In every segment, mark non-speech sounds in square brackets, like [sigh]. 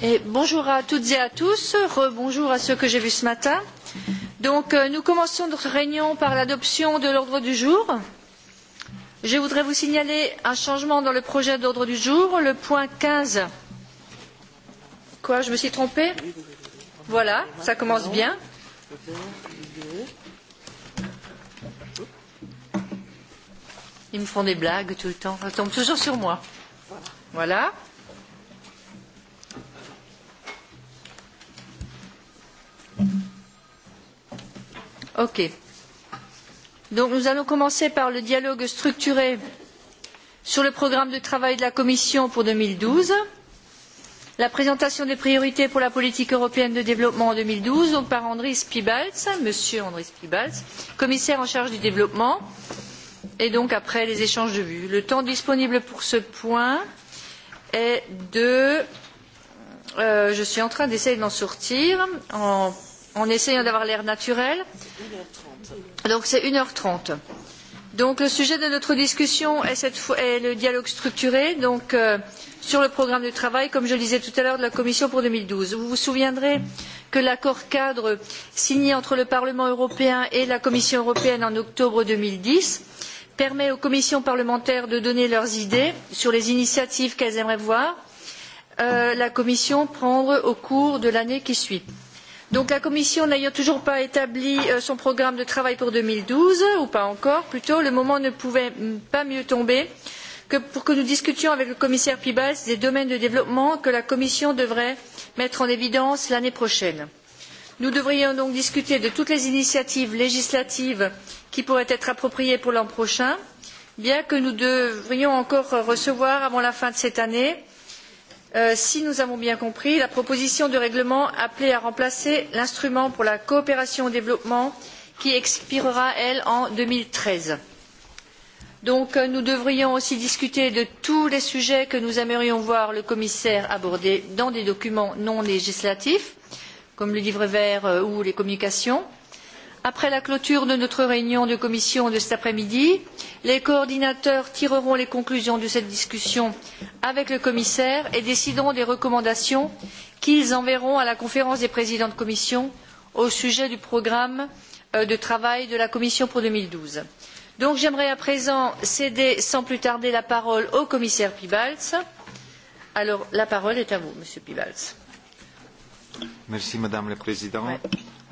et eh, bonjour à toutes et à tous, rebonjour à ceux que j'ai vus ce matin. Donc, euh, nous commençons notre réunion par l'adoption de l'ordre du jour. Je voudrais vous signaler un changement dans le projet d'ordre du jour, le point 15. Quoi, je me suis trompée Voilà, ça commence bien. Ils me font des blagues tout le temps. Ça tombe toujours sur moi. Voilà. OK. Donc nous allons commencer par le dialogue structuré sur le programme de travail de la Commission pour 2012 la présentation des priorités pour la politique européenne de développement en 2012, donc par andris piebalgs monsieur andris piebalgs commissaire en charge du développement et donc après les échanges de vues. Le temps disponible pour ce point est de euh, je suis en train d'essayer de m'en sortir en, en essayant d'avoir l'air naturel. Donc c'est 1h30. Donc le sujet de notre discussion est, cette fois, est le dialogue structuré donc, euh, sur le programme de travail, comme je le disais tout à l'heure, de la Commission pour 2012. Vous vous souviendrez que l'accord cadre signé entre le Parlement européen et la Commission européenne en octobre 2010 permet aux commissions parlementaires de donner leurs idées sur les initiatives qu'elles aimeraient voir euh, la commission prendre au cours de l'année qui suit. Donc la commission n'ayant toujours pas établi euh, son programme de travail pour deux mille douze ou pas encore plutôt le moment ne pouvait pas mieux tomber que pour que nous discutions avec le commissaire piebalgs des domaines de développement que la commission devrait mettre en évidence l'année prochaine nous devrions donc discuter de toutes les initiatives législatives qui pourraient être appropriées pour l'an prochain bien que nous devrions encore recevoir avant la fin de cette année euh, si nous avons bien compris la proposition de règlement appelée à remplacer l'instrument pour la coopération au développement qui expirera elle en. deux mille treize donc euh, nous devrions aussi discuter de tous les sujets que nous aimerions voir le commissaire aborder dans des documents non législatifs comme le livre vert euh, ou les communications. Après la clôture de notre réunion de commission de cet après-midi, les coordinateurs tireront les conclusions de cette discussion avec le commissaire et décideront des recommandations qu'ils enverront à la conférence des présidents de commission au sujet du programme euh, de travail de la commission pour. deux mille douze donc j'aimerais à présent céder sans plus tarder la parole au commissaire piebalgs. alors la parole est à vous monsieur piebalgs. Merci, Madame la Présidente.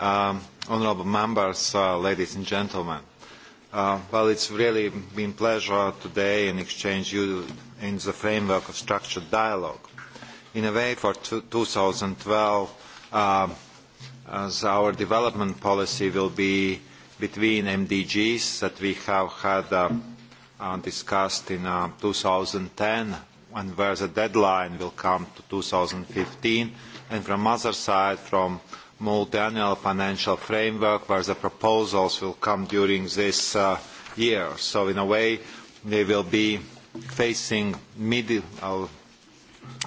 Um, honorable members, uh, ladies and gentlemen. Uh, well, it's really been pleasure today in exchange you in the framework of structured dialogue. In a way, for 2012, uh, as our development policy will be between MDGs that we have had uh, uh, discussed in uh, 2010 and where the deadline will come to 2015 and from other side from multiannual financial framework where the proposals will come during this uh, year. So in a way, they will be facing mid, uh,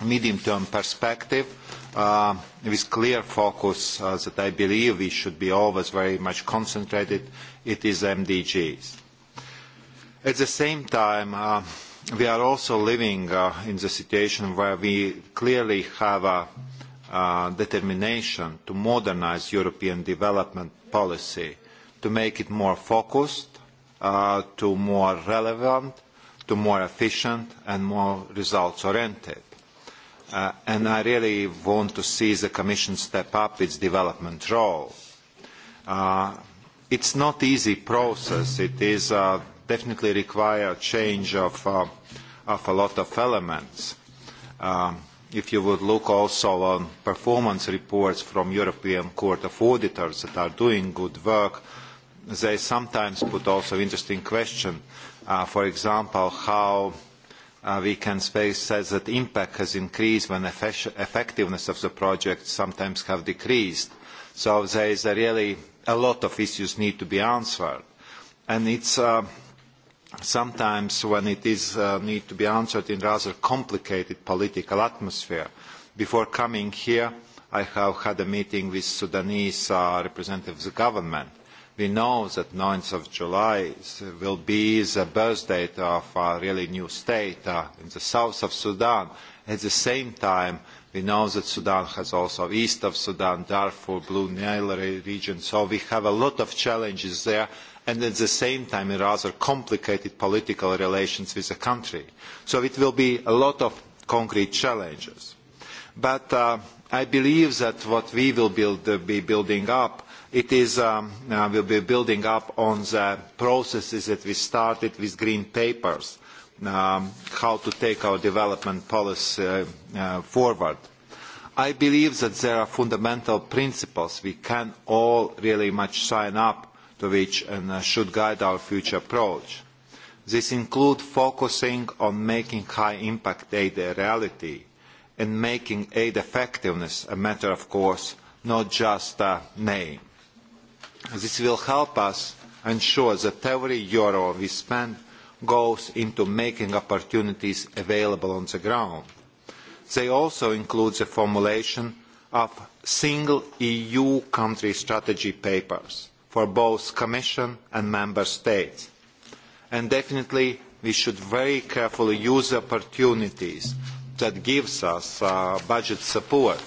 medium-term perspective uh, with clear focus uh, that I believe we should be always very much concentrated. It is MDGs. At the same time, uh, we are also living uh, in the situation where we clearly have a uh, determination to modernize European development policy, to make it more focused, uh, to more relevant, to more efficient and more results oriented. Uh, and I really want to see the Commission step up its development role. Uh, it's not easy process. It is uh, definitely require change of, uh, of a lot of elements. Um, if you would look also on performance reports from European Court of Auditors that are doing good work, they sometimes put also interesting question. Uh, for example, how uh, we can face says that impact has increased when eff effectiveness of the project sometimes have decreased. So there is a really a lot of issues need to be answered. And it's uh, sometimes when it is uh, need to be answered in rather complicated political atmosphere. Before coming here, I have had a meeting with Sudanese uh, representatives of government. We know that 9th of July will be the birth date of a really new state uh, in the south of Sudan. At the same time, we know that Sudan has also east of Sudan, Darfur, Blue Nile region. So we have a lot of challenges there and at the same time in rather complicated political relations with the country. So it will be a lot of concrete challenges. But uh, I believe that what we will build, uh, be building up, it is, um, uh, will be building up on the processes that we started with green papers, um, how to take our development policy uh, uh, forward. I believe that there are fundamental principles we can all really much sign up to which and uh, should guide our future approach. This includes focusing on making high-impact aid a reality and making aid effectiveness a matter of course, not just a name. This will help us ensure that every euro we spend goes into making opportunities available on the ground. They also include the formulation of single EU country strategy papers for both Commission and Member States. And definitely we should very carefully use opportunities that gives us uh, budget support.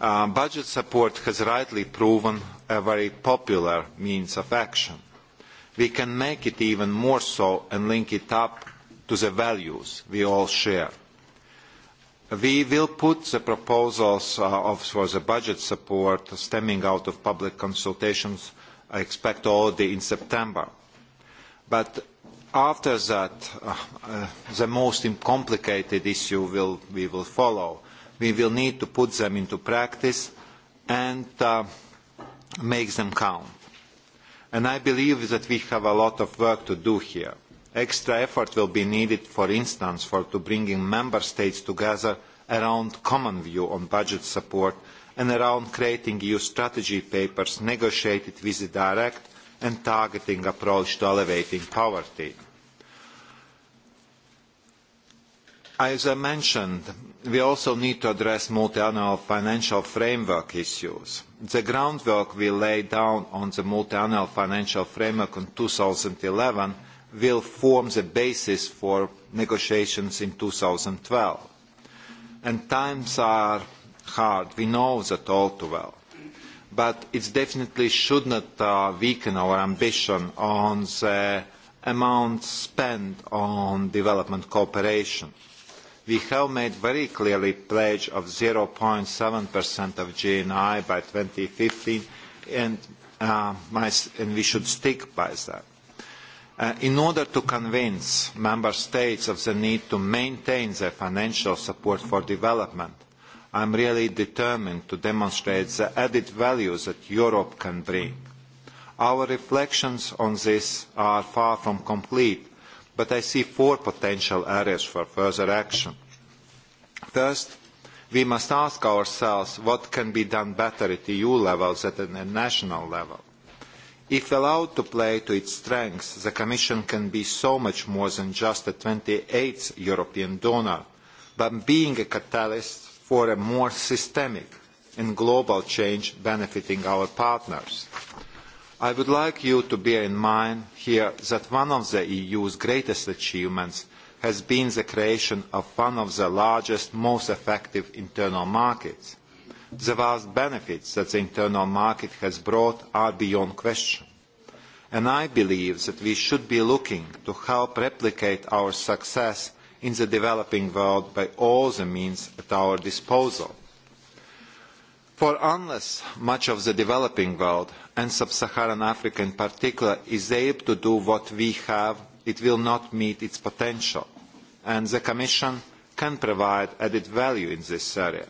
Uh, budget support has rightly proven a very popular means of action. We can make it even more so and link it up to the values we all share. We will put the proposals uh, of, for the budget support stemming out of public consultations, I expect already in September. But after that, uh, uh, the most complicated issue will, we will follow. We will need to put them into practice and uh, make them count. And I believe that we have a lot of work to do here extra effort will be needed for instance for bringing member states together around a common view on budget support and around creating eu strategy papers negotiated with a direct and targeting approach to alleviating poverty. As I mentioned, we also need to address multiannual financial framework issues. The groundwork we laid down on the multiannual financial framework in two thousand and eleven will form the basis for negotiations in 2012. And times are hard, we know that all too well. But it definitely should not uh, weaken our ambition on the amount spent on development cooperation. We have made very clearly pledge of 0.7% of GNI by 2015, and, uh, and we should stick by that Uh, in order to convince member states of the need to maintain their financial support for development, I am really determined to demonstrate the added value that Europe can bring. Our reflections on this are far from complete, but I see four potential areas for further action. First, we must ask ourselves what can be done better at EU level than at national level If allowed to play to its strengths, the Commission can be so much more than just a 28th European donor, but being a catalyst for a more systemic and global change benefiting our partners. I would like you to bear in mind here that one of the EU's greatest achievements has been the creation of one of the largest, most effective internal markets – The vast benefits that the internal market has brought are beyond question. And I believe that we should be looking to help replicate our success in the developing world by all the means at our disposal. For unless much of the developing world, and sub-Saharan Africa in particular, is able to do what we have, it will not meet its potential. And the Commission can provide added value in this area.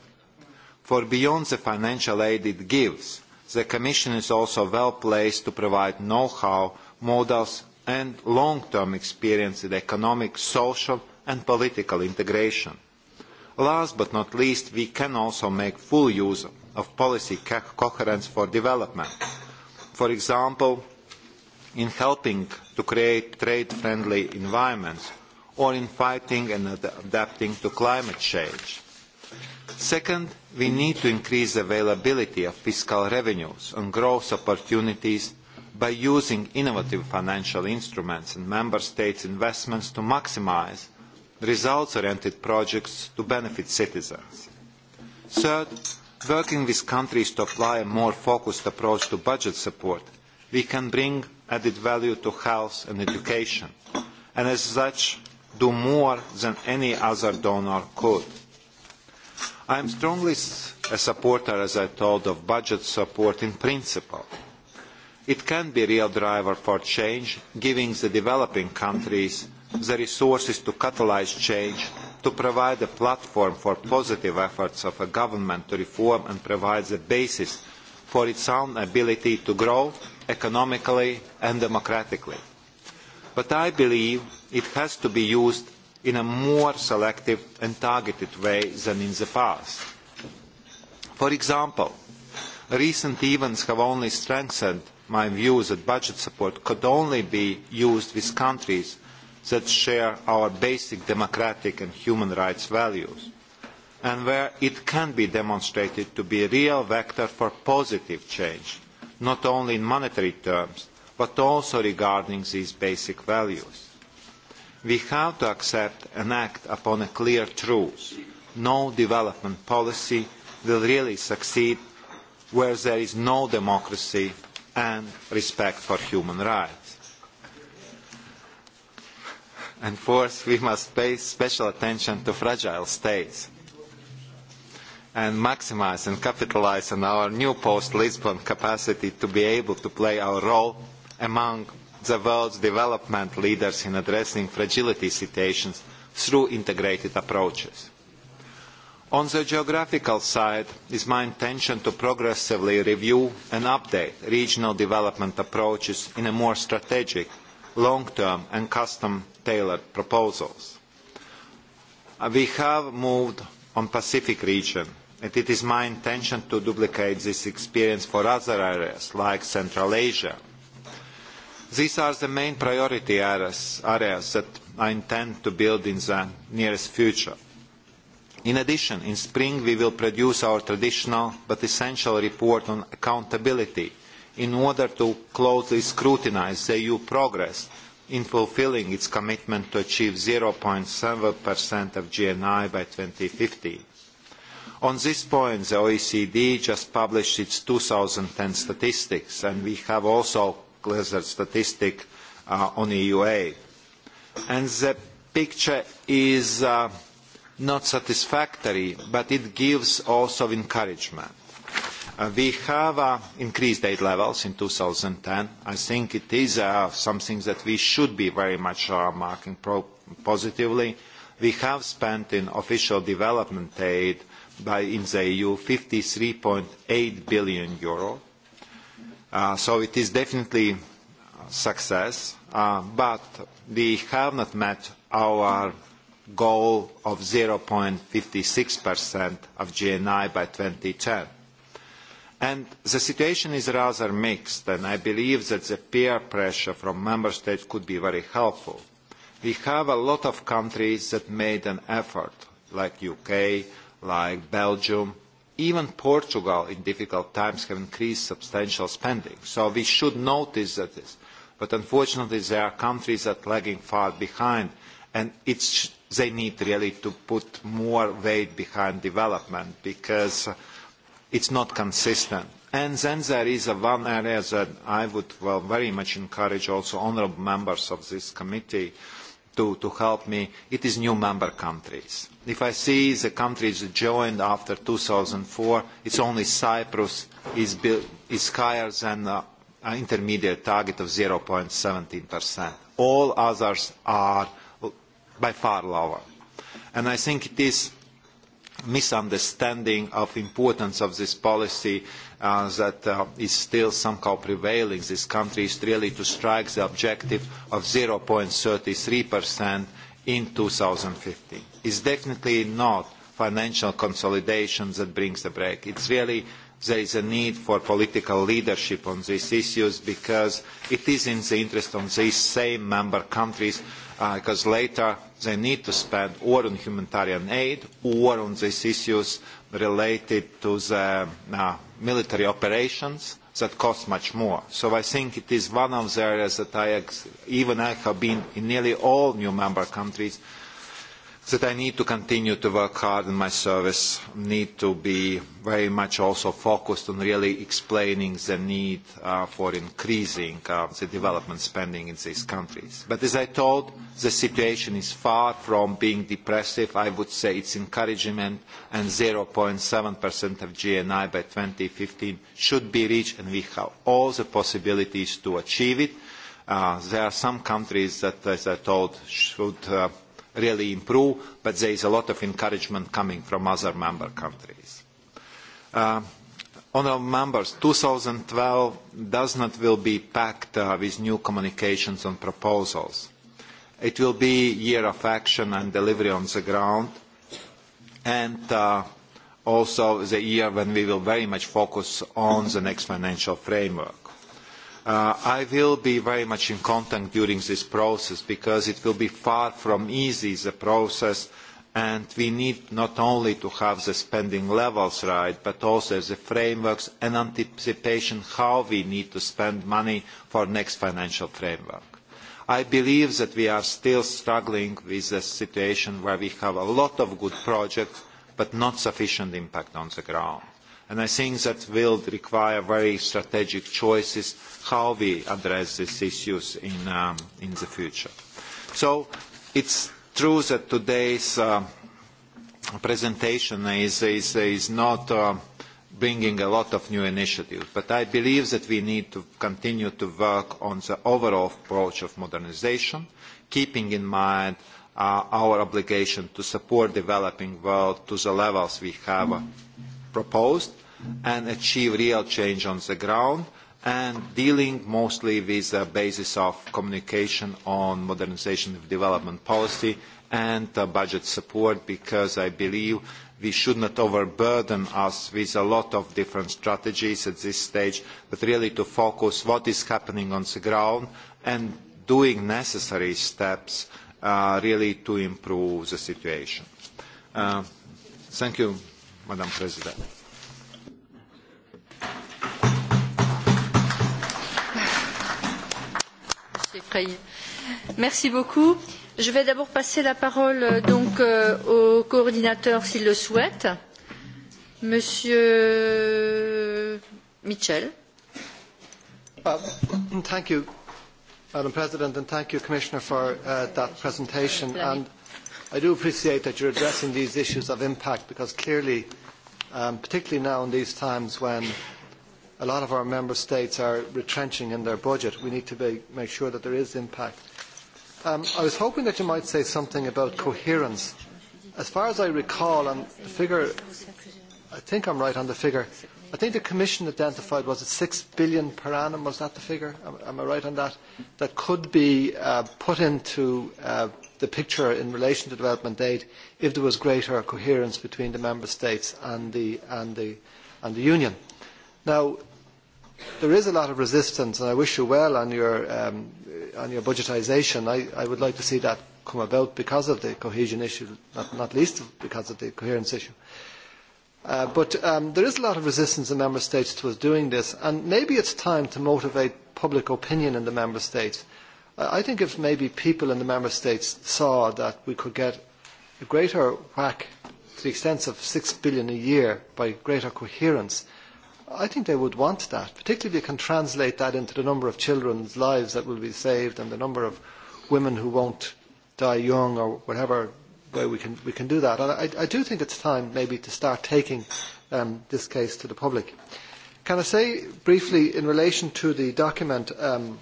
For beyond the financial aid it gives, the Commission is also well placed to provide know-how, models and long-term experience in economic, social and political integration. Last but not least, we can also make full use of policy co coherence for development. For example, in helping to create trade-friendly environments or in fighting and adapting to climate change. Second, we need to increase the availability of fiscal revenues and growth opportunities by using innovative financial instruments and member states' investments to maximise results-oriented projects to benefit citizens. Third, working with countries to apply a more focused approach to budget support, we can bring added value to health and education, and as such do more than any other donor could. I am strongly a supporter, as I told, of budget support in principle. It can be a real driver for change, giving the developing countries the resources to catalyse change, to provide a platform for positive efforts of a government to reform and provide the basis for its own ability to grow economically and democratically. But I believe it has to be used in a more selective and targeted way than in the past. For example, recent events have only strengthened my view that budget support could only be used with countries that share our basic democratic and human rights values, and where it can be demonstrated to be a real vector for positive change, not only in monetary terms, but also regarding these basic values we have to accept and act upon a clear truth. No development policy will really succeed where there is no democracy and respect for human rights. And fourth, we must pay special attention to fragile states and maximise and capitalise on our new post-Lisbon capacity to be able to play our role among the world's development leaders in addressing fragility situations through integrated approaches. On the geographical side, it is my intention to progressively review and update regional development approaches in a more strategic, long-term and custom-tailored proposals. Uh, we have moved on Pacific region, and it is my intention to duplicate this experience for other areas like Central Asia – These are the main priority areas, areas that I intend to build in the nearest future. In addition, in spring we will produce our traditional but essential report on accountability in order to closely scrutinise the EU progress in fulfilling its commitment to achieve 0.7% of GNI by 2050. On this point, the OECD just published its 2010 statistics, and we have also hazard statistic uh, on EUA. And the picture is uh, not satisfactory, but it gives also encouragement. Uh, we have uh, increased aid levels in 2010. I think it is uh, something that we should be very much uh, marking pro positively. We have spent in official development aid by in the EU 53.8 billion euro Uh, so it is definitely a success, uh, but we have not met our goal of 0.56% of GNI by 2010. And the situation is rather mixed, and I believe that the peer pressure from member states could be very helpful. We have a lot of countries that made an effort, like UK, like Belgium, even Portugal in difficult times have increased substantial spending. So we should notice that this. But unfortunately, there are countries that are lagging far behind, and it's, they need really to put more weight behind development because it's not consistent. And then there is one area that I would well, very much encourage also honourable members of this committee uh, to, to help me, it is new member countries. If I see the countries that joined after 2004, it's only Cyprus is, is higher than uh, an intermediate target of 0.17%. All others are by far lower. And I think it is misunderstanding of the importance of this policy uh, that uh, is still somehow prevailing. This country is really to strike the objective of 0.33% in 2015. It's definitely not financial consolidation that brings the break. It's really there is a need for political leadership on these issues because it is in the interest of these same member countries Ah, because uh, later they need to spend or on humanitarian aid or on these issues related to the uh, military operations that cost much more. So I think it is one of the areas that I, even I have been in nearly all new member countries, that I need to continue to work hard in my service, need to be very much also focused on really explaining the need uh, for increasing uh, the development spending in these countries. But as I told, the situation is far from being depressive. I would say it's encouragement and 0.7% of GNI by 2015 should be reached and we have all the possibilities to achieve it. Uh, there are some countries that, as I told, should uh, really improve, but there is a lot of encouragement coming from other member countries. Uh, Honourable members, 2012 does not will be packed uh, with new communications and proposals. It will be year of action and delivery on the ground, and uh, also the year when we will very much focus on the next financial framework. Uh, I will be very much in contact during this process because it will be far from easy, the process, and we need not only to have the spending levels right, but also the frameworks and anticipation how we need to spend money for next financial framework. I believe that we are still struggling with a situation where we have a lot of good projects, but not sufficient impact on the ground And I think that will require very strategic choices how we address these issues in, um, in the future. So it's true that today's uh, presentation is, is, is not uh, bringing a lot of new initiatives, but I believe that we need to continue to work on the overall approach of modernization, keeping in mind uh, our obligation to support developing world to the levels we have uh, proposed and achieve real change on the ground and dealing mostly with the basis of communication on modernisation of development policy and uh, budget support because I believe we should not overburden us with a lot of different strategies at this stage, but really to focus what is happening on the ground and doing necessary steps uh, really to improve the situation. Uh, thank you. Madam President. Merci beaucoup. Je vais d'abord passer la parole euh, donc euh, au coordinateur s'il le souhaite. Monsieur Mitchell. thank you, Madam President, and thank you, Commissioner, for uh, that presentation. And I do appreciate that you're addressing these issues of impact because clearly, um, particularly now in these times when a lot of our member states are retrenching in their budget, we need to be, make sure that there is impact. Um, I was hoping that you might say something about coherence. As far as I recall, and the figure, I think I'm right on the figure, I think the Commission identified, was it 6 billion per annum, was that the figure? Am, am I right on that? That could be uh, put into uh, the picture in relation to development aid if there was greater coherence between the Member States and the, and the, and the Union. Now, there is a lot of resistance, and I wish you well on your, um, on your budgetisation. I, I would like to see that come about because of the cohesion issue, not, not least because of the coherence issue. Uh, but um, there is a lot of resistance in member states to us doing this, and maybe it's time to motivate public opinion in the member states. I think if maybe people in the member states saw that we could get a greater whack to the extent of six billion a year by greater coherence, I think they would want that, particularly if you can translate that into the number of children's lives that will be saved and the number of women who won't die young or whatever way we can, we can do that. And I, I do think it's time maybe to start taking um, this case to the public. Can I say briefly in relation to the document um,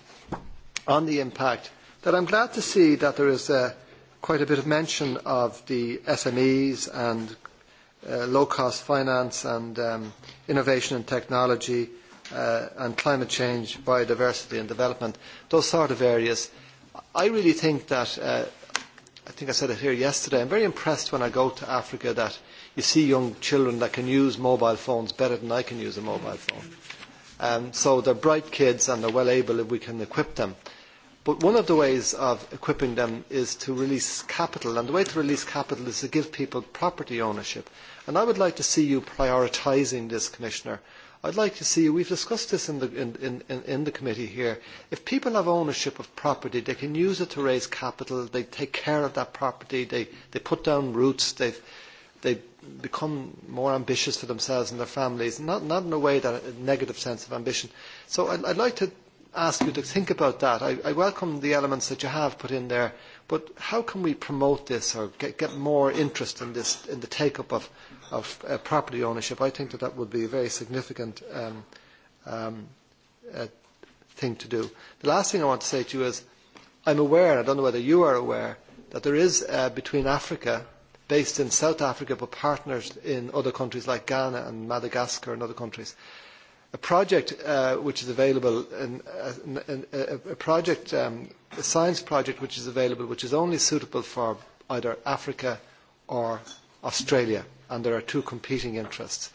on the impact that I'm glad to see that there is uh, quite a bit of mention of the SMEs and uh, low-cost finance and um, innovation and technology uh, and climate change, biodiversity and development, those sort of areas. I really think that uh, I think I said it here yesterday, I'm very impressed when I go to Africa that you see young children that can use mobile phones better than I can use a mobile phone. Um, so they're bright kids and they're well able if we can equip them. But one of the ways of equipping them is to release capital. And the way to release capital is to give people property ownership. And I would like to see you prioritising this, Commissioner, I'd like to see, we've discussed this in the, in, in, in the committee here, if people have ownership of property, they can use it to raise capital, they take care of that property, they, they put down roots, they've, they become more ambitious for themselves and their families, not, not in a way that a negative sense of ambition. So I'd, I'd like to ask you to think about that. I, I welcome the elements that you have put in there, but how can we promote this or get, get more interest in, this, in the take-up of, of uh, property ownership. I think that that would be a very significant um, um, uh, thing to do. The last thing I want to say to you is I'm aware, and I don't know whether you are aware, that there is uh, between Africa, based in South Africa, but partners in other countries like Ghana and Madagascar and other countries, a project uh, which is available, in, uh, in, uh, a project, um, a science project which is available, which is only suitable for either Africa or Australia and there are two competing interests.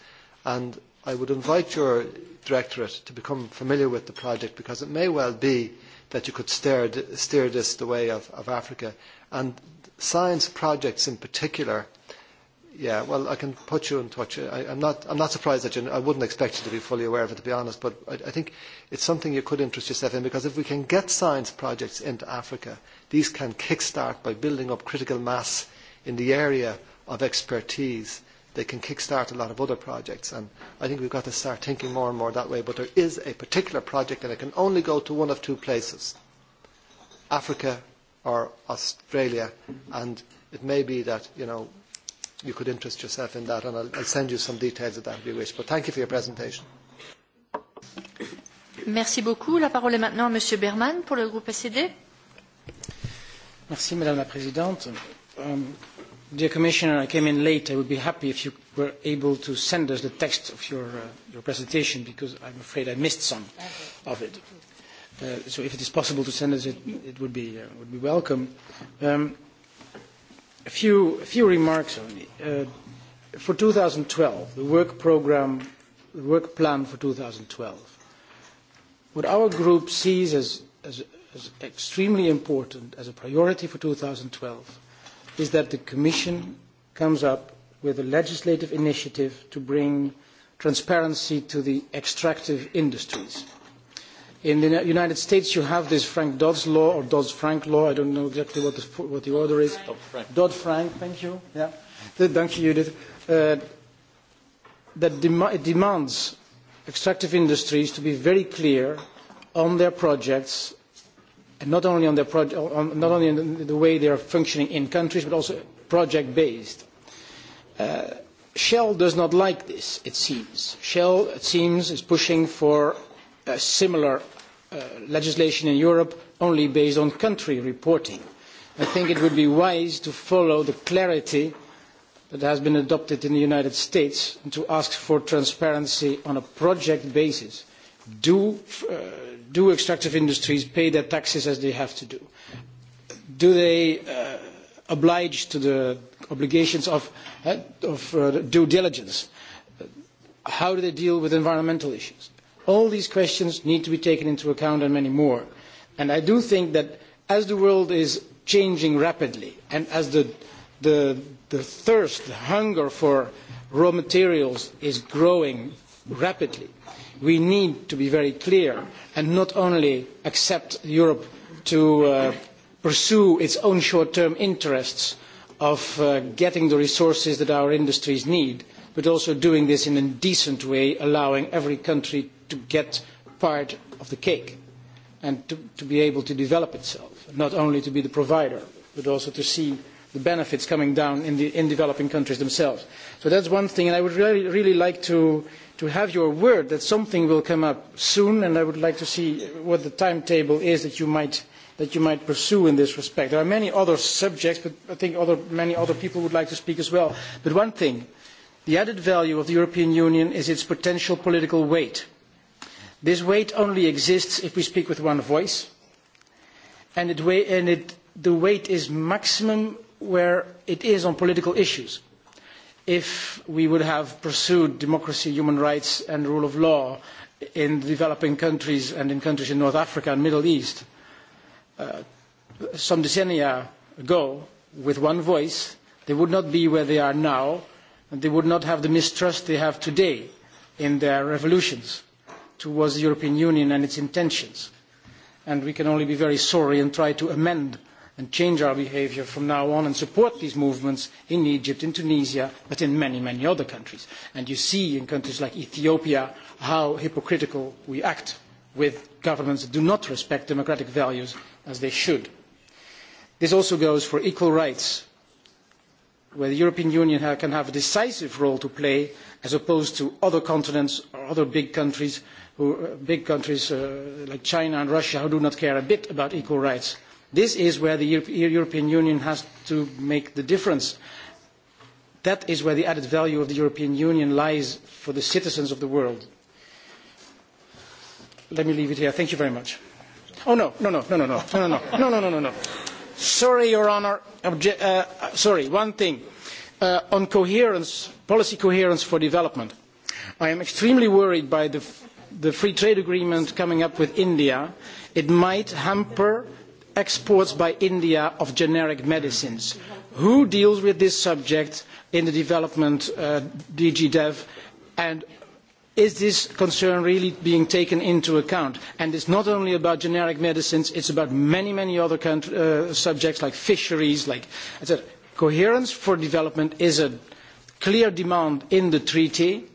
And I would invite your directorate to become familiar with the project because it may well be that you could steer, steer this the way of, of Africa. And science projects in particular, yeah, well, I can put you in touch. I, I'm, not, I'm not surprised that you, I wouldn't expect you to be fully aware of it, to be honest, but I, I think it's something you could interest yourself in because if we can get science projects into Africa, these can kickstart by building up critical mass in the area of expertise they can kick-start a lot of other projects. And I think we've got to start thinking more and more that way. But there is a particular project, and it can only go to one of two places, Africa or Australia. And it may be that, you know, you could interest yourself in that, and I'll, I'll send you some details of that if you wish. But thank you for your presentation. Merci beaucoup. La parole est maintenant à Monsieur Berman pour le groupe SED. Merci Madame la Présidente. Euh, Dear Commissioner, I came in late. I would be happy if you were able to send us the text of your, uh, your presentation because I'm afraid I missed some of it. Uh, so if it is possible to send us it, it would be, uh, would be welcome. Um, a, few, a few remarks only. Uh, for 2012, the work program, the work plan for 2012, what our group sees as, as, as extremely important as a priority for 2012 is that the Commission comes up with a legislative initiative to bring transparency to the extractive industries. In the United States, you have this Frank Dodds law or Dodds frank law. I don't know exactly what the, what the order is. Dodd-Frank. thank you. Yeah. Thank you, Judith. Uh, that dem demands extractive industries to be very clear on their projects not only on, the on, not only on the way they are functioning in countries, but also project-based. Uh, Shell does not like this, it seems. Shell, it seems, is pushing for a similar uh, legislation in Europe only based on country reporting. I think it would be wise to follow the clarity that has been adopted in the United States and to ask for transparency on a project basis do, uh, do extractive industries pay their taxes as they have to do? Do they uh, oblige to the obligations of, uh, of uh, due diligence? How do they deal with environmental issues? All these questions need to be taken into account and many more. And I do think that as the world is changing rapidly and as the, the, the thirst, the hunger for raw materials is growing rapidly, uh, we need to be very clear and not only accept Europe to uh, pursue its own short-term interests of uh, getting the resources that our industries need, but also doing this in a decent way, allowing every country to get part of the cake and to, to be able to develop itself, not only to be the provider, but also to see the benefits coming down in, the, in developing countries themselves. So that's one thing, and I would really, really like to, to have your word that something will come up soon, and I would like to see what the timetable is that you might, that you might pursue in this respect. There are many other subjects, but I think other, many other people would like to speak as well. But one thing, the added value of the European Union is its potential political weight. This weight only exists if we speak with one voice, and, it, and it, the weight is maximum where it is on political issues. If we would have pursued democracy, human rights and rule of law in developing countries and in countries in North Africa and Middle East uh, some decennia ago with one voice, they would not be where they are now and they would not have the mistrust they have today in their revolutions towards the European Union and its intentions. And we can only be very sorry and try to amend and change our behaviour from now on and support these movements in Egypt, in Tunisia, but in many, many other countries. And you see in countries like Ethiopia how hypocritical we act with governments that do not respect democratic values as they should. This also goes for equal rights, where the European Union can have a decisive role to play as opposed to other continents or other big countries, who, uh, big countries uh, like China and Russia who do not care a bit about equal rights This is where the European Union has to make the difference. That is where the added value of the European Union lies for the citizens of the world. Let me leave it here. Thank you very much. Oh, no, no, no, no, no, no, no, no, no, no, no, no, no. Sorry, Your Honor. Obje- uh, sorry, one thing. Uh, on coherence, policy coherence for development. I am extremely worried by the, the free trade agreement coming up with India. It might hamper exports by India of generic medicines. Who deals with this subject in the development uh, DG Dev and is this concern really being taken into account? And it's not only about generic medicines, it's about many, many other country, uh, subjects like fisheries, like etc. Coherence for development is a clear demand in the treaty,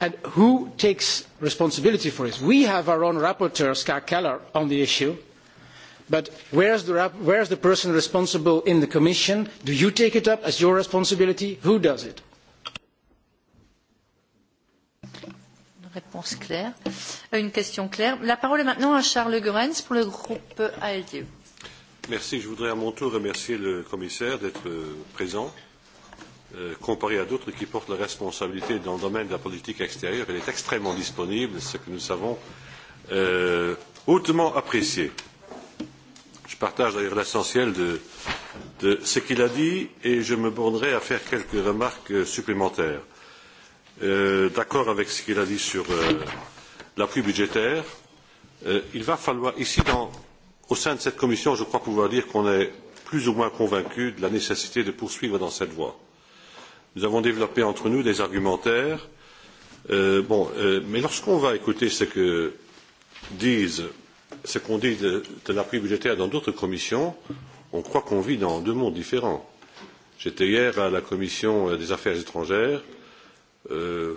and who takes responsibility for this? We have our own rapporteur, Ska Keller, on the issue, but where is the person responsible in the commission? do you take it up as your responsibility? who does it? réponse claire, euh, une question claire. La parole est maintenant à Charles Goerens pour le groupe ALDE. Merci. Je voudrais à mon tour remercier le commissaire d'être euh, présent. Euh, comparé à d'autres qui portent la responsabilité dans le domaine de la politique extérieure, elle est extrêmement disponible, ce que nous savons euh, hautement apprécié. Euh, partage d'ailleurs l'essentiel de, de ce qu'il a dit et je me bornerai à faire quelques remarques supplémentaires. Euh, D'accord avec ce qu'il a dit sur euh, l'appui budgétaire, euh, il va falloir ici, dans, au sein de cette commission, je crois pouvoir dire qu'on est plus ou moins convaincu de la nécessité de poursuivre dans cette voie. Nous avons développé entre nous des argumentaires, euh, bon, euh, mais lorsqu'on va écouter ce que disent ce qu'on dit de, de l'appui budgétaire dans d'autres commissions, on croit qu'on vit dans deux mondes différents. J'étais hier à la commission euh, des affaires étrangères. Euh,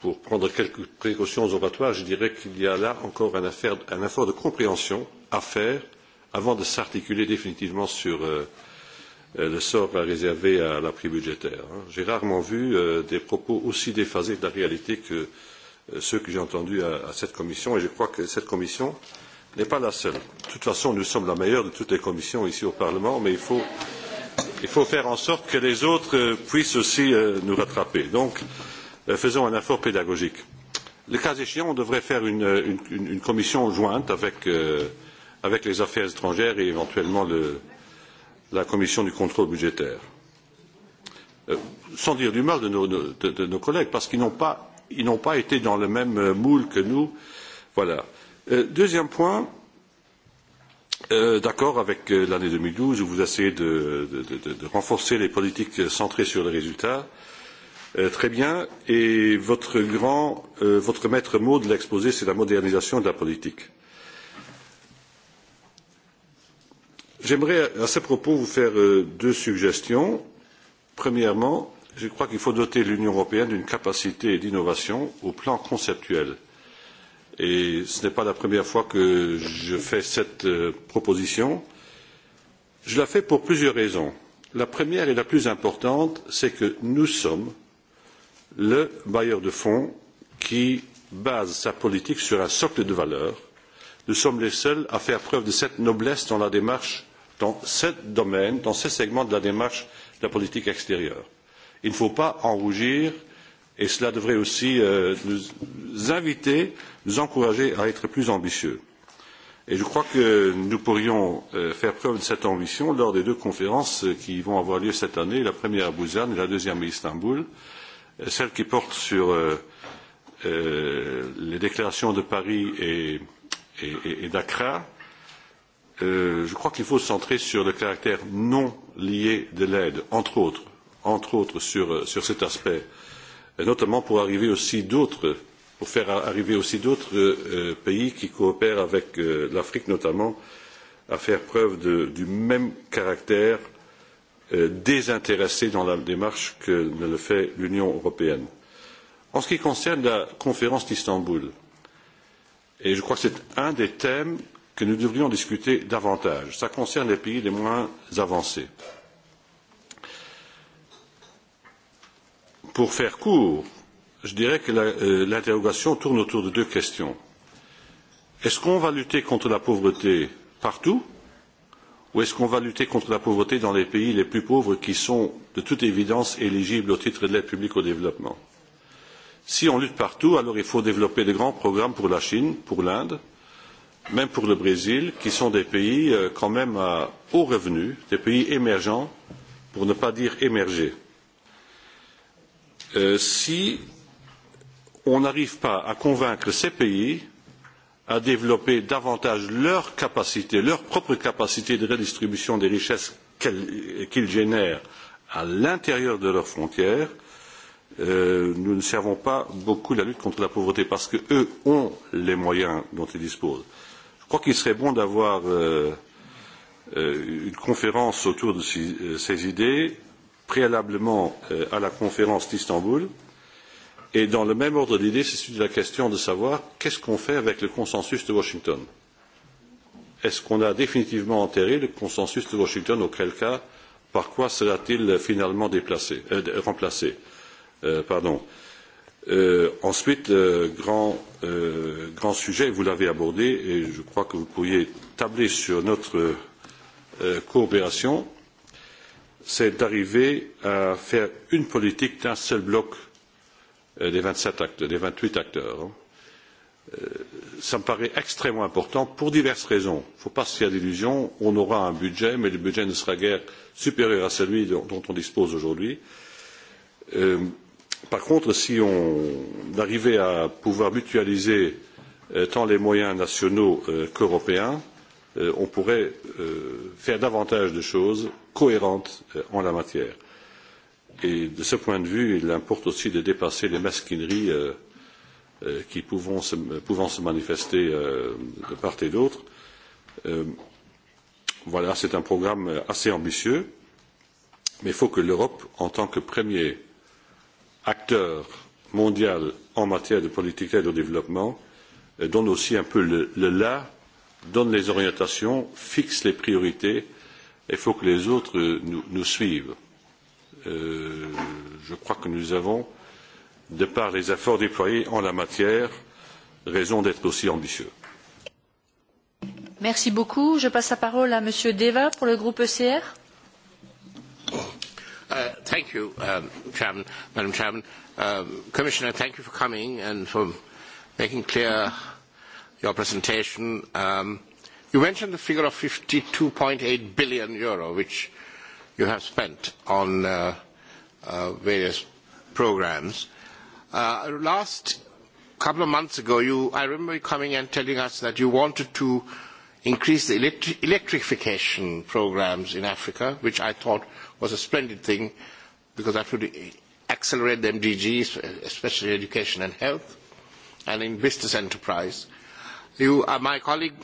pour prendre quelques précautions obligatoires, je dirais qu'il y a là encore un, affaire, un effort de compréhension à faire avant de s'articuler définitivement sur euh, euh le sort à réserver à l'appui budgétaire. J'ai rarement vu euh, des propos aussi déphasés de la réalité que euh, ceux que j'ai entendus à, à cette commission et je crois que cette commission euh, n'est pas la seule. De toute façon, nous sommes la meilleure de toutes les commissions ici au Parlement, mais il faut, il faut faire en sorte que les autres euh, puissent aussi euh, nous rattraper. Donc, euh, faisons un effort pédagogique. Le cas échéant, on devrait faire une, une, une commission jointe avec, euh, avec les affaires étrangères et éventuellement le, la commission du contrôle budgétaire. Euh, sans dire du mal de nos, de, de nos collègues, parce qu'ils n'ont pas, pas été dans le même moule que nous. Voilà. Euh, deuxième point, euh, d'accord avec euh, l'année 2012 où vous essayez de, renforcer les politiques centrées sur les résultats. très bien. Et votre grand, votre maître mot de l'exposé, c'est la modernisation de la politique. J'aimerais à ce propos vous faire deux suggestions. Premièrement, je crois qu'il faut doter l'Union européenne d'une capacité d'innovation au plan conceptuel et ce n'est pas la première fois que je fais cette euh, proposition. Je la fais pour plusieurs raisons. La première et la plus importante, c'est que nous sommes le bailleur de fonds qui base sa politique sur un socle de valeurs. Nous sommes les seuls à faire preuve de cette noblesse dans la démarche, dans ce domaine, dans ce segment de la démarche de la politique extérieure. Il ne faut pas en rougir et cela devrait aussi euh, nous inviter nous encourager à être plus ambitieux. Et je crois que nous pourrions euh, faire preuve de cette ambition lors des deux conférences euh, qui vont avoir lieu cette année, la première à Busan et la deuxième à Istanbul, euh, celle qui porte sur euh, euh, les déclarations de Paris et, et, et, et d'Accra. Euh, je crois qu'il faut se centrer sur le caractère non lié de l'aide, entre autres, entre autres sur, euh, sur cet aspect. Euh, Euh, notamment pour arriver aussi d'autres pour faire arriver aussi d'autres euh, euh, pays qui coopèrent avec euh, l'Afrique notamment à faire preuve de, du même caractère euh, désintéressé dans la démarche que ne le fait l'Union européenne. En ce qui concerne la conférence d'Istanbul, et je crois que c'est un des thèmes que nous devrions discuter davantage, ça concerne les pays les moins avancés. Euh, Pour faire court, je dirais que euh, l'interrogation tourne autour de deux questions. Est-ce qu'on va lutter contre la pauvreté partout ou est-ce qu'on va lutter contre la pauvreté dans les pays les plus pauvres qui sont de toute évidence éligibles au titre de l'aide publique au développement Si on lutte partout, alors il faut développer de grands programmes pour la Chine, pour l'Inde, même pour le Brésil, qui sont des pays euh, quand même à haut revenu, des pays émergents, pour ne pas dire émergés Euh, si on n'arrive pas à convaincre ces pays à développer davantage leur capacité, leur propre capacité de redistribution des richesses qu'ils génèrent à l'intérieur de leurs frontières, euh, nous ne servons pas beaucoup la lutte contre la pauvreté parce qu'eux ont les moyens dont ils disposent. Je crois qu'il serait bon d'avoir euh, euh, une conférence autour de ces, euh, ces idées préalablement euh, à la conférence d'istanbul et dans le même ordre d'idées se situe la question de savoir qu'est ce qu'on fait avec le consensus de washington. est ce qu'on a définitivement enterré le consensus de washington auquel cas par quoi sera t il finalement déplacé, euh, remplacé? Euh, pardon. Euh, ensuite, euh, grand, euh, grand sujet, vous l'avez abordé et je crois que vous pourriez tabler sur notre euh, coopération c'est d'arriver à faire une politique d'un seul bloc euh, des vingt sept acteurs des vingt huit acteurs. Cela me paraît extrêmement important pour diverses raisons. Il ne faut pas se faire d'illusions on aura un budget mais le budget ne sera guère supérieur à celui dont, on dispose aujourd'hui. Euh, par contre si on arrivait à pouvoir mutualiser euh, tant les moyens nationaux euh, qu'européens Euh, on pourrait euh, faire davantage de choses cohérentes euh, en la matière. Et de ce point de vue, il importe aussi de dépasser les mesquineries qui pouvant se, pouvant se manifester de part et d'autre. Voilà, c'est un programme assez ambitieux, mais il faut que l'Europe, en tant que premier acteur mondial en matière de politique d'aide au développement, donne aussi un peu le, le là donne les orientations, fixe les priorités, il faut que les autres euh, nous, nous suivent. Euh, je crois que nous avons, de par les efforts déployés en la matière, raison d'être aussi ambitieux. Merci beaucoup. Je passe la parole à Monsieur Deva pour le groupe ECR. Uh, thank you, um, Chairman, Madam Chairman. Um, Commissioner, thank you for coming and for making clear mm -hmm your presentation. Um, you mentioned the figure of 52.8 billion euro, which you have spent on uh, uh, various programs. Uh, last couple of months ago, you, I remember you coming and telling us that you wanted to increase the electri electrification programs in Africa, which I thought was a splendid thing because that would accelerate the MDGs, especially education and health, and in business enterprise. You, uh, my colleague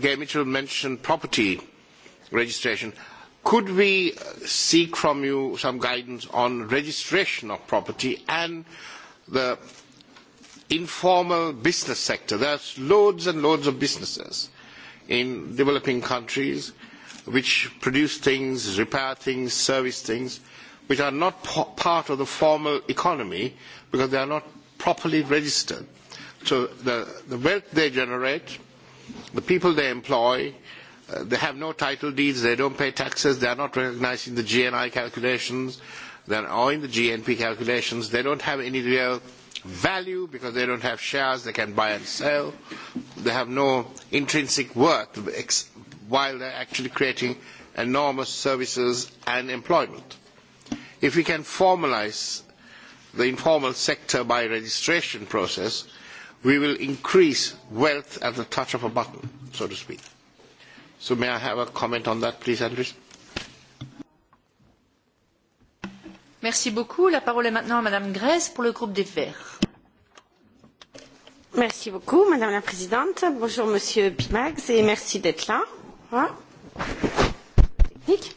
Gail Mitchell mentioned property registration. Could we uh, seek from you some guidance on registration of property and the informal business sector? There's loads and loads of businesses in developing countries which produce things, repair things, service things, which are not part of the formal economy because they are not properly registered So the, the wealth they generate, the people they employ, uh, they have no title deeds, they don't pay taxes, they are not recognized in the GNI calculations, they are in the GNP calculations, they don't have any real value because they don't have shares they can buy and sell. They have no intrinsic worth ex- while they're actually creating enormous services and employment. If we can formalize the informal sector by registration process, we will increase wealth at the touch of a button, so to speak. So may I have a comment on that, please, Andres? Merci beaucoup. La parole est maintenant à Madame Grèce pour le groupe des Verts. Merci beaucoup, Madame la Présidente. Bonjour, Monsieur Pimax, et merci d'être là. Hein technique.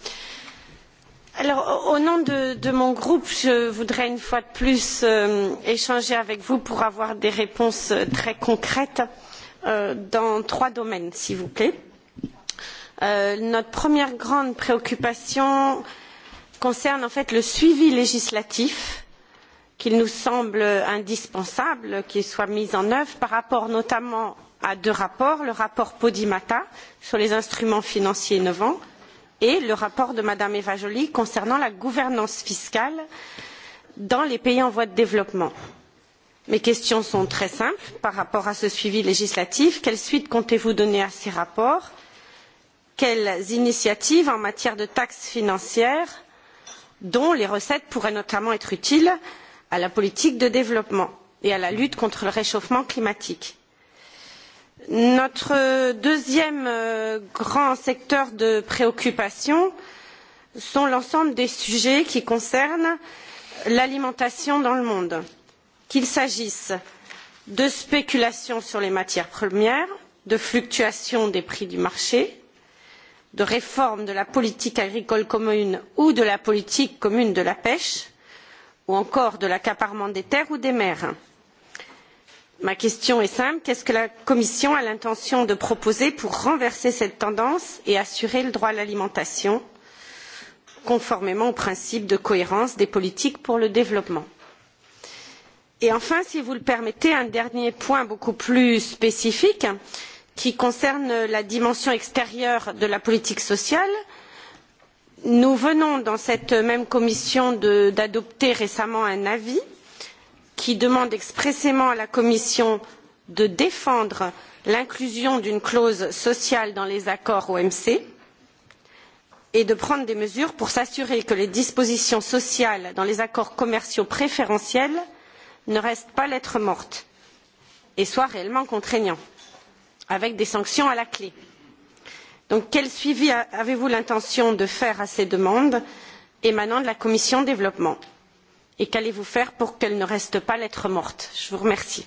Alors, au nom de, de mon groupe je voudrais une fois de plus euh, échanger avec vous pour avoir des réponses euh, très concrètes euh, dans trois domaines s'il vous plaît. Euh, notre première grande préoccupation concerne en fait le suivi législatif qu'il nous semble indispensable qu'il soit mis en œuvre par rapport notamment à deux rapports le rapport podimata sur les instruments financiers innovants et le rapport de mme eva joly concernant la gouvernance fiscale dans les pays en voie de développement. mes questions sont très simples par rapport à ce suivi législatif quelle suite comptez vous donner à ces rapports? quelles initiatives en matière de taxes financières dont les recettes pourraient notamment être utiles à la politique de développement et à la lutte contre le réchauffement climatique? notre deuxième euh, grand secteur de préoccupation sont l'ensemble des sujets qui concernent l'alimentation dans le monde qu'il s'agisse de spéculation sur les matières premières de fluctuations des prix du marché de réforme de la politique agricole commune ou de la politique commune de la pêche ou encore de l'accaparement des terres ou des mers ma question est simple qu'est ce que la commission a l'intention de proposer pour renverser cette tendance et assurer le droit à l'alimentation conformément au principe de cohérence des politiques pour le développement? et enfin si vous le permettez un dernier point beaucoup plus spécifique qui concerne la dimension extérieure de la politique sociale nous venons dans cette même commission d'adopter récemment un avis qui demande expressément à la commission de défendre l'inclusion d'une clause sociale dans les accords omc et de prendre des mesures pour s'assurer que les dispositions sociales dans les accords commerciaux préférentiels ne restent pas lettre morte et soient réellement contraignants avec des sanctions à la clé. Donc, quel suivi avez vous l'intention de faire à ces demandes émanant de la commission du développement? et qu'allez vous faire pour qu'elle ne reste pas lettre morte? je vous remercie.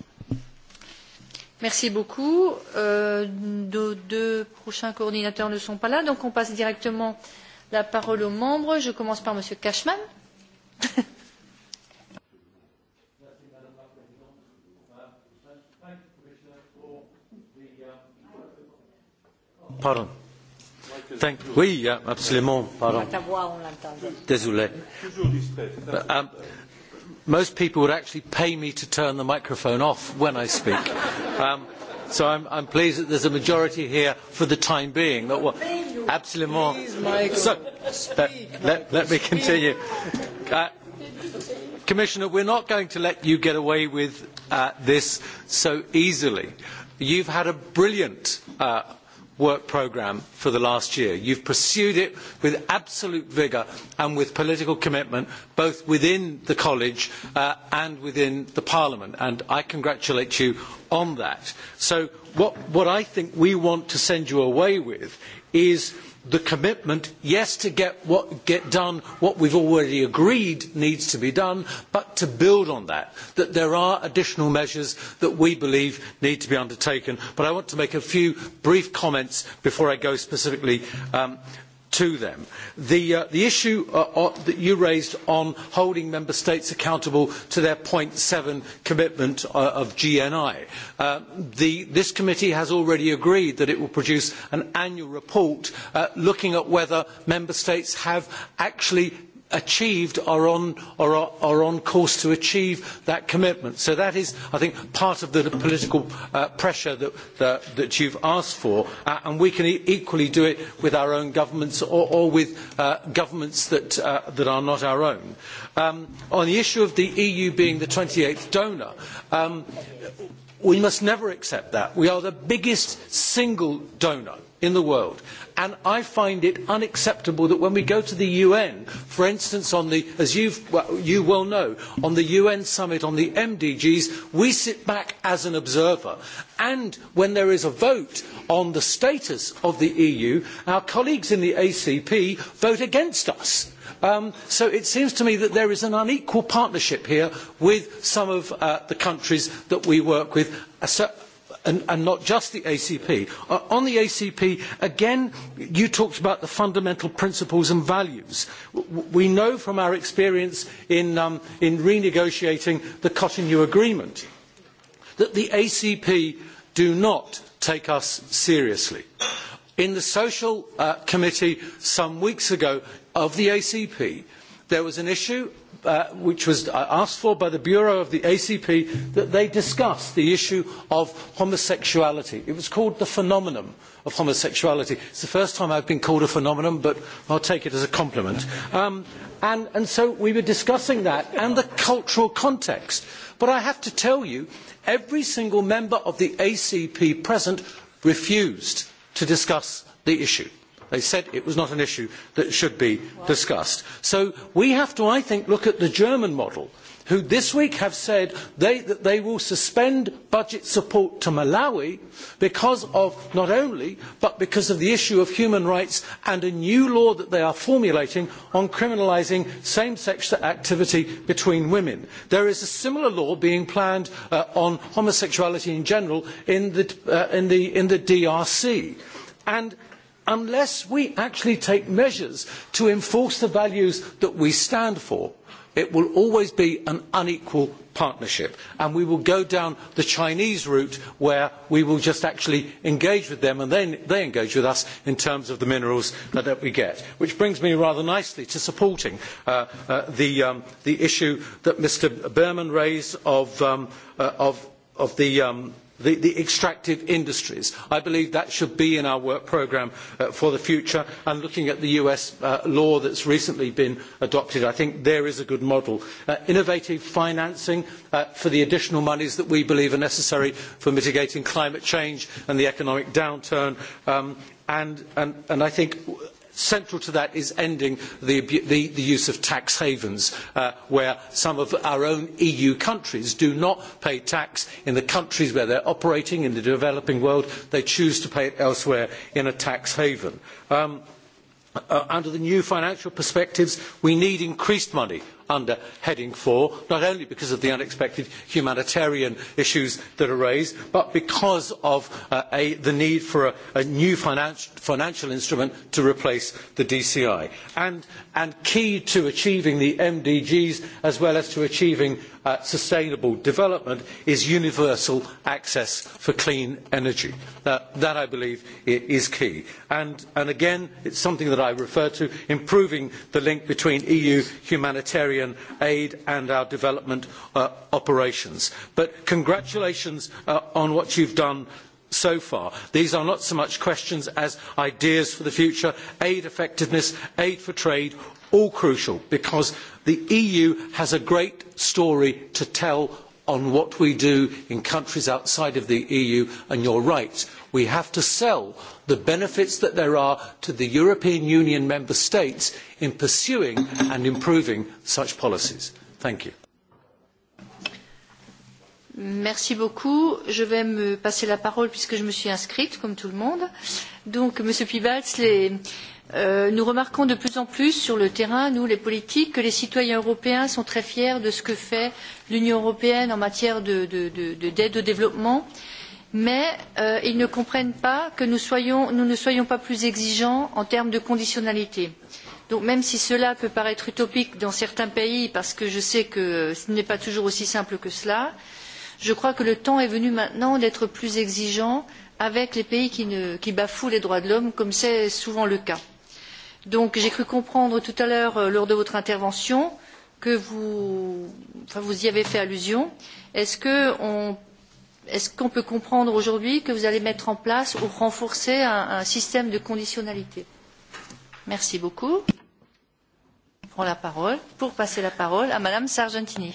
Merci beaucoup. Euh, nos deux prochains coordinateurs ne sont pas là, donc on passe directement la parole aux membres. Je commence par m. Cashman. Thank, oui, absolument. Pardon. Désolé. Um, most people would actually pay me to turn the microphone off when I speak. Um, so I'm, I'm pleased that there's a majority here for the time being. That will, absolument. so, let, let, let me continue. Uh, Commissioner, we're not going to let you get away with uh, this so easily. You've had a brilliant uh, work programme for the last year. You've pursued it with absolute vigour and with political commitment, both within the College uh, and within the Parliament, and I congratulate you on that. So what, what I think we want to send you away with is the commitment, yes, to get, what, get done what we've already agreed needs to be done, but to build on that, that there are additional measures that we believe need to be undertaken. But I want to make a few brief comments before I go specifically um, to them. The, uh, the issue uh, uh, that you raised on holding member states accountable to their 0.7 commitment uh, of GNI, uh, the, this committee has already agreed that it will produce an annual report uh, looking at whether member states have actually achieved or on, or are on course to achieve that commitment. So that is, I think, part of the political uh, pressure that, that, that you've asked for, uh, and we can e equally do it with our own governments or, or with uh, governments that, uh, that are not our own. Um, on the issue of the EU being the 28th donor, um, we must never accept that. We are the biggest single donor in the world and I find it unacceptable that when we go to the UN, for instance, on the, as you've, well, you well know, on the UN summit on the MDGs, we sit back as an observer. And when there is a vote on the status of the EU, our colleagues in the ACP vote against us. Um, so it seems to me that there is an unequal partnership here with some of uh, the countries that we work with. Uh, so and, and not just the ACP. Uh, on the ACP, again, you talked about the fundamental principles and values. we know from our experience in, um, in renegotiating the Cotonou Agreement that the ACP do not take us seriously. In the Social uh, Committee some weeks ago of the ACP, there was an issue Uh, which was asked for by the Bureau of the ACP, that they discuss the issue of homosexuality. It was called the phenomenon of homosexuality. It's the first time I've been called a phenomenon, but I'll take it as a compliment. Um, and, and so we were discussing that and the cultural context. But I have to tell you, every single member of the ACP present refused to discuss the issue They said it was not an issue that should be discussed. So we have to, I think, look at the German model, who this week have said they, that they will suspend budget support to Malawi because of not only, but because of the issue of human rights and a new law that they are formulating on criminalising same-sex activity between women. There is a similar law being planned uh, on homosexuality in general in the, uh, in the, in the DRC. And unless we actually take measures to enforce the values that we stand for, it will always be an unequal partnership. And we will go down the Chinese route where we will just actually engage with them and then they engage with us in terms of the minerals that we get. Which brings me rather nicely to supporting uh, uh, the, um, the, issue that Mr. Berman raised of, um, uh, of, of the um, the, the extractive industries. I believe that should be in our work programme uh, for the future. And looking at the US uh, law that's recently been adopted, I think there is a good model. Uh, innovative financing uh, for the additional monies that we believe are necessary for mitigating climate change and the economic downturn. Um, and, and, and I think Central to that is ending the, the, the use of tax havens, uh, where some of our own EU countries do not pay tax in the countries where they're operating in the developing world. They choose to pay it elsewhere in a tax haven. Um, Uh, under the new financial perspectives we need increased money under heading 4, not only because of the unexpected humanitarian issues that are raised, but because of uh, a, the need for a, a new financial instrument to replace the DCI. And, and key to achieving the MDGs as well as to achieving uh, sustainable development is universal access for clean energy. Uh, that, I believe, is key. And, and again, it's something that I refer to, improving the link between EU humanitarian humanitarian aid and our development uh, operations. But congratulations uh, on what you've done so far. These are not so much questions as ideas for the future. Aid effectiveness, aid for trade, all crucial because the EU has a great story to tell on what we do in countries outside of the EU and you're right, we have to sell the benefits that there are to the European Union member states in pursuing and improving such policies. Thank you. Merci beaucoup. Je vais me passer la parole puisque je me suis inscrite, comme tout le monde. Donc, Monsieur Pibals, les, euh, nous remarquons de plus en plus sur le terrain, nous les politiques, que les citoyens européens sont très fiers de ce que fait l'Union européenne en matière d'aide de, de, de, de, au développement. Euh, mais euh, ils ne comprennent pas que nous, nous ne soyons pas plus exigeants en termes de conditionnalité. Donc même si cela peut paraître utopique dans certains pays, parce que je sais que ce n'est pas toujours aussi simple que cela, je crois que le temps est venu maintenant d'être plus exigeant avec les pays qui, ne, qui bafouent les droits de l'homme, comme c'est souvent le cas. Donc j'ai cru comprendre tout à l'heure euh, lors de votre intervention que vous, enfin, vous y avez fait allusion. Est-ce qu'on est-ce qu'on peut comprendre aujourd'hui que vous allez mettre en place ou renforcer un, un système de conditionnalité Merci beaucoup. Je prends la parole pour passer la parole à Madame Sargentini.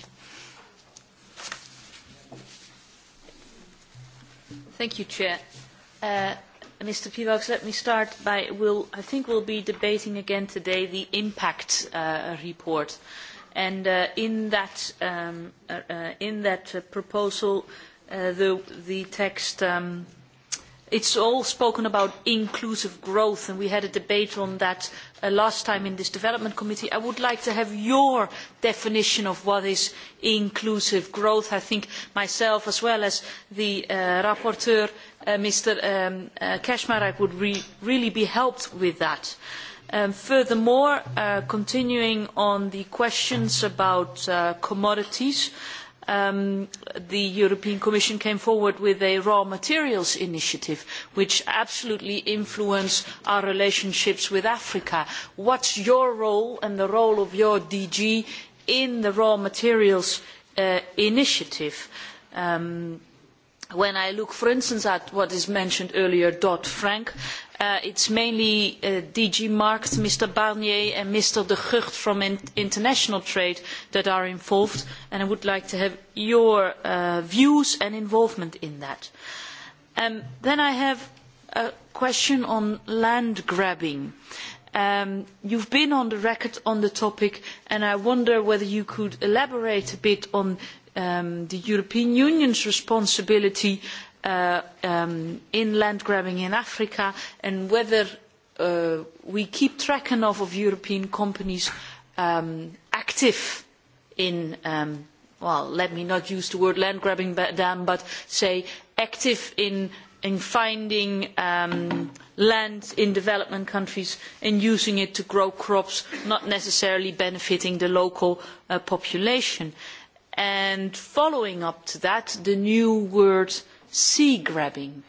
Thank you, Chair. Uh, Mr. Pivox, let me start by, we'll, I think we'll be debating again today the impact uh, report. And uh, in that, um, uh, uh in that proposal, uh, Uh, the, the text, um, it's all spoken about inclusive growth, and we had a debate on that uh, last time in this development committee. I would like to have your definition of what is inclusive growth. I think myself, as well as the uh, rapporteur, uh, Mr. Um, uh, Kashmarek, would re really be helped with that. Um, furthermore, uh, continuing on the questions about uh, commodities, uh, um, the European Commission came forward with a raw materials initiative, which absolutely influence our relationships with Africa. What's your role and the role of your DG in the raw materials uh, initiative? Um, when I look, for instance, at what is mentioned earlier, Dodd-Frank, it uh, it's mainly uh, DG Markt, Mr. Barnier and Mr. de Gucht from International Trade that are involved, and I would like to have your uh, views and involvement in that. Um, then I have a question on land grabbing. you um, you've been on the record on the topic, and I wonder whether you could elaborate a bit on um, the European Union's responsibility uh, um, in land grabbing in Africa and whether uh, we keep track enough of European companies um, active in, um, well, let me not use the word land grabbing dam, but say active in, in finding um, land in development countries and using it to grow crops, not necessarily benefiting the local uh, population. And following up to that, the new word uh, sea grabbing.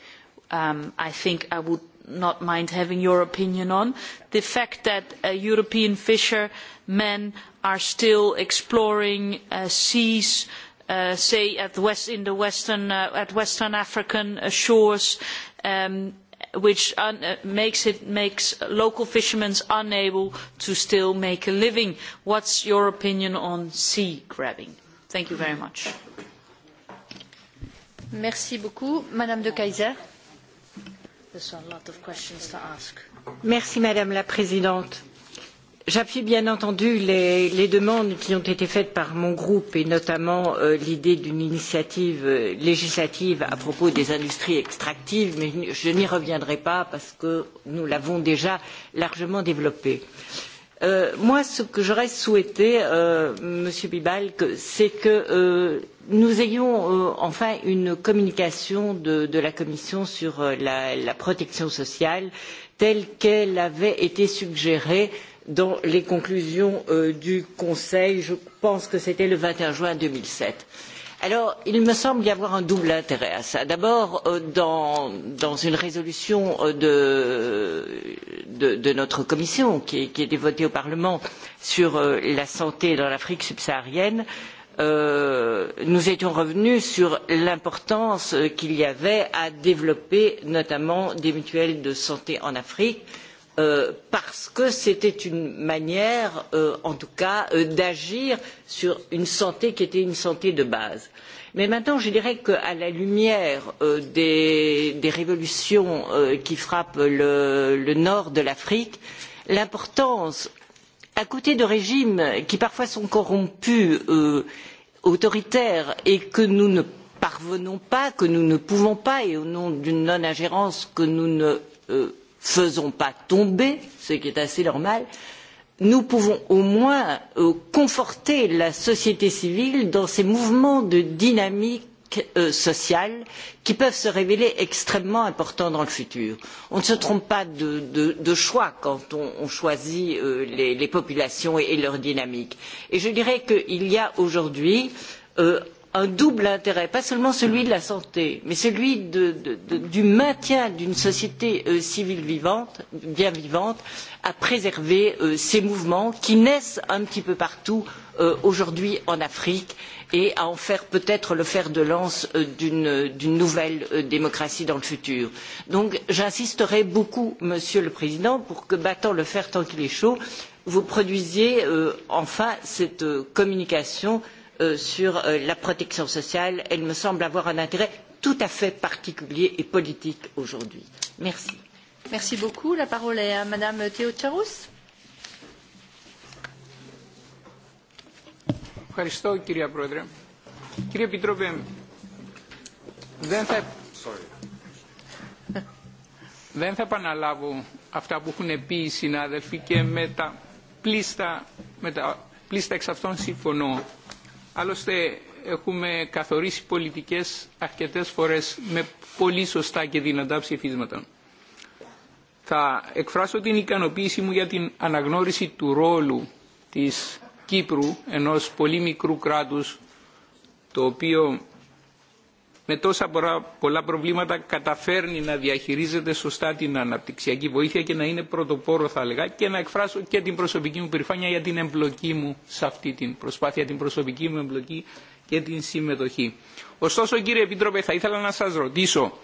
Um, I think I would not mind having your opinion on the fact that uh, European fishermen are still exploring uh, seas Uh, say at west, in the western uh, at western african uh, shores um, which un, uh, makes it makes local fishermen unable to still make a living what's your opinion on sea grabbing thank you very much Merci beaucoup. Madame de Kaiser. Merci, Madame la Présidente. J'appuie bien entendu les, les demandes qui ont été faites par mon groupe et notamment euh, l'idée d'une initiative euh, législative à propos des industries extractives, mais je n'y reviendrai pas parce que nous l'avons déjà largement développée. Euh, Euh, moi, ce que j'aurais souhaité, euh, Monsieur piebalgs c'est que euh, nous ayons enfin une communication de, la Commission sur la, protection sociale telle qu'elle avait été suggérée dans les conclusions du Conseil. Je pense que c'était le un juin 2007. Euh, Alors, il me semble y avoir un double intérêt à cela d'abord euh, dans, une résolution euh, de, notre commission qui, a été votée au parlement sur euh, la santé dans l'afrique subsaharienne nous étions revenus sur l'importance qu'il y avait à développer notamment des mutuelles de santé en afrique et Euh, parce que c'était une manière, euh, en tout cas, euh, d'agir sur une santé qui était une santé de base. Mais maintenant, je dirais qu'à la lumière euh, des, des révolutions euh, qui frappent le, le nord de l'Afrique, l'importance, à côté de régimes qui parfois sont corrompus, euh, autoritaires, et que nous ne parvenons pas, que nous ne pouvons pas, et au nom d'une non-ingérence que nous ne euh, faisons pas tomber ce qui est assez normal nous pouvons au moins euh, conforter la société civile dans ces mouvements de dynamique euh, sociale qui peuvent se révéler extrêmement importants dans le futur. On ne se trompe pas de, choix quand on, choisit euh, les, populations et, leur dynamique. Et je dirais qu'il y a aujourd'hui un double intérêt pas seulement celui de la santé mais celui du maintien d'une société euh, civile vivante, bien vivante à préserver euh, ces mouvements qui naissent un petit peu partout euh, aujourd'hui en afrique et à en faire peut être le fer de lance d'une nouvelle démocratie dans le futur. donc j'insisterai beaucoup monsieur le président pour que battant le fer tant qu'il est chaud vous produisiez enfin cette communication qui Euh, sur euh, la protection sociale elle me semble avoir un intérêt tout à fait particulier et politique aujourd'hui. merci. merci beaucoup. la parole est à mme theocharous. Ευχαριστώ δεν θα, δεν θα επαναλάβω αυτά που έχουν πει οι συνάδελφοι και με τα πλήστα, με τα πλήστα εξ αυτών συμφωνώ Άλλωστε έχουμε καθορίσει πολιτικές αρκετές φορές με πολύ σωστά και δυνατά ψηφίσματα. Θα εκφράσω την ικανοποίησή μου για την αναγνώριση του ρόλου της Κύπρου, ενός πολύ μικρού κράτους, το οποίο με τόσα πολλά προβλήματα καταφέρνει να διαχειρίζεται σωστά την αναπτυξιακή βοήθεια και να είναι πρωτοπόρο θα έλεγα και να εκφράσω και την προσωπική μου περηφάνεια για την εμπλοκή μου σε αυτή την προσπάθεια, την προσωπική μου εμπλοκή και την συμμετοχή. Ωστόσο κύριε Επίτροπε θα ήθελα να σας ρωτήσω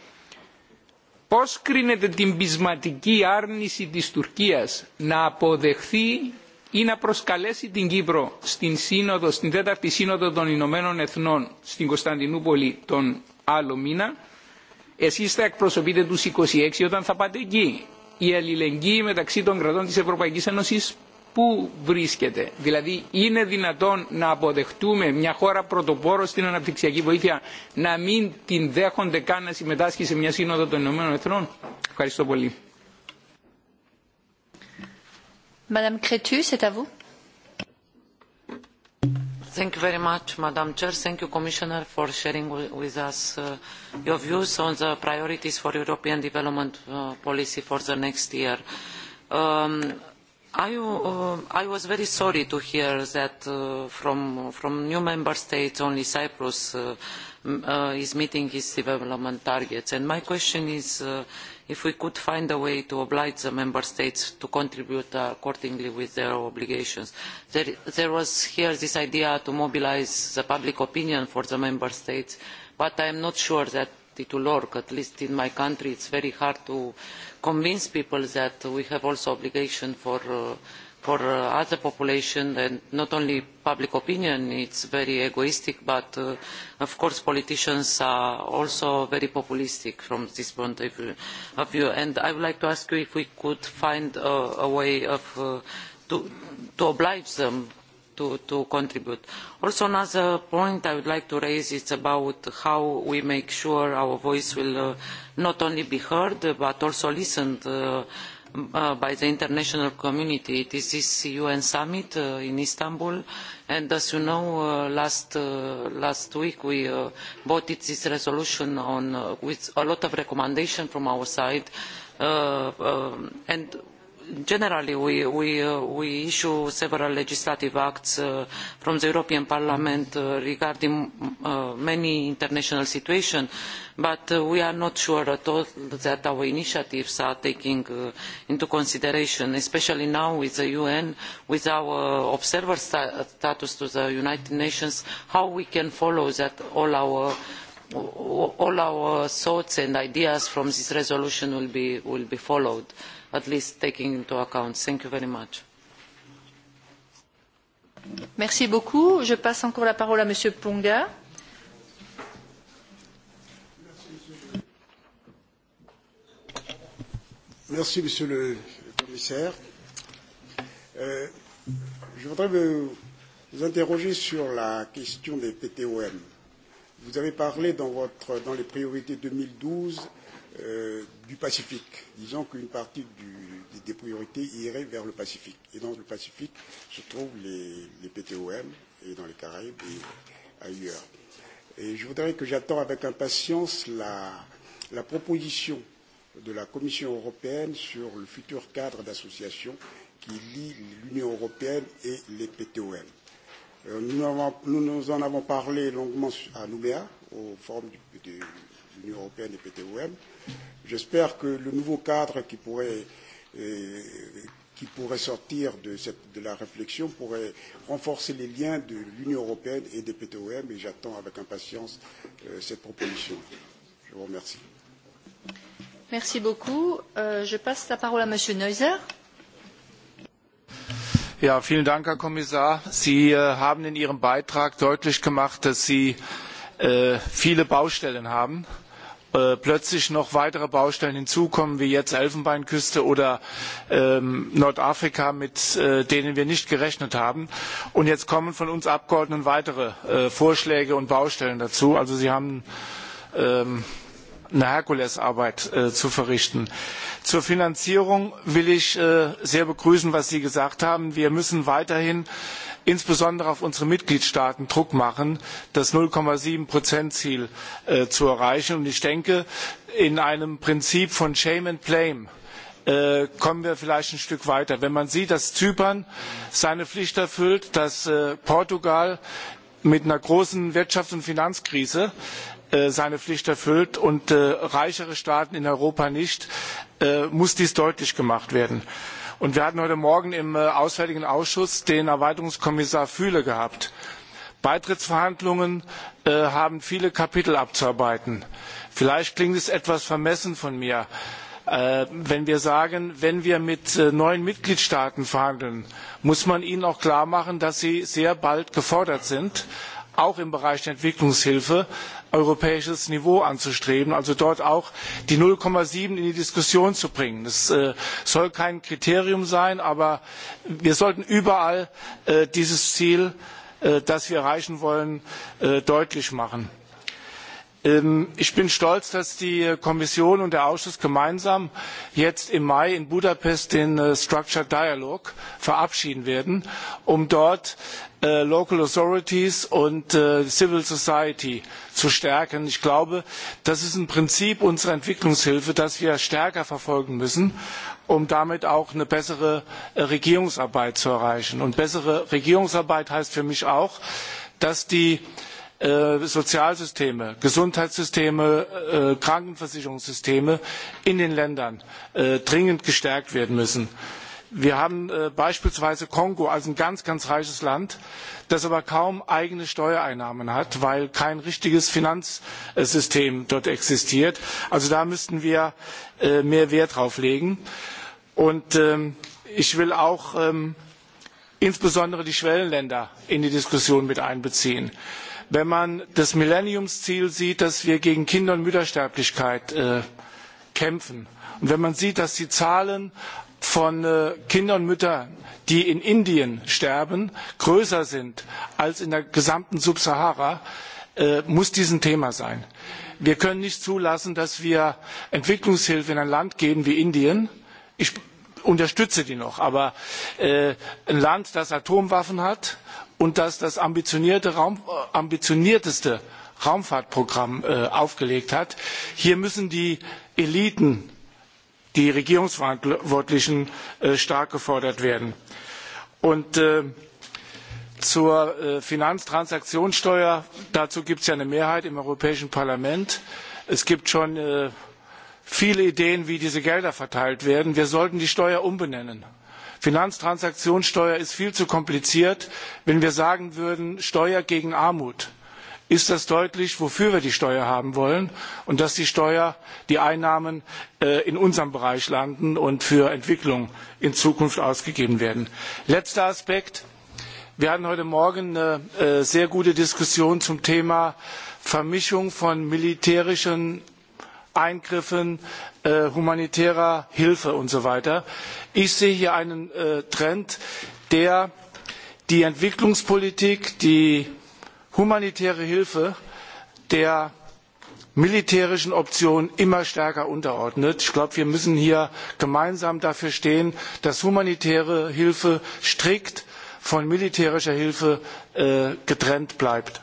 πώς κρίνεται την πεισματική άρνηση της Τουρκίας να αποδεχθεί ή να προσκαλέσει την Κύπρο στην, σύνοδο, στην τέταρτη σύνοδο των Ηνωμένων Εθνών στην Κωνσταντινούπολη τον άλλο μήνα. Εσεί θα εκπροσωπείτε του 26 όταν θα πάτε εκεί. Η αλληλεγγύη μεταξύ των κρατών τη Ευρωπαϊκή Ένωση πού βρίσκεται. Δηλαδή είναι δυνατόν να αποδεχτούμε μια χώρα πρωτοπόρο στην αναπτυξιακή βοήθεια να μην την δέχονται καν να συμμετάσχει σε μια σύνοδο των Ηνωμένων Εθνών. Ευχαριστώ πολύ. Madame Crétu, c'est à vous. Thank you very much, Madam Chair. Thank you, Commissioner, for sharing with us uh, your views on the priorities for European development uh, policy for the next year. Um, I, uh, I was very sorry to hear that uh, from, from new member states only Cyprus uh, uh, is meeting its development targets. And my question is, if we could find a way to oblige the member states to contribute accordingly with their obligations. There, there was here this idea to mobilise the public opinion for the member states, but I am not sure that it will work. At least in my country, it's very hard to convince people that we have also obligation for uh, for uh, other population and not only public opinion it's very egoistic but uh, of course politicians are also very populistic from this point of view and i would like to ask you if we could find a, a way of uh, to, to oblige them to, to contribute. also another point i would like to raise is about how we make sure our voice will uh, not only be heard but also listened to uh, Uh, by the international community. It is this UN summit uh, in Istanbul, and as you know, uh, last uh, last week we uh, voted this resolution on uh, with a lot of recommendation from our side, uh, uh, and generally we, we, uh, we issue several legislative acts uh, from the European Parliament uh, regarding uh, many international situations, but uh, we are not sure at all that our initiatives are taken uh, into consideration, especially now with the UN, with our observer sta status to the United Nations, how we can follow that all our all our thoughts and ideas from this resolution will be, will be followed. Uh, at least taking into account. Thank you very much. Merci beaucoup. Je passe encore la parole à Monsieur Ponga. Merci, Monsieur le Commissaire. Euh, je voudrais vous, interroger sur la question des PTOM. Vous avez parlé dans, votre, dans les priorités 2012 Euh, du Pacifique. Disons qu'une partie du, des, des priorités irait vers le Pacifique. Et dans le Pacifique se trouvent les, les PTOM, et dans les Caraïbes et ailleurs. Et je voudrais que j'attends avec impatience la, la proposition de la Commission européenne sur le futur cadre d'association qui lie l'Union européenne et les PTOM. Euh, nous, avons, nous, nous en avons parlé longuement à Nouméa, au forum de l'Union européenne et PTOM. J'espère que le nouveau cadre qui pourrait, euh, qui pourrait sortir de, cette, de la réflexion pourrait renforcer les liens de l'Union européenne et des PTOM et j'attends avec impatience euh, cette proposition. Je vous remercie. Merci beaucoup. Euh, je passe la parole à Monsieur Neuser. Ja, vielen Dank, Herr Kommissar. Sie äh, haben in Ihrem Beitrag deutlich gemacht, dass Sie äh, viele Baustellen haben Äh, plötzlich noch weitere Baustellen hinzukommen, wie jetzt Elfenbeinküste oder ähm, Nordafrika, mit äh, denen wir nicht gerechnet haben. Und jetzt kommen von uns Abgeordneten weitere äh, Vorschläge und Baustellen dazu. Also Sie haben ähm, eine Herkulesarbeit zu verrichten. Zur Finanzierung will ich sehr begrüßen, was Sie gesagt haben. Wir müssen weiterhin insbesondere auf unsere Mitgliedstaaten Druck machen, das 0,7 Ziel äh, zu erreichen. Und ich denke, in einem Prinzip von Shame and Blame äh, kommen wir vielleicht ein Stück weiter. Wenn man sieht, dass Zypern seine Pflicht erfüllt, dass äh, Portugal mit einer großen Wirtschafts- und Finanzkrise äh, seine Pflicht erfüllt und äh, reichere Staaten in Europa nicht, muss dies deutlich gemacht werden. Und wir hatten heute Morgen im äh, Auswärtigen Ausschuss den Erweiterungskommissar Fühle gehabt. Beitrittsverhandlungen äh, haben viele Kapitel abzuarbeiten. Vielleicht klingt es etwas vermessen von mir, äh, wenn wir sagen, wenn wir mit äh, neuen Mitgliedstaaten verhandeln, muss man ihnen auch klar machen, dass sie sehr bald gefordert sind, auch im Bereich der Entwicklungshilfe, europäisches Niveau anzustreben, also dort auch die 0,7 in die Diskussion zu bringen. Das äh, soll kein Kriterium sein, aber wir sollten überall äh, dieses Ziel, äh, das wir erreichen wollen, deutlich machen Ähm, ich bin stolz dass die kommission und der ausschuss gemeinsam jetzt im mai in budapest den äh, structured dialogue verabschieden werden um dort äh, local authorities und äh, civil society zu stärken. ich glaube das ist ein prinzip unserer entwicklungshilfe das wir stärker verfolgen müssen um damit auch eine bessere regierungsarbeit zu erreichen. und bessere regierungsarbeit heißt für mich auch dass die Äh, Sozialsysteme, Gesundheitssysteme, äh, Krankenversicherungssysteme in den Ländern äh, dringend gestärkt werden müssen. Wir haben beispielsweise Kongo als ein ganz, ganz reiches Land, das aber kaum eigene Steuereinnahmen hat, weil kein richtiges Finanzsystem dort existiert. Also da müssten wir mehr Wert drauf legen. Und ähm, ich will auch ähm, insbesondere die Schwellenländer in die Diskussion mit einbeziehen wenn man das millenniumsziel sieht dass wir gegen kinder und müttersterblichkeit äh, kämpfen und wenn man sieht dass die zahlen von äh, kindern und müttern die in indien sterben größer sind als in der gesamten subsahara äh, muss dies ein thema sein. wir können nicht zulassen dass wir entwicklungshilfe in ein land geben wie indien ich unterstütze die noch aber ein land das atomwaffen hat und dass das ambitionierte Raum, äh, ambitionierteste Raumfahrtprogramm äh, aufgelegt hat. Hier müssen die Eliten, die Regierungsverantwortlichen äh, stark gefordert werden. Und äh, zur äh, Finanztransaktionssteuer, dazu gibt es ja eine Mehrheit im Europäischen Parlament. Es gibt schon äh, viele Ideen, wie diese Gelder verteilt werden. Wir sollten die Steuer umbenennen finanztransaktionssteuer ist viel zu kompliziert. wenn wir sagen würden steuer gegen armut ist das deutlich wofür wir die steuer haben wollen und dass die steuer die einnahmen äh, in unserem bereich landen und für entwicklung in zukunft ausgegeben werden. letzter aspekt wir hatten heute morgen eine äh, sehr gute diskussion zum thema vermischung von militärischen Eingriffen, äh, humanitärer Hilfe und so weiter. Ich sehe hier einen äh, Trend, der die Entwicklungspolitik, die humanitäre Hilfe der militärischen Option immer stärker unterordnet. Ich glaube, wir müssen hier gemeinsam dafür stehen, dass humanitäre Hilfe strikt von militärischer Hilfe äh, getrennt bleibt.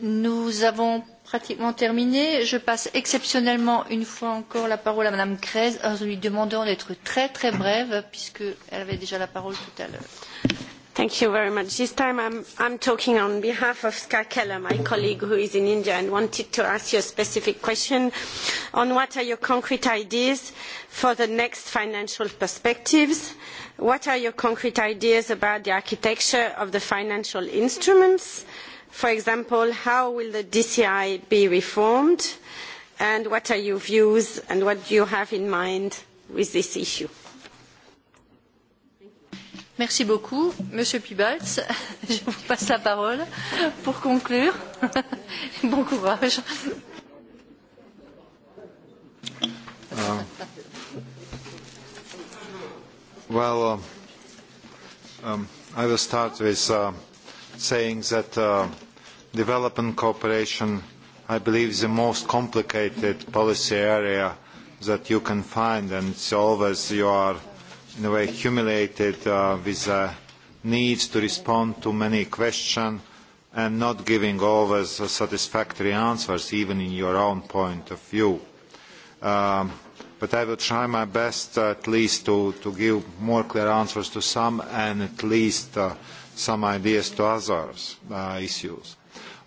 Nous avons pratiquement terminé. Je passe exceptionnellement une fois encore la parole à Madame Grèze en lui demandant d'être très très brève puisqu'elle avait déjà la parole tout à l'heure. Thank you very much. This time I'm, I'm talking on behalf of Ska Keller, my colleague who is in India and wanted to ask you a specific question on what are your concrete ideas for the next financial perspectives? What are your concrete ideas about the architecture of the financial instruments? For example, how will the DCI be reformed? And what are your views and what do you have in mind with this issue? Merci beaucoup. Monsieur Piebalgs, [laughs] je vous passe la parole pour conclure. [laughs] bon courage. Uh, well, um, um, I will start with uh, saying that uh, development cooperation, I believe, is the most complicated policy area that you can find, and it's always you are in a way humiliated uh, with uh, needs to respond to many questions and not giving always satisfactory answers, even in your own point of view. Um, but I will try my best uh, at least to, to give more clear answers to some and at least uh, some ideas to others uh, issues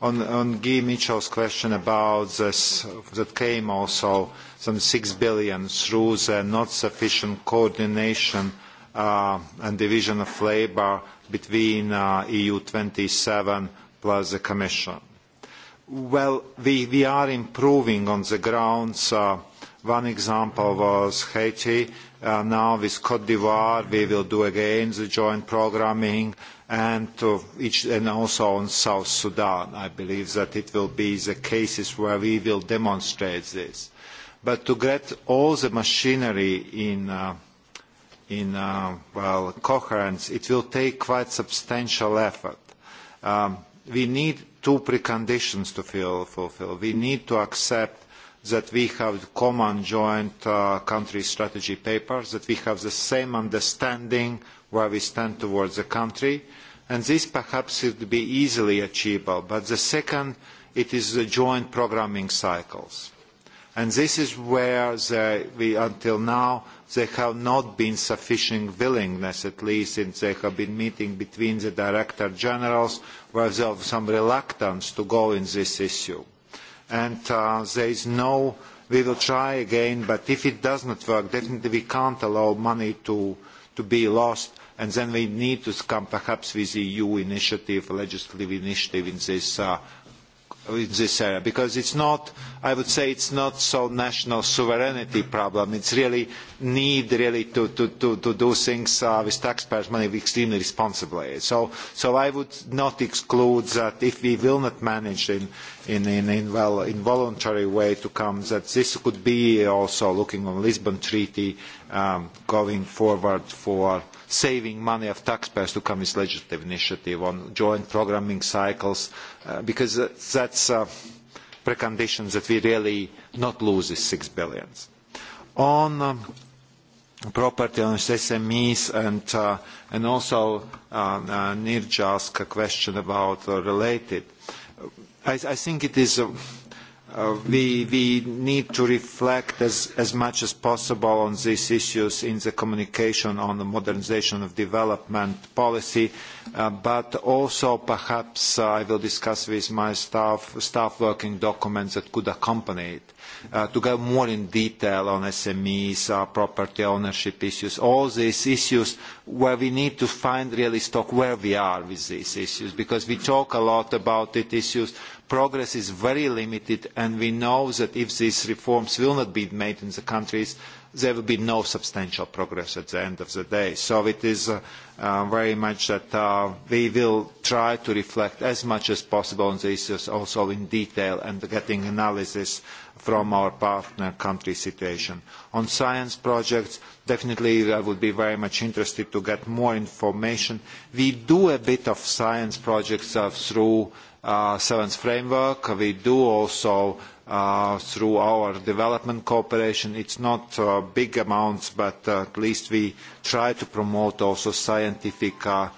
on, on Guy Mitchell's question about this, that came also some 6 billion through the not sufficient coordination uh, and division of labour between uh, EU27 plus the Commission. Well, we, we are improving on the grounds. Uh, one example was Haiti. Uh, now with Cote d'Ivoire, we will do again the joint programming and, each, and also on South Sudan. I believe that it will be the cases where we will demonstrate this. But to get all the machinery in, uh, in uh, well, coherence, it will take quite substantial effort. Um, we need two preconditions to feel, fulfill. We need to accept that we have common joint uh, country strategy papers, that we have the same understanding where we stand towards the country, and this perhaps would be easily achievable. But the second, it is the joint programming cycles. And this is where we, until now, there have not been sufficient willingness, at least since there have been meetings between the director generals where there was some reluctance to go in this issue. And uh, there is no, we will try again, but if it does not work, definitely we can't allow money to, to be lost and then we need to come perhaps with the EU initiative, legislative initiative in this, uh, in this area, because it's not, I would say it's not so national sovereignty problem, it's really need really to, to, to, to do things uh, with taxpayers' money extremely responsibly. So, so I would not exclude that if we will not manage in in, in, in well, involuntary way to come, that this could be also looking on Lisbon Treaty um, going forward for saving money of taxpayers to come with legislative initiative on joint programming cycles, uh, because that's a precondition that we really not lose this six billion. On um, property on SMEs and, uh, and also uh, uh, a question about uh, related, I, I think it is a, uh, uh, we, we need to reflect as, as much as possible on these issues in the communication on the modernisation of development policy, uh, but also perhaps uh, I will discuss with my staff, staff working documents that could accompany it uh, to go more in detail on SMEs, uh, property ownership issues, all these issues where we need to find really stock where we are with these issues, because we talk a lot about it issues. Progress is very limited, and we know that if these reforms will not be made in the countries, there will be no substantial progress at the end of the day. So it is uh, uh, very much that uh, we will try to reflect as much as possible on the issues also in detail and getting analysis from our partner country situation. On science projects, definitely I would be very much interested to get more information. We do a bit of science projects uh, through uh, Seventh Framework. We do also uh, through our development cooperation. It's not uh, big amounts, but uh, at least we try to promote also scientific uh,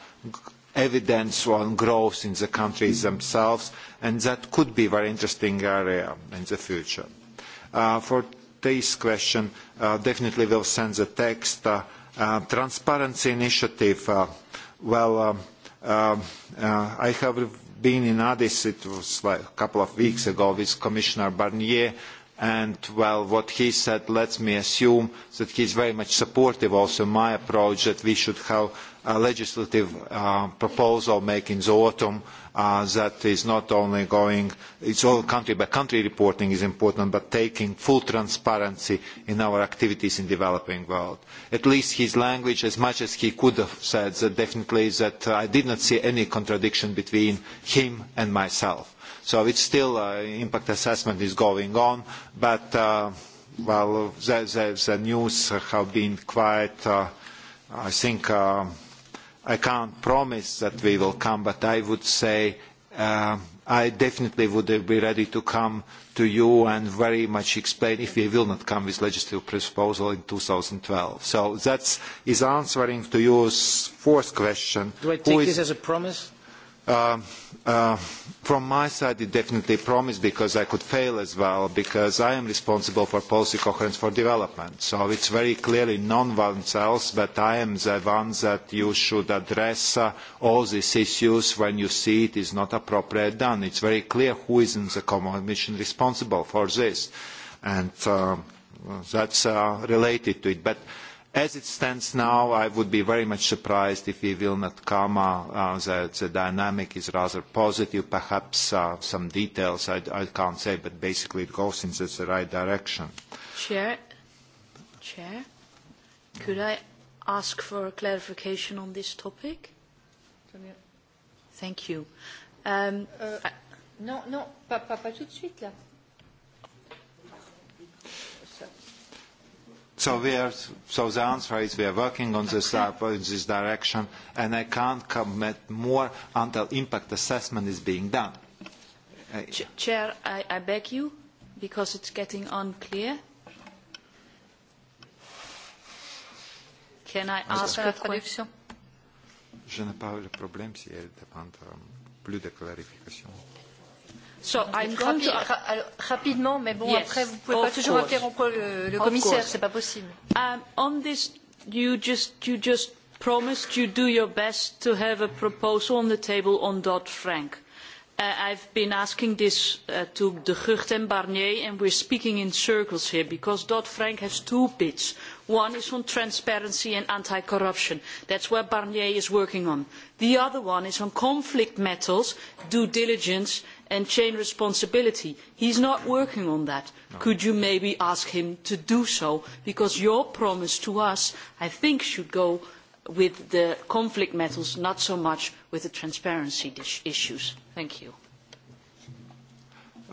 evidence on growth in the countries mm-hmm. themselves, and that could be a very interesting area in the future. Uh, for this question, uh, definitely we'll send the text. Uh, uh, transparency initiative, uh, well, uh, uh, I have been in Addis, it was like a couple of weeks mm-hmm. ago, with Commissioner Barnier, and well, what he said lets me assume that he is very much supportive also my approach that we should have uh, legislative uh, proposal made in the autumn uh, that is not only going, it's all country by country reporting is important, but taking full transparency in our activities in developing world. At least his language, as much as he could have said, that definitely that uh, I did not see any contradiction between him and myself. So it's still uh, impact assessment is going on, but uh, well, the, the, the news have been quite, uh, I think. Um, I can't promise that we will come, but I would say uh, I definitely would be ready to come to you and very much explain if we will not come with legislative proposal in 2012. So that is answering to your fourth question. Do I take is, this as a promise? Uh, uh, from my side, it definitely promised because I could fail as well because I am responsible for policy coherence for development. So it's very clearly non-one else that I am the one that you should address uh, all these issues when you see it is not appropriate done. It's very clear who is in the Commission responsible for this. And uh, that's uh, related to it. But As it stands now, I would be very much surprised if we will not come. Uh, uh, the, the dynamic is rather positive. Perhaps uh, some details I, I can't say, but basically it goes in the right direction. Chair, Chair, could I ask for a clarification on this topic? Thank you. Um, uh, I, non, non, pas, pas, pas tout de suite là. So, we are, so the answer is we are working on this, uh, in this direction, and I can't commit more until impact assessment is being done. Ch Chair, I, I beg you, because it's getting unclear. Can I ask a question? Je n'ai pas le problème si elle demande euh, plus de clarification. So I'm going to... Rapidement, mais bon, yes, après, vous pouvez pas toujours course. interrompre le, le commissaire, c'est pas possible. Um, on this, you just, you just promised you do your best to have a proposal on the table on Dodd-Frank. Uh, I've been asking this uh, to De Gucht and Barnier, and we're speaking in circles here, because Dodd-Frank has two bits. One is on transparency and anti-corruption. That's where Barnier is working on. The other one is on conflict metals, due diligence, and chain responsibility. He is not working on that. No. Could you maybe ask him to do so? Because your promise to us, I think, should go with the conflict metals, not so much with the transparency issues. Thank you.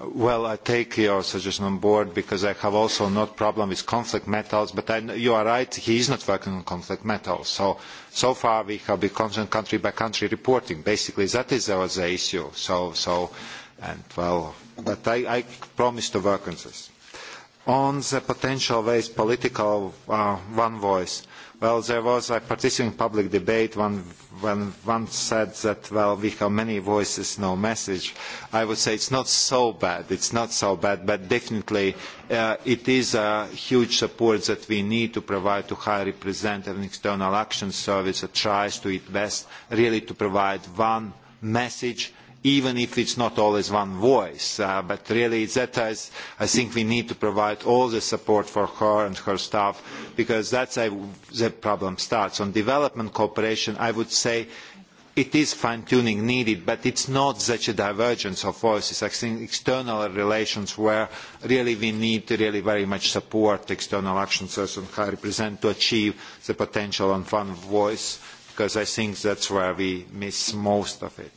Uh, well, I take your suggestion on board because I have also no problem with conflict metals, but I, you are right, he is not working on conflict metals. So, so far we have been constant country by country reporting. Basically, that is our the issue. So, so and well, but I, I promise to work on this. On the potential ways political uh, one voice, well, there was a participating public debate when, when one said that, well, we have many voices, no message. I would say it's not so bad. It's not so bad, but definitely uh, it is a huge support that we need to provide to high representative and external action service that tries to its best really to provide one message even if it's not always one voice. Uh, but really, that is, I think we need to provide all the support for her and her staff, because that's how the problem starts. On development cooperation, I would say it is fine-tuning needed, but it's not such a divergence of voices. I think external relations where really we need to really very much support external action service and high represent to achieve the potential on one voice, because I think that's where we miss most of it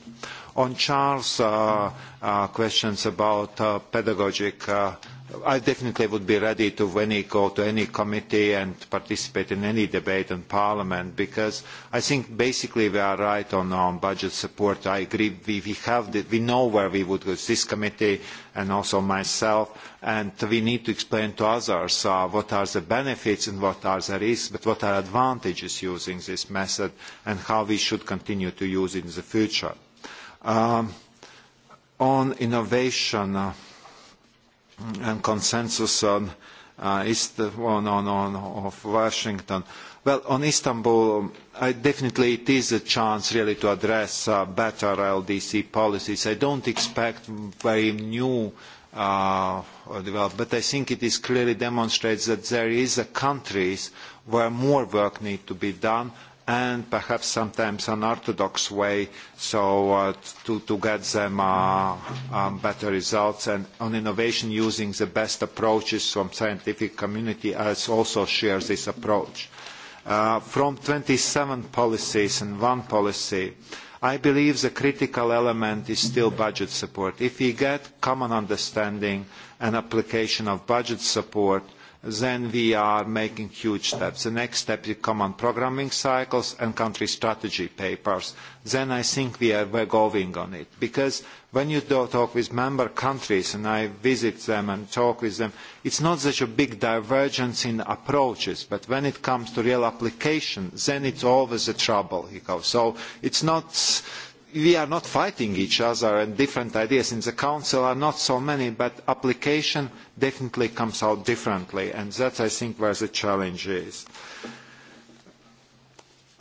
on Charles' uh, uh, questions about uh, pedagogic, uh, I definitely would be ready to go to any committee and participate in any debate in Parliament because I think basically we are right on, budget support. I agree. We, we, have the, we know where we would go, this committee and also myself, and we need to explain to others uh, what are the benefits and what are the risks, but what are advantages using this method and how we should continue to use it in the future. Um, on innovation uh, and consensus on uh, East, on, on, on of Washington. Well, on Istanbul, um, I definitely it is a chance really to address uh, better LDC policies. I don't expect very new uh, development, but I think it is clearly demonstrates that there is a countries where more work needs to be done and perhaps sometimes an orthodox way so uh, to, to get them uh, um, better results and on innovation using the best approaches from scientific community as also shares this approach. Uh, from 27 policies and one policy, I believe the critical element is still budget support. If we get common understanding and application of budget support, then we are making huge steps. The next step is common programming cycles and country strategy papers. Then I think we are going on it. Because when you talk with member countries, and I visit them and talk with them, it's not such a big divergence in approaches, but when it comes to real application, then it's always a trouble. So it's not we are not fighting each other and different ideas in the council are not so many, but application definitely comes out differently, and is I think, where the challenge is.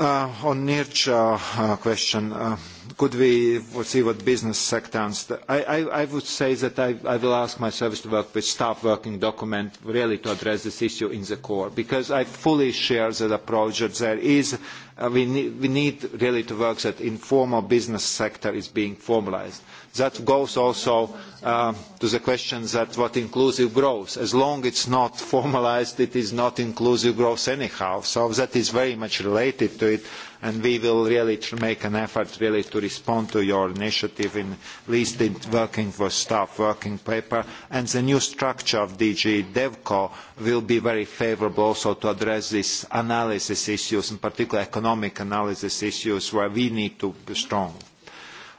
Uh, on NIRCH uh, question, uh, could we see what business sector? I, I, I would say that I, I will ask my service to work with staff working document really to address this issue in the core, because I fully share that approach that there is, uh, we need, we need really to work that informal business sector is being formalized that goes also uh, to the question that what inclusive growth, as long as it's not [laughs] formalized, it is not inclusive growth anyhow. So that is very much related to it, and we will really make an effort really to respond to your initiative in least in working for staff working paper, and the new structure of DG DevCo will be very favorable also to address these analysis issues, in particular economic analysis issues, where we need to be strong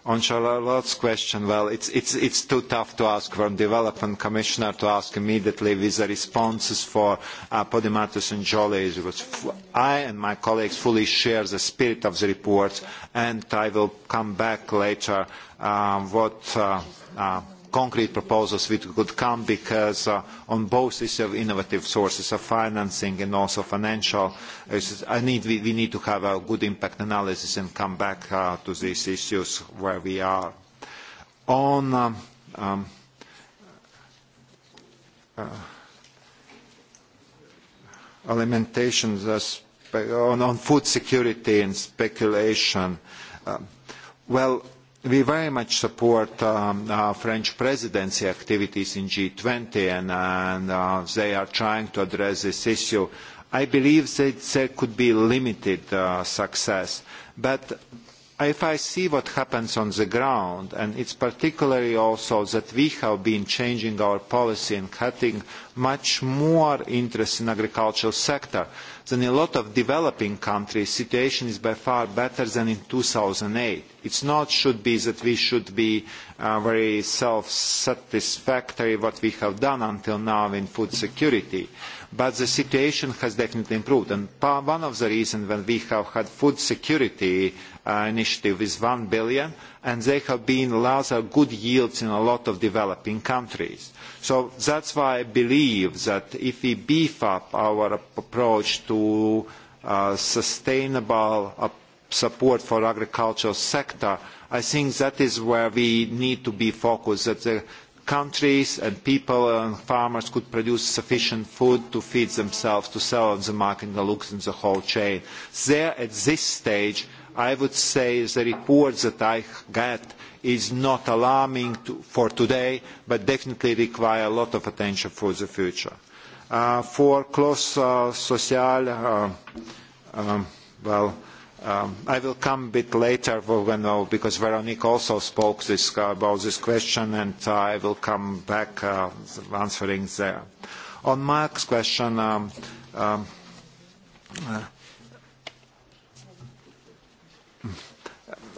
on Charlotte's question, well, it's, it's, it's too tough to ask for a development commissioner to ask immediately with the responses for uh, Podimatus and Joly. I and my colleagues fully share the spirit of the report, and I will come back later uh, what uh, uh, concrete proposals which could come because uh, on both issues of innovative sources of financing and also financial, uh, I need, we, we need to have a good impact analysis and come back uh, to these issues where we are. On um, um, uh, alimentation, on, on food security and speculation, uh, well, we very much support um, uh, French presidency activities in G20 and, and uh, they are trying to address this issue. I believe that there could be limited uh, success, but if I see what happens on the ground, and it's particularly also that we have been changing our policy and cutting much more interest in agricultural sector, than in a lot of developing countries, the situation is by far better than in 2008. It's not should be that we should be uh, very self-satisfactory what we have done until now in food security. But the situation has definitely improved. And one of the reasons when we have had food security uh, initiative is 1 billion, and there have been rather good yields in a lot of developing countries So that's why I believe that if we beef up our approach to uh, sustainable uh, support for agricultural sector, I think that is where we need to be focused, that the countries and people and farmers could produce sufficient food to feed themselves, to sell on the market and the Lux and the whole chain. There, at this stage, I would say the report that I get is not alarming to, for today, but definitely require a lot of attention for the future. Uh, for close uh, social, uh, um, well, um, I will come a bit later because Veronique also spoke this, uh, about this question, and I will come back uh, answering there. On Mark's question, um, um uh,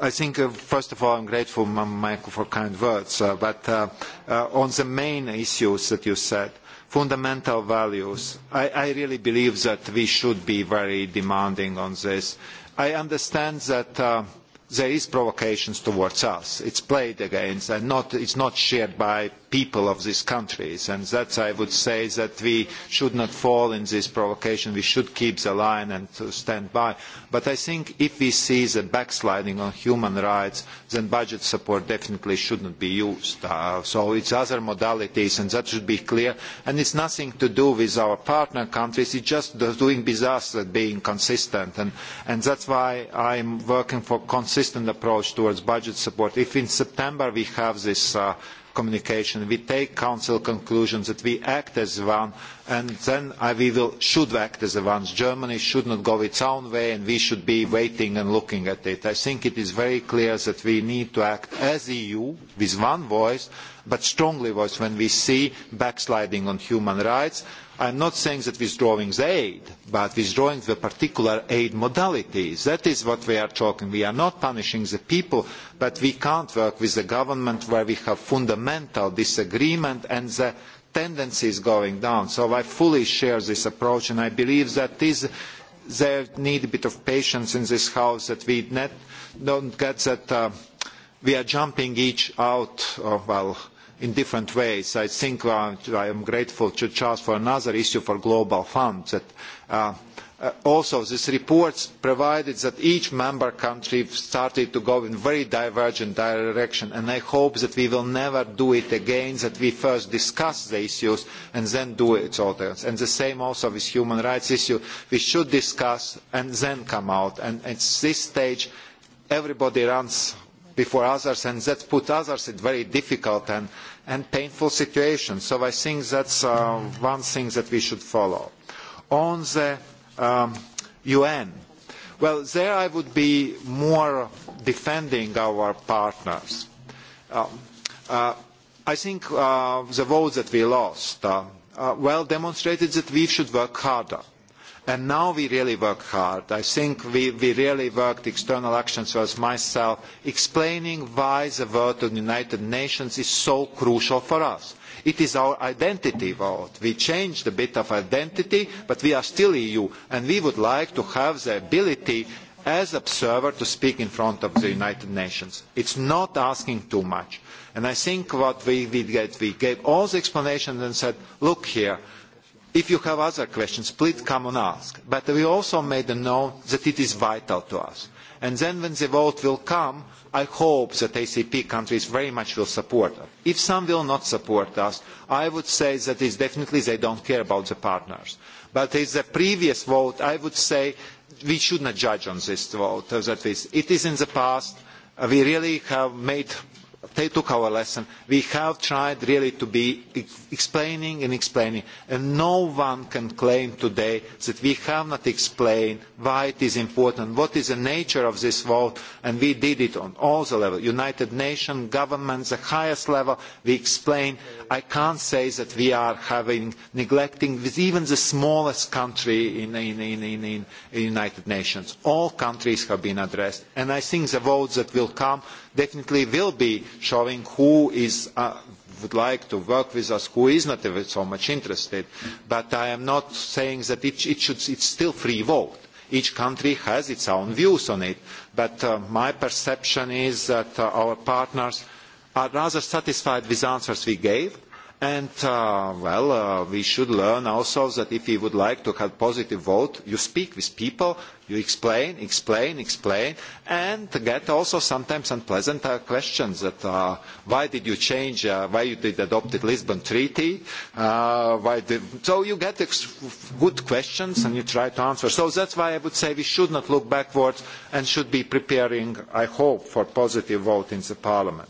I think, uh, first of all, I'm grateful, Michael, for kind words. Uh, but uh, uh, on the main issues that you said, fundamental values, I, I really believe that we should be very demanding on this. I understand that uh, there is provocations towards us. It's played against, and not, it's not shared by people of these countries. And that's, I would say, that we should not fall in this provocation. We should keep the line and stand by. But I think if we see the backsliding on human rights, then budget support definitely should not be used. Uh, so it's other modalities, and that should be clear. And it's nothing to do with our partner countries. It's just doing with us that being consistent. And, and that's why I'm working for consistent approach towards budget support. If in September we have this uh, communication, we take Council conclusions, that we act as one, and then we will, should act as one. Germany should not go its own way, and we should be waiting and looking at it. I think it is very clear that we need to act as EU, with one voice, but strongly voice when we see backsliding on human rights, I am not saying that withdrawing the aid, but withdrawing the particular aid modalities. That is what we are talking. We are not punishing the people, but we can't work with the government where we have fundamental disagreement and the tendency is going down. So I fully share this approach, and I believe that is, there need a bit of patience in this house that we net, don't get that uh, we are jumping each out, uh, well, in different ways. I think uh, I am grateful to Charles for another issue for Global Fund that uh, Uh, also this report provided that each member country started to go in very divergent direction and i hope that we will never do it again that we first discuss the issues and then do it others and the same also with human rights issue we should discuss and then come out and at this stage everybody runs before others, and that put others in very difficult and, and painful situations. So I think that's uh, one thing that we should follow. On the um, UN, well, there I would be more defending our partners. Um, uh, I think uh, the vote that we lost uh, uh, well demonstrated that we should work harder And now we really work hard. I think we, we really worked external action as myself, explaining why the vote of the United Nations is so crucial for us. It is our identity vote. We changed a bit of identity, but we are still EU, and we would like to have the ability as observer to speak in front of the United Nations. It's not asking too much. And I think what we did get, we gave all the explanations and said, look here, If you have other questions, please come and ask. But we also made a note that it is vital to us. And then when the vote will come, I hope that ACP countries very much will support us. If some will not support us, I would say that it's definitely they don't care about the partners. But in the previous vote, I would say we should not judge on this vote. That is, it is in the past. We really have made they took our lesson. We have tried really to be explaining and explaining, and no one can claim today that we have not explained why it is important, what is the nature of this vote, and we did it on all the levels, United Nations, governments, the highest level, we explain. I can't say that we are having, neglecting with even the smallest country in, in, in, in, in United Nations. All countries have been addressed, and I think the votes that will come definitely will be showing who is, uh, would like to work with us, who is not so much interested. But I am not saying that it, it should, it's still free vote. Each country has its own views on it. But uh, my perception is that uh, our partners are rather satisfied with the answers we gave And, uh, well, uh, we should learn also that if you would like to have positive vote, you speak with people, you explain, explain, explain, and get also sometimes unpleasant uh, questions that uh, why did you change, uh, why you did adopt the Lisbon Treaty, uh, why did, so you get good questions and you try to answer. So that's why I would say we should not look backwards and should be preparing, I hope, for positive vote in the Parliament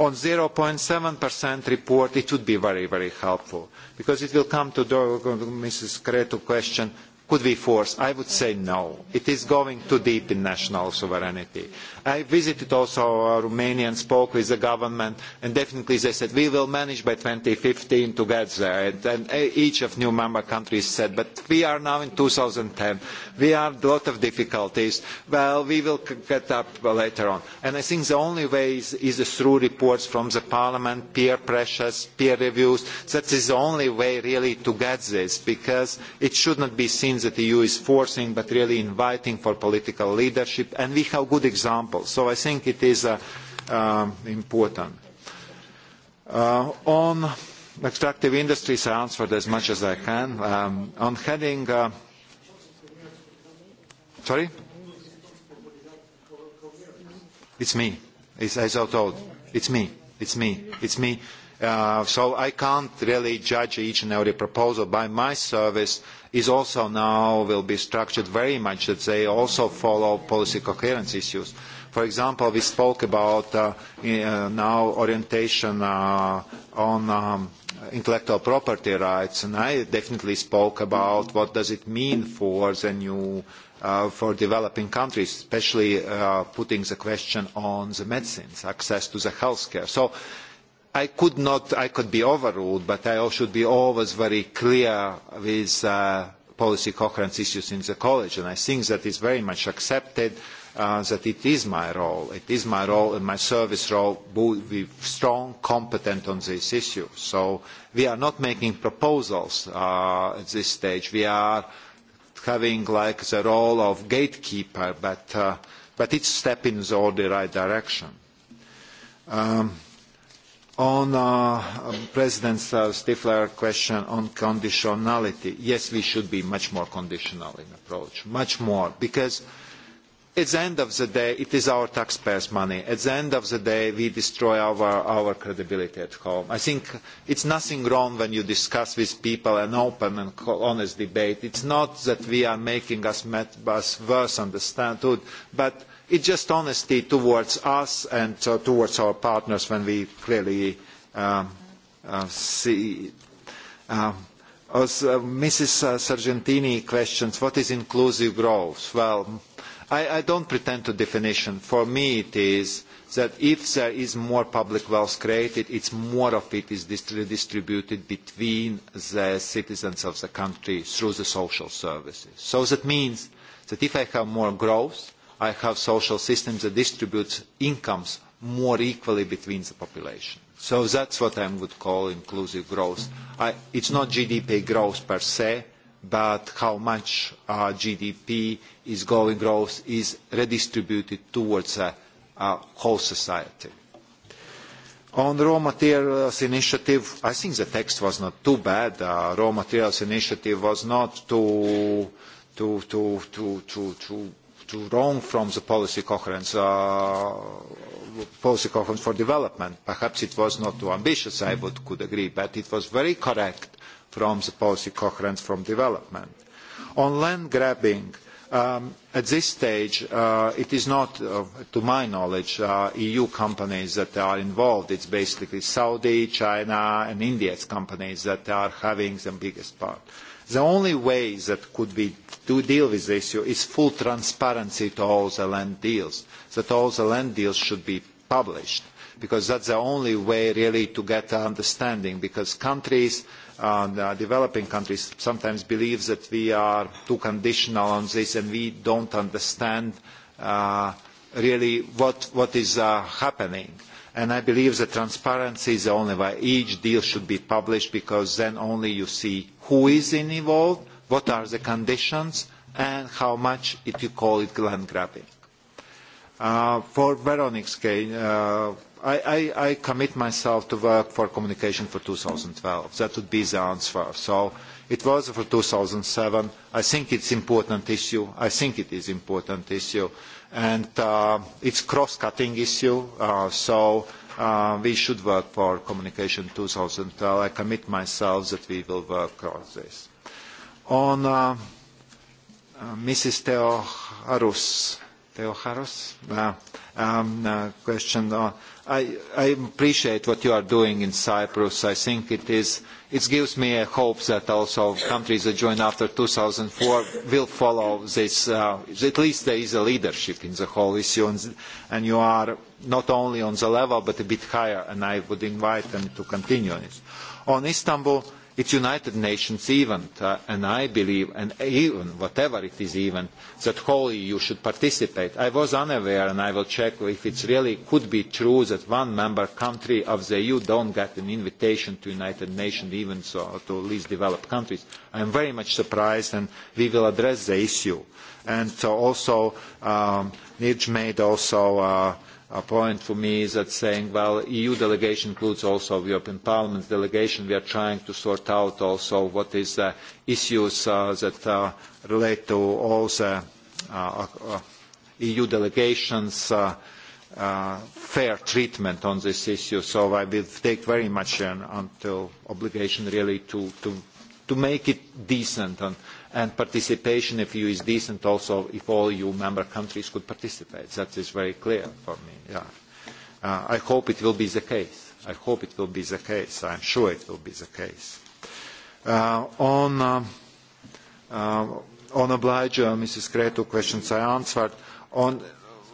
on 0.7% report, it would be very, very helpful because it will come to Mrs. Creto's question, could we force? I would say no. It is going too deep in national sovereignty. I visited also Romania and spoke with the government, and definitely they said, we will manage by 2015 to get there. And, and uh, each of new member countries said, but we are now in 2010. We have a lot of difficulties. Well, we will get up later on. And I think the only way is, is through reports from the parliament, peer pressures, peer reviews. That is the only way really to get this, because it should not be seen that the EU is forcing, but really inviting for political leadership. And we have good examples example. So I think it is uh, uh, important. Uh, on extractive industries, I answered as much as I can. Um, on heading... sorry? It's me. It's, as I told, it's me. It's me. It's me. Uh, so I can't really judge each and every proposal. By my service is also now will be structured very much that they also follow policy coherence issues. Uh, For example, we spoke about uh, uh, now orientation uh, on um, intellectual property rights, and I definitely spoke about what does it mean for the new Uh, for developing countries, especially uh, putting the question on the medicines, access to the healthcare. So I could not, I could be overruled, but I should be always very clear with uh, policy coherence issues in the college, and I think that is very much accepted. Uh, that it is my role, it is my role and my service role to be strong, competent on this issue. So we are not making proposals uh, at this stage. We are having like the role of gatekeeper, but, uh, but it's a step in the right direction. Um, on uh, um, President Stifler's question on conditionality, yes, we should be much more conditional in approach, much more, because at the end of the day, it is our taxpayers' money. At the end of the day, we destroy our, our credibility at home. I think it's nothing wrong when you discuss with people an open and honest debate. It's not that we are making us, met, us worse understood, but it's just honesty towards us and uh, towards our partners when we clearly um, uh, see. Um, as uh, Mrs. Sargentini questions, what is inclusive growth? Well, I, I don't pretend to definition. For me, it is that if there is more public wealth created, it's more of it is redistributed between the citizens of the country through the social services. So that means that if I have more growth, I have social systems that distribute incomes more equally between the population. So that's what I would call inclusive growth. I, it's not GDP growth per se, but how much our uh, GDP is going growth is redistributed towards a, uh, a whole society. On the raw materials initiative, I think the text was not too bad. Uh, raw materials initiative was not too, too, too, too, too, too, too wrong from the policy coherence, uh, policy coherence for development. Perhaps it was not too ambitious, I would, could agree, but it was very correct from the policy coherence from development. On land grabbing, um, at this stage, uh, it is not, uh, to my knowledge, uh, EU companies that are involved. It's basically Saudi, China, and India's companies that are having the biggest part. The only way that could be to deal with this issue is full transparency to all the land deals, that all the land deals should be published, because that's the only way really to get an understanding, because countries and uh, developing countries sometimes believes that we are too conditional on this and we don't understand uh, really what, what is uh, happening. And I believe that transparency is the only way. Each deal should be published because then only you see who is involved, what are the conditions, and how much if you call it land grabbing. Uh, for Veronique's case, uh, I, commit myself to work for communication for 2012. That would be the answer. So it was for 2007. I think it's important issue. I think it is important issue. And uh, it's cross-cutting issue. Uh, so uh, we should work for communication 2012. I commit myself that we will work on this. On uh, uh, Mrs. Teo Harus' Teoharos. Uh, um, uh, question. Uh, I, I appreciate what you are doing in Cyprus. I think it is it gives me a hope that also countries that join after 2004 will follow this. Uh, at least there is a leadership in the whole issue, and, and you are not only on the level but a bit higher. And I would invite them to continue on it. On Istanbul It's United Nations event, uh, and I believe, and even whatever it is event, that whole EU should participate. I was unaware, and I will check if it really could be true that one member country of the EU don't get an invitation to United Nations events or to least developed countries. I am very much surprised, and we will address the issue. And so also, um, Nirj made also. Uh, a point for me is that saying, well, EU delegation includes also European Parliament's delegation. We are trying to sort out also what is the issues uh, that uh, relate to all the uh, uh, EU delegations' uh, fair treatment on this issue. So I will take very much an until obligation really to, to, to make it decent and and participation if EU is decent also if all EU member countries could participate. That is very clear for me. Yeah. Uh, I hope it will be the case. I hope it will be the case. I'm sure it will be the case. Uh, on, uh, uh, on oblige uh, Mrs. Cretu questions I answered. On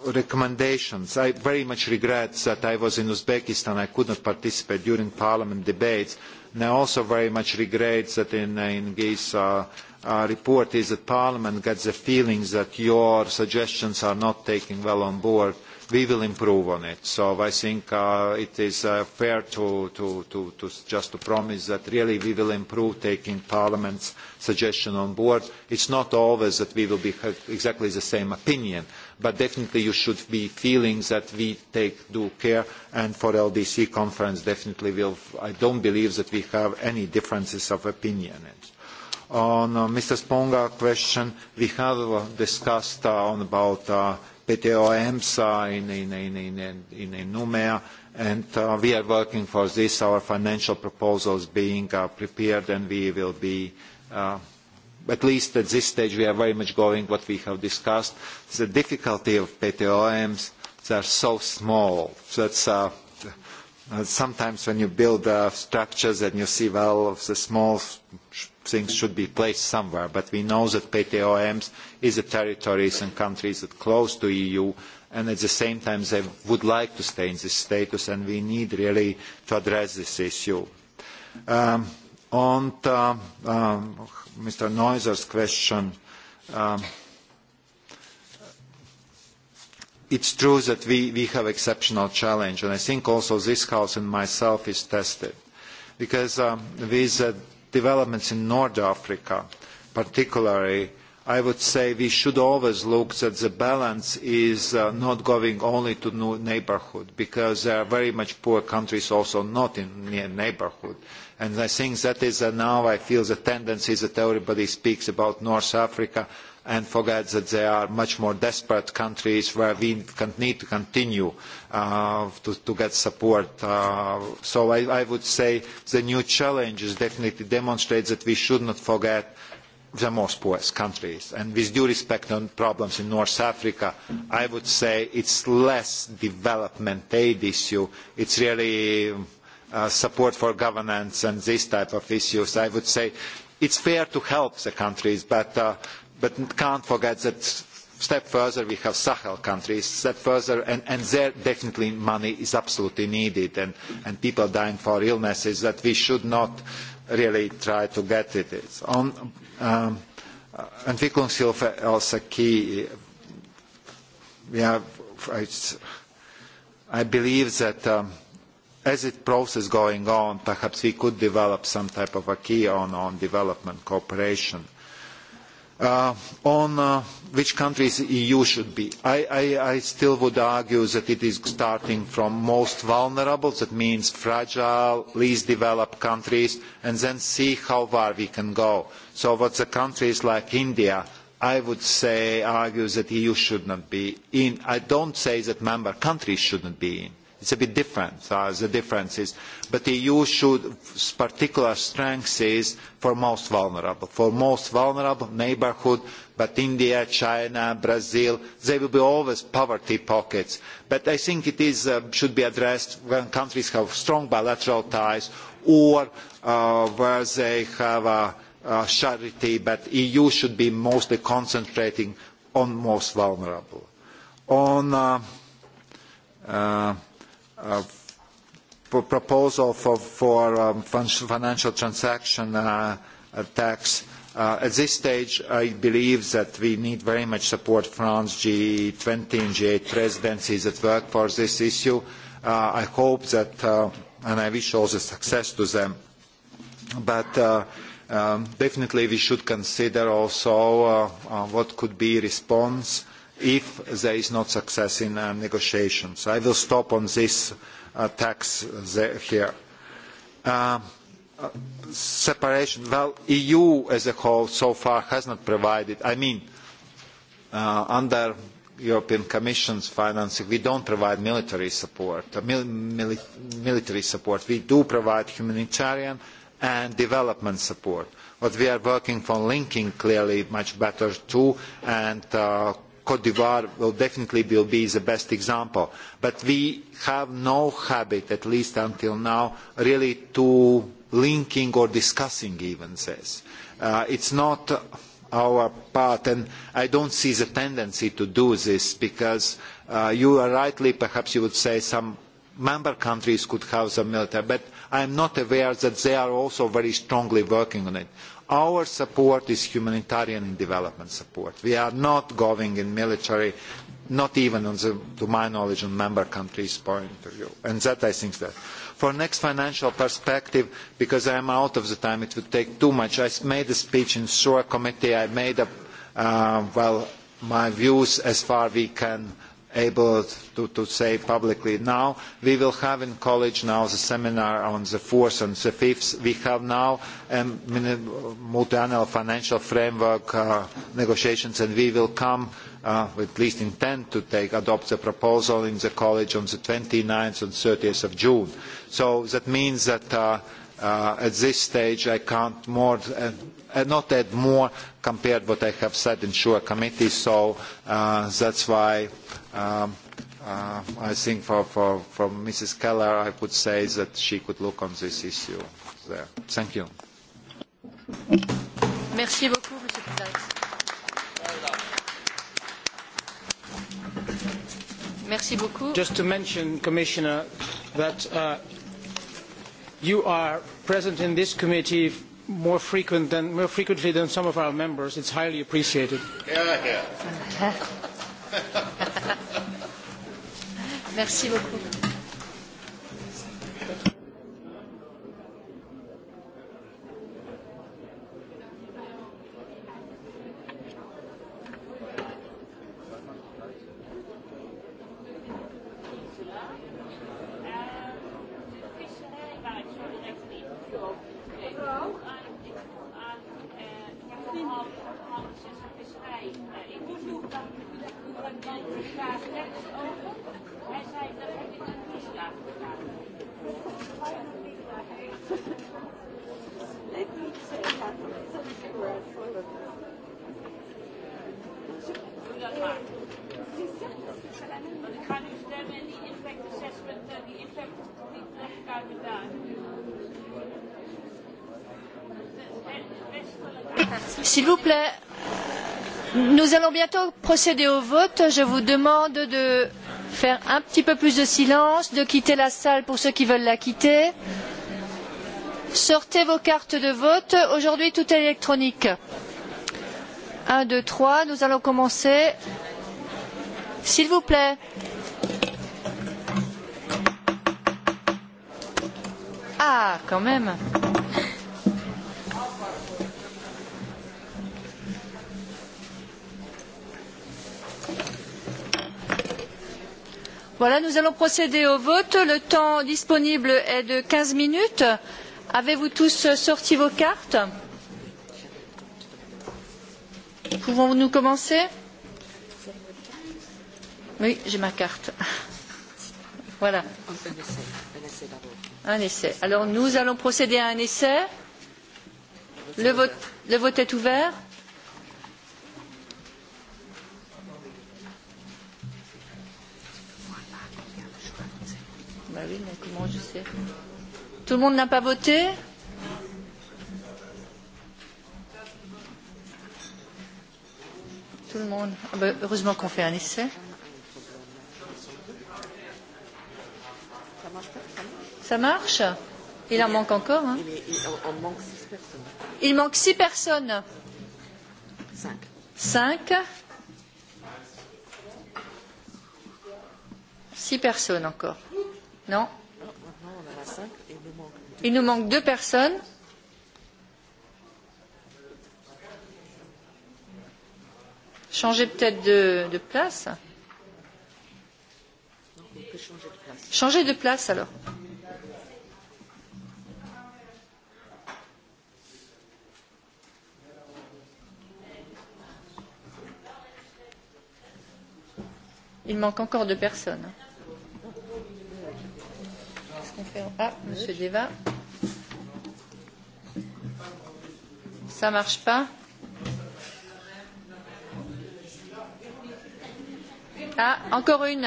recommendations, I very much regret that I was in Uzbekistan. I could not participate during parliament debates. And I also very much regret that in, uh, in Giza, Uh, report is that Parliament gets the feeling that your suggestions are not taken well on board, we will improve on it. So I think uh, it is uh, fair to, to, to, to, just to promise that really we will improve taking Parliament's suggestion on board. It's not always that we will be have exactly the same opinion, but definitely you should be feeling that we take due care. And for LDC conference, definitely we'll, I don't believe that we have any differences of opinion. In it. On uh, Mr. Sponga's question, we have uh, discussed uh, on about PTOMs EMSA in, in, in, in, in Numea, and uh, we are working for this. Our financial proposal is being uh, prepared, and we will be, uh, at least at this stage, we are very much going what we have discussed. The difficulty of PTOMs, they are so small. That's uh, Uh, sometimes when you build uh, structures and you see, well, the small sh things should be placed somewhere, but we know that PTOMs is the territories and countries that close to EU, and at the same time they would like to stay in this status, and we need really to address this issue. Um, on to, uh, um, Mr. Neuser's question, um, it's true that we, we have exceptional challenge, and I think also this House and myself is tested. Because um, with uh, developments in North Africa, particularly, I would say we should always look that the balance is uh, not going only to new neighborhood, because there are very much poor countries also not in near neighborhood. And I think that is uh, now I feel the tendency that everybody speaks about North Africa, and forget that there are much more desperate countries where we need to continue uh, to, to, get support. Uh, so I, I, would say the new challenges definitely demonstrate that we should not forget the most poorest countries. And with due respect on problems in North Africa, I would say it's less development aid issue. It's really uh, support for governance and these type of issues. I would say it's fair to help the countries, but uh, but we cannot forget that a step further we have Sahel countries, a step further, and, and there definitely money is absolutely needed, and, and people dying for illnesses that we should not really try to get it. It's on um, entwicklungshilfe als a key. Yeah, it's, I believe that. Um, as the process going on, perhaps we could develop some type of a key on, on development cooperation Uh, on uh, which countries the EU should be. I, I, I, still would argue that it is starting from most vulnerable, that means fragile, least developed countries, and then see how far we can go. So what the countries like India, I would say, argue that EU should not be in. I don't say that member countries shouldn't be in It's a bit different, uh, the differences. But the EU should, particular strength is for most vulnerable, for most vulnerable neighbourhood, but India, China, Brazil, there will be always poverty pockets. But I think it is, uh, should be addressed when countries have strong bilateral ties or uh, where they have a, a charity, but EU should be mostly concentrating on most vulnerable. On uh, uh, Uh, proposal for, a um, financial transaction uh, uh, tax. at this stage, I believe that we need very much support France, G20 and G8 presidencies that work for this issue. Uh, I hope that, uh, and I wish all the success to them. But uh, um, definitely we should consider also uh, uh, what could be response uh, if there is not success in uh, negotiations. I will stop on this uh, tax there, here. Uh, separation, well, EU as a whole so far has not provided, I mean, uh, under European Commission's financing, we don't provide military support, uh, mil mil military support. We do provide humanitarian and development support. What we are working on linking clearly much better to and uh, Cote d'Ivoire will definitely will be the best example. But we have no habit, at least until now, really to linking or discussing even this. Uh, it's not our part, and I don't see the tendency to do this because uh, you are rightly, perhaps you would say some member countries could have the military, but I am not aware that they are also very strongly working on it. Our support is humanitarian and development support. We are not going in military, not even to my knowledge on member countries' point of view. And that I think that. For next financial perspective, because I am out of the time, it would take too much. I made a speech in SURE committee. I made uh, well, my views as far we can able to, to say publicly now. We will have in college now the seminar on the fourth th and the fifth. th We have now a um, multi-annual financial framework uh, negotiations and we will come uh, at least intend to take, adopt the proposal in the college on the 29th and 30th of June. So that means that uh, Uh, at this stage, I can't more, uh, uh not add more compared to what I have said in SURE committee, so uh, that's why um, uh, I think for, for, from Mrs. Keller, I could say that she could look on this issue there. Thank you. Merci beaucoup, Monsieur le Président. Merci beaucoup. Just to mention, Commissioner, that uh, you are present in this committee more, frequent than, more frequently than some of our members. It's highly appreciated. Yeah, yeah. [laughs] Merci beaucoup. alors procéder au vote. Je vous demande de faire un petit peu plus de silence, de quitter la salle pour ceux qui veulent la quitter. Sortez vos cartes de vote. Aujourd'hui, tout est électronique. 1, 2, 3, nous allons commencer. S'il vous plaît. Ah, quand même. Voilà, nous allons procéder au vote. Le temps disponible est de 15 minutes. Avez-vous tous sorti vos cartes Pouvons-nous commencer Oui, j'ai ma carte. [laughs] Voilà. Un essai. Alors nous allons procéder à un essai. Le vote, le vote est ouvert. oui, mais comment je sais Tout le monde n'a pas voté Tout le monde. Ah ben, heureusement qu'on fait un essai. Ça marche Il en manque encore. Hein. Il manque six personnes. Cinq. Cinq. Six personnes encore. Non Il nous manque deux personnes. Changez peut-être de, de place. Changez de place alors. Il manque encore deux personnes conférence. Ah, Monsieur Deva. Ça marche pas Ah, encore une.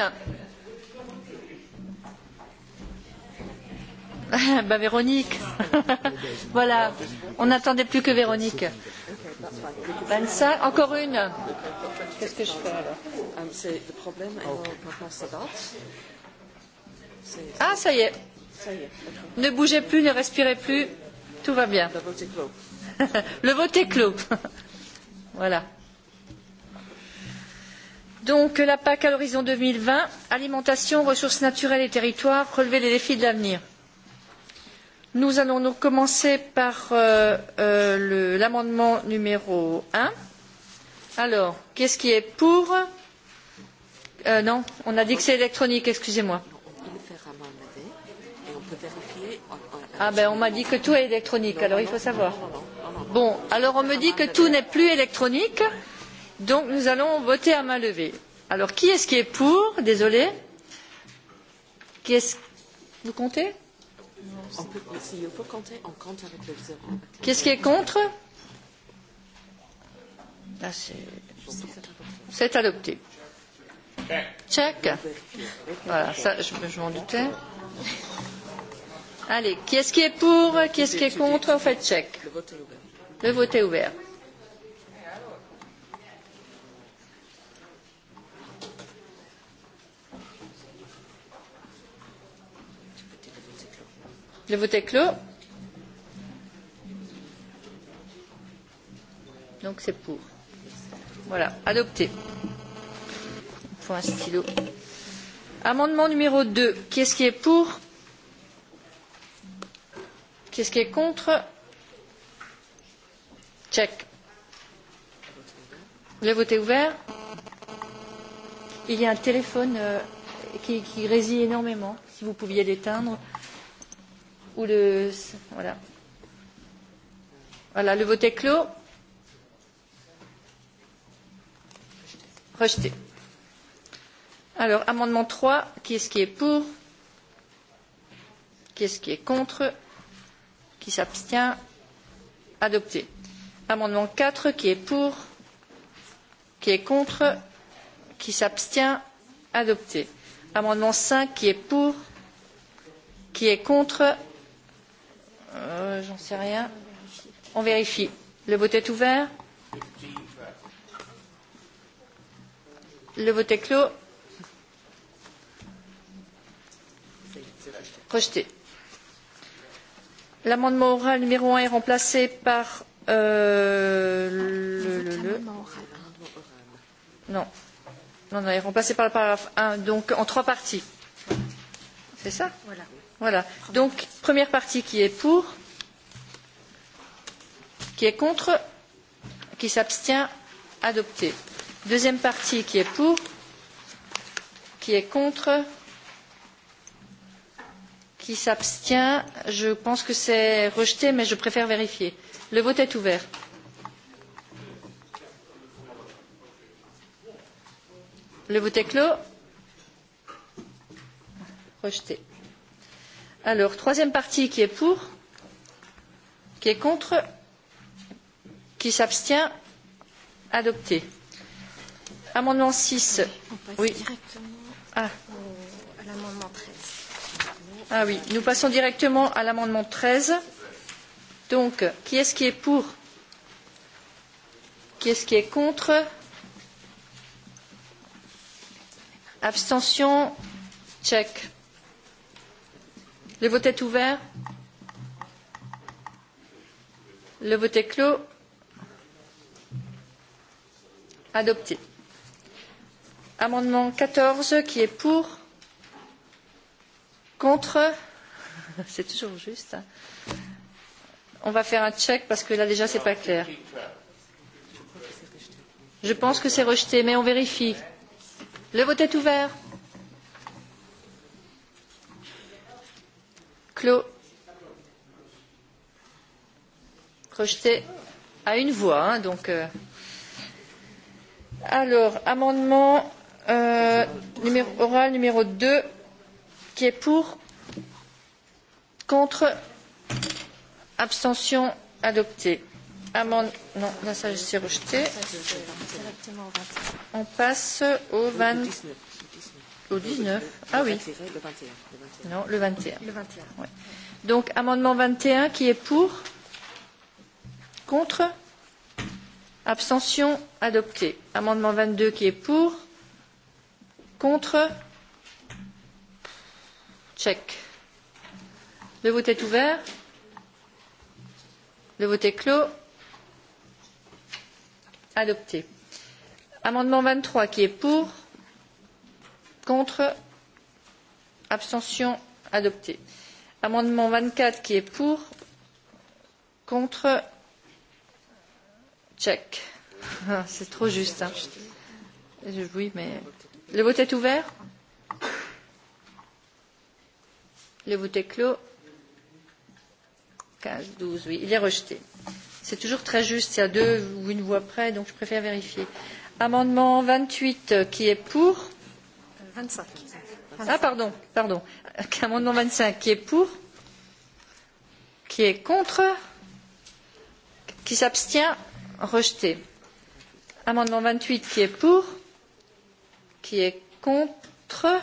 [laughs] ben Véronique. [laughs] voilà, on n'attendait plus que Véronique. Ben ça, encore une. Qu'est-ce que je fais alors ah, C'est le problème, Ah, ça y est. Ne bougez plus, ne respirez plus. Tout va bien. Le vote est clos. [laughs] [laughs] voilà. Donc la PAC à l'horizon 2020, alimentation, ressources naturelles et territoires, relever les défis de l'avenir. Nous allons donc commencer par euh, euh, l'amendement numéro 1. Alors, qu'est-ce qui est pour euh, Non, on a dit que c'est électronique, excusez-moi peut vérifier. Ah, ah, ah, ah ben on m'a dit que tout est électronique, alors il faut savoir. Bon, alors on me dit que tout n'est plus électronique, donc nous allons voter à main levée. Alors qui est-ce qui est pour Désolé. Qui est-ce Vous comptez on peut, si on peut compter, on compte avec le zéro. Qu'est-ce qui est contre Là, c'est... c'est adopté. Check. Voilà, ça, je, je m'en doutais. Allez, qui est-ce qui est pour Qui est-ce qui est contre On fait check. Le vote est ouvert. Le vote est clos. Donc c'est pour. Voilà, adopté. Faut un stylo. Amendement numéro 2. Qui est-ce qui est pour Qui est-ce qui est contre Check. Le vote est ouvert. Il y a un téléphone euh, qui, qui résille énormément. Si vous pouviez l'éteindre. Ou le. Voilà. Voilà, le vote est clos. Rejeté. Alors, amendement 3, qui est-ce qui est pour Qui est-ce qui est contre qui s'abstient adopté amendement 4 qui est pour qui est contre qui s'abstient adopté amendement 5 qui est pour qui est contre euh, j'en sais rien on vérifie le vote est ouvert le vote est clos rejeté L'amendement oral numéro 1 est remplacé par euh, le, le, le... Non. Non, non, est remplacé par le paragraphe 1, donc en trois parties. C'est ça Voilà. Voilà. Donc, première partie qui est pour, qui est contre, qui s'abstient, adopté. Deuxième partie qui est pour, qui est contre, qui s'abstient je pense que c'est rejeté mais je préfère vérifier. le vote est ouvert. le vote est clos. rejeté. alors troisième partie qui est pour qui est contre qui s'abstient adopté. amendement six oui ah Ah oui, nous passons directement à l'amendement 13. Donc, qui est-ce qui est pour Qui est-ce qui est contre Abstention Check. Le vote est ouvert. Le vote est clos. Adopté. Amendement 14, qui est pour Contre [laughs] C'est toujours juste. Hein. On va faire un check parce que là déjà c'est pas clair. Je pense que c'est rejeté, mais on vérifie. Le vote est ouvert. Clos. Rejeté à une voix, hein, donc. Euh... Alors, amendement euh, numéro, oral numéro 2 qui est pour contre abstention adopté Amend... non là ça c'est rejeté on passe au 20 au 19 ah oui non le 21 ouais. donc amendement 21 qui est pour contre abstention adopté amendement 22 qui est pour contre abstention Check. Le vote est ouvert. Le vote est clos. Adopté. Amendement 23 qui est pour, contre, abstention adopté. Amendement 24 qui est pour, contre, check. [laughs] C'est trop juste. Hein. Oui, mais le vote est ouvert. Le vote est clos. 15, 12, oui. Il est rejeté. C'est toujours très juste, c'est à deux ou une voix près, donc je préfère vérifier. Amendement 28, euh, qui est pour 25. Ah, pardon, pardon. [laughs] Amendement 25, qui est pour Qui est contre Qui s'abstient Rejeté. Amendement 28, qui est pour Qui est contre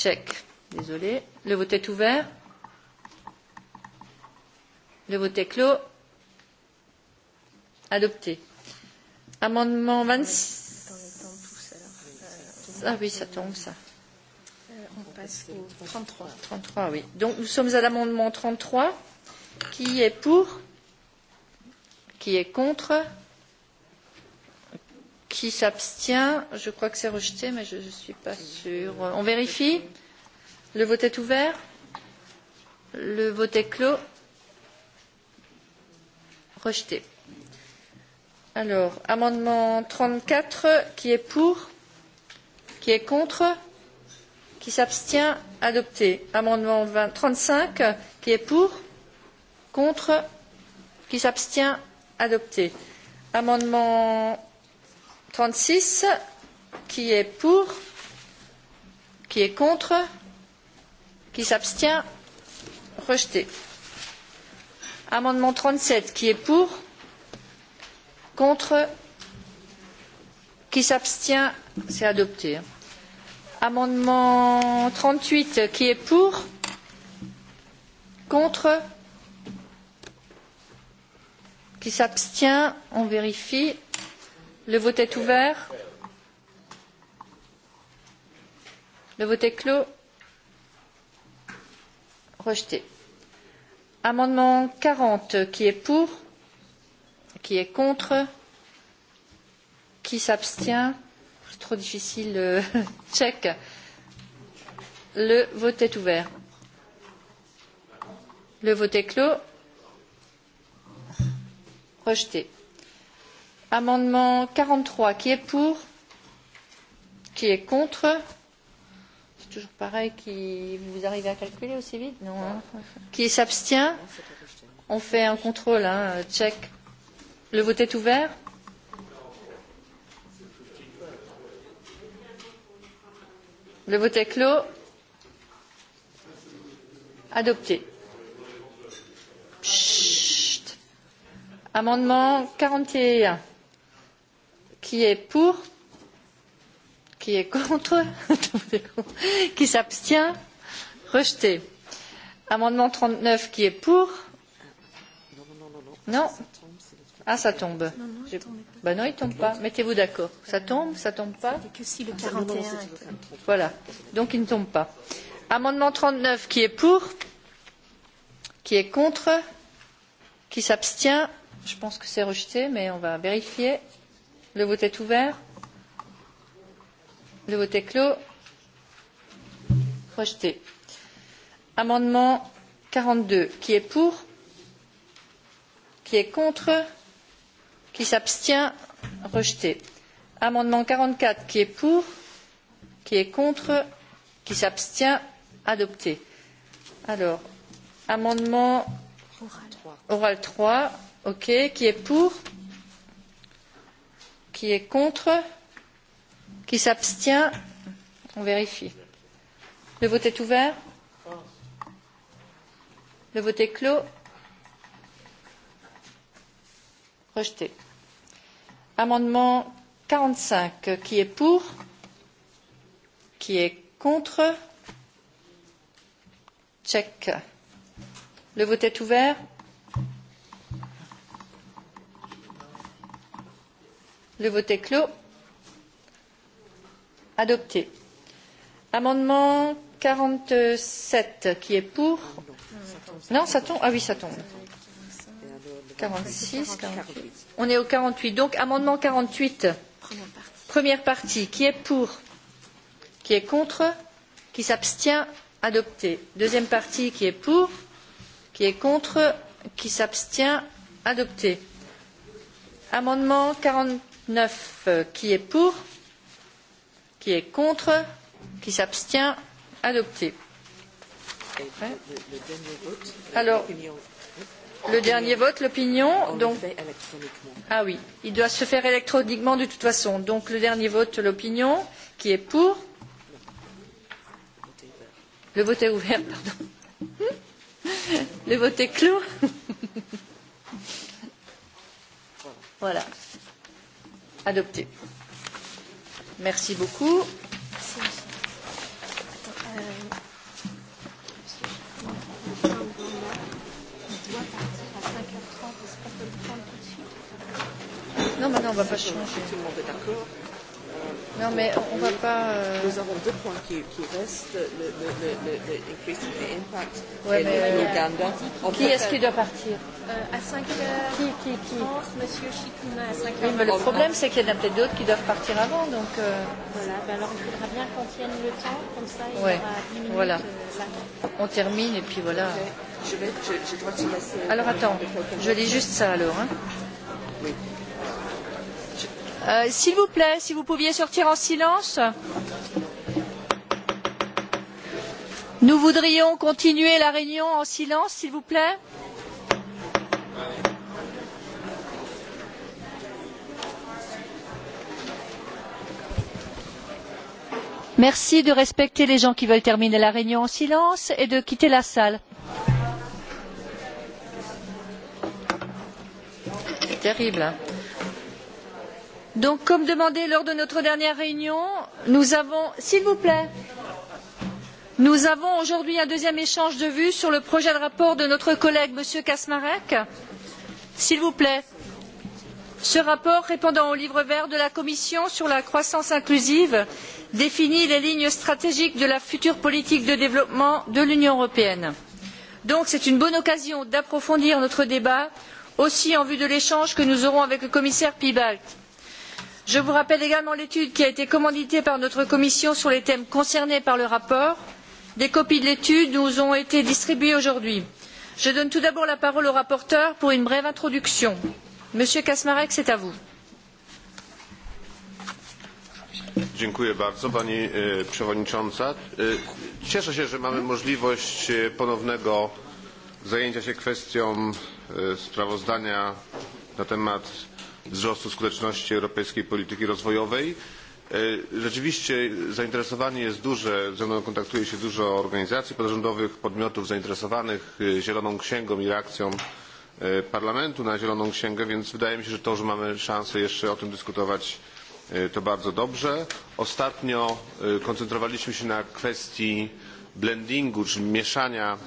Check. Désolé. Le vote est ouvert. Le vote est clos. Adopté. Amendement 26. Ah oui, ça tombe, ça. Euh, on passe au 33. 33, oui. Donc nous sommes à l'amendement 33. Qui est pour Qui est contre Qui s'abstient Je crois que c'est rejeté, mais je ne suis pas sûre. On vérifie Le vote est ouvert Le vote est clos Rejeté. Alors, amendement 34, qui est pour Qui est contre Qui s'abstient Adopté. Amendement 20, 35, qui est pour Contre Qui s'abstient Adopté. Amendement 36, qui est pour, qui est contre, qui s'abstient, rejeté. Amendement 37, qui est pour, contre, qui s'abstient, c'est adopté. Amendement 38, qui est pour, contre, qui s'abstient, on vérifie. Le vote est ouvert. Le vote est clos. Rejeté. Amendement 40, qui est pour Qui est contre Qui s'abstient C'est trop difficile. Euh, [laughs] check. Le vote est ouvert. Le vote est clos. Rejeté. Amendement quarante trois qui est pour Qui est contre C'est toujours pareil, qui... vous arrivez à calculer aussi vite Non. Hein qui s'abstient On fait un contrôle, hein, check. Le vote est ouvert Le vote est clos. Adopté. Chut. Amendement quarante et un qui est pour qui est contre [laughs] qui s'abstient rejeté amendement trente neuf qui est pour non ah ça tombe Je... ben non il tombe pas mettez vous d'accord ça tombe ça tombe pas voilà donc il ne tombe pas amendement trente neuf qui est pour qui est contre qui s'abstient je pense que c'est rejeté mais on va vérifier le vote est ouvert. Le vote est clos. Rejeté. Amendement 42. Qui est pour Qui est contre Qui s'abstient Rejeté. Amendement 44. Qui est pour Qui est contre Qui s'abstient Adopté. Alors, amendement oral 3. Oral 3. OK. Qui est pour Qui est contre Qui s'abstient On vérifie. Le vote est ouvert. Le vote est clos. Rejeté. Amendement 45. Qui est pour Qui est contre Check. Le vote est ouvert. Le vote est clos. Adopté. Amendement 47 qui est pour Non, ça tombe. Ah oui, ça tombe. 46, 48. On est au 48. Donc amendement 48. Première partie. Qui est pour Qui est contre Qui s'abstient Adopté. Deuxième partie. Qui est pour Qui est contre Qui s'abstient Adopté. Amendement 40 neuf euh, qui est pour qui est contre qui s'abstient adopté alors le dernier vote l'opinion donc ah oui il doit se faire électroniquement de toute façon donc le dernier vote l'opinion qui est pour le vote est ouvert pardon le vote est clos [laughs] voilà Adopté. Merci beaucoup. Non, maintenant on ne va pas changer. Tout le monde est d'accord. Non, mais on ne va pas. Euh... Nous avons deux points qui, qui restent le, le, le, le, le increase the impact ouais, et mais, euh, l'Ouganda. Euh, qui est-ce qui doit partir euh, À 5 heures. Qui, qui, qui 30, Monsieur Chikuma à 5 heures. Oui, mais le problème, c'est qu'il y en a peut-être d'autres qui doivent partir avant. Donc, euh... Voilà, ben alors il faudra bien qu'on tienne le temps, comme ça il ouais, y aura 10 minutes. Voilà. Euh, là. On termine et puis voilà. Okay. Je, vais, je, je dois te laisser. Alors attends, je lis juste ça alors. Hein. Oui. Euh, s'il vous plaît, si vous pouviez sortir en silence. Nous voudrions continuer la réunion en silence, s'il vous plaît. Merci de respecter les gens qui veulent terminer la réunion en silence et de quitter la salle. C'est terrible. Hein donc comme demandé lors de notre dernière réunion nous avons s'il vous plaît nous avons aujourd'hui un deuxième échange de vues sur le projet de rapport de notre collègue m. kaczmarek s'il vous plaît ce rapport répondant au livre vert de la commission sur la croissance inclusive définit les lignes stratégiques de la future politique de développement de l'union européenne. donc c'est une bonne occasion d'approfondir notre débat aussi en vue de l'échange que nous aurons avec le commissaire piebalgs je vous rappelle également l'étude qui a été commanditée par notre commission sur les thèmes concernés par le rapport. des copies de l'étude nous ont été distribuées aujourd'hui. je donne tout d'abord la parole au rapporteur pour une brève introduction. monsieur kaczmarek c'est à vous. Bardzo, pani e, przewodnicząca! E, cieszę się że mamy możliwość e, ponownego zajęcia się kwestią sprawozdania na temat wzrostu skuteczności europejskiej polityki rozwojowej. E, rzeczywiście zainteresowanie jest duże, ze mną kontaktuje się dużo organizacji pozarządowych, podmiotów zainteresowanych e, Zieloną Księgą i reakcją e, Parlamentu na Zieloną Księgę, więc wydaje mi się, że to, że mamy szansę jeszcze o tym dyskutować, to bardzo dobrze. Ostatnio koncentrowaliśmy się na kwestii blendingu, czyli mieszania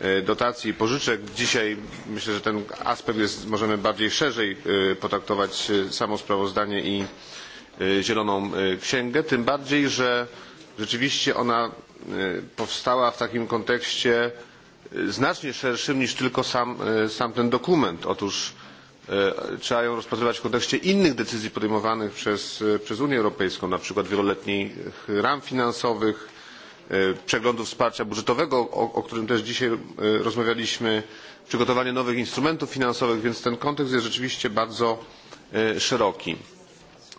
E, dotacji i pożyczek. Dzisiaj myślę, że ten aspekt jest, możemy bardziej szerzej e, potraktować e, samo sprawozdanie i Zieloną Księgę, tym bardziej, że rzeczywiście ona powstała w takim kontekście znacznie szerszym niż tylko sam, sam ten dokument. Otóż trzeba ją rozpatrywać w kontekście innych decyzji podejmowanych przez, przez Unię Europejską, na przykład wieloletnich ram finansowych, przeglądu wsparcia budżetowego o, którym też dzisiaj e, rozmawialiśmy przygotowanie nowych instrumentów finansowych więc ten kontekst jest rzeczywiście bardzo e, szeroki.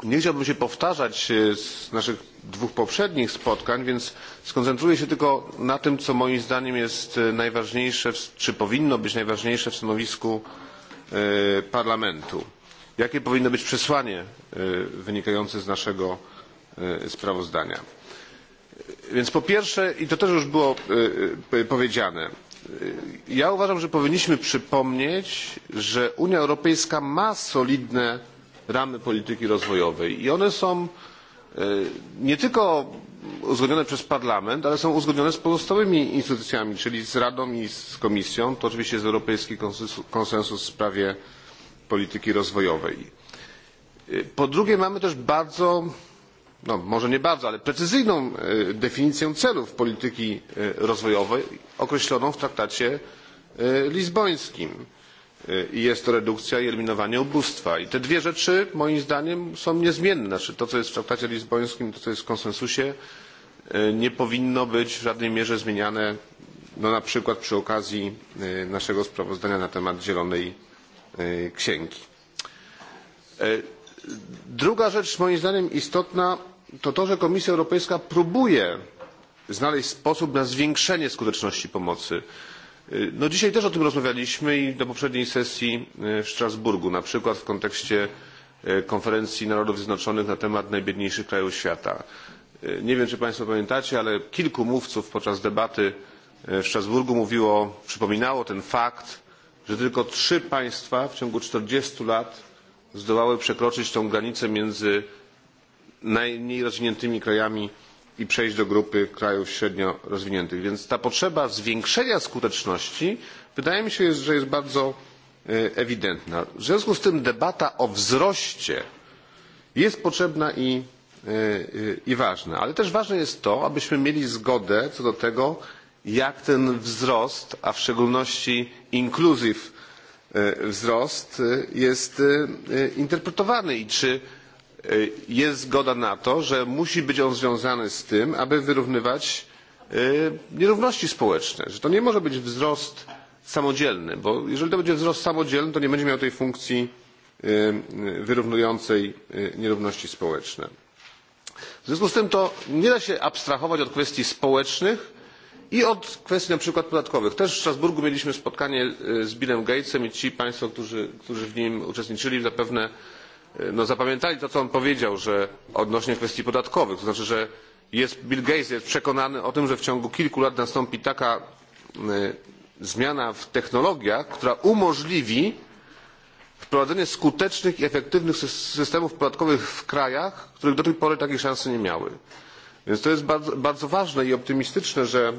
nie chciałbym się powtarzać e, z naszych dwóch poprzednich spotkań więc skoncentruję się tylko na tym co moim zdaniem jest najważniejsze czy powinno być najważniejsze w stanowisku parlamentu jakie powinno być przesłanie wynikające z naszego sprawozdania. Więc po pierwsze, i to też już było e, e, powiedziane, e, ja uważam, że powinniśmy przypomnieć, że Unia Europejska ma solidne ramy polityki rozwojowej i one są nie tylko uzgodnione przez Parlament, ale są uzgodnione z pozostałymi instytucjami, czyli z Radą i z Komisją. To oczywiście jest europejski konsensus w sprawie polityki rozwojowej. Po drugie, mamy też bardzo no, może nie bardzo, ale precyzyjną e, definicję celów polityki e, rozwojowej określoną w traktacie e, lizbońskim. I jest to redukcja i eliminowanie ubóstwa. I te dwie rzeczy moim zdaniem są niezmienne. Znaczy, to, co jest w traktacie lizbońskim, to, co jest w konsensusie, nie powinno być w żadnej mierze zmieniane no, na przykład przy okazji naszego sprawozdania na temat zielonej księgi. Druga rzecz moim zdaniem istotna to to że komisja europejska próbuje znaleźć sposób na zwiększenie skuteczności pomocy. dzisiaj też o tym rozmawialiśmy i na poprzedniej sesji w strasburgu na przykład w kontekście konferencji narodów zjednoczonych na temat najbiedniejszych krajów świata. nie wiem czy państwo pamiętacie ale kilku mówców podczas debaty w strasburgu mówiło przypominało ten fakt że tylko trzy państwa w ciągu czterdziestu lat zdołały przekroczyć tę granicę między najmniej rozwiniętymi krajami i przejść do grupy krajów średnio rozwiniętych. Więc ta potrzeba zwiększenia skuteczności wydaje mi się, że jest bardzo e, ewidentna. W związku z tym debata o wzroście jest potrzebna i, e, e, i ważna. Ale też ważne jest to, abyśmy mieli zgodę co do tego, jak ten wzrost, a w szczególności inclusive wzrost jest interpretowany i czy E, jest zgoda na to że musi być on związany z tym aby wyrównywać e, nierówności społeczne że to nie może być wzrost samodzielny bo jeżeli to będzie wzrost samodzielny to nie będzie miał tej funkcji e, wyrównującej nierówności społeczne. w związku z tym to nie da się abstrahować od kwestii społecznych i od kwestii na przykład podatkowych. też w strasburgu mieliśmy spotkanie z billem gatesem i ci państwo którzy, którzy w nim uczestniczyli zapewne zapamiętali to, co on powiedział że odnośnie kwestii podatkowych. To znaczy, że Bill Gates jest przekonany o tym, że w ciągu kilku lat nastąpi taka zmiana w technologiach, która umożliwi wprowadzenie skutecznych i efektywnych systemów podatkowych w krajach, które do tej pory takiej szansy nie miały. Więc to jest bardzo, bardzo ważne i optymistyczne, że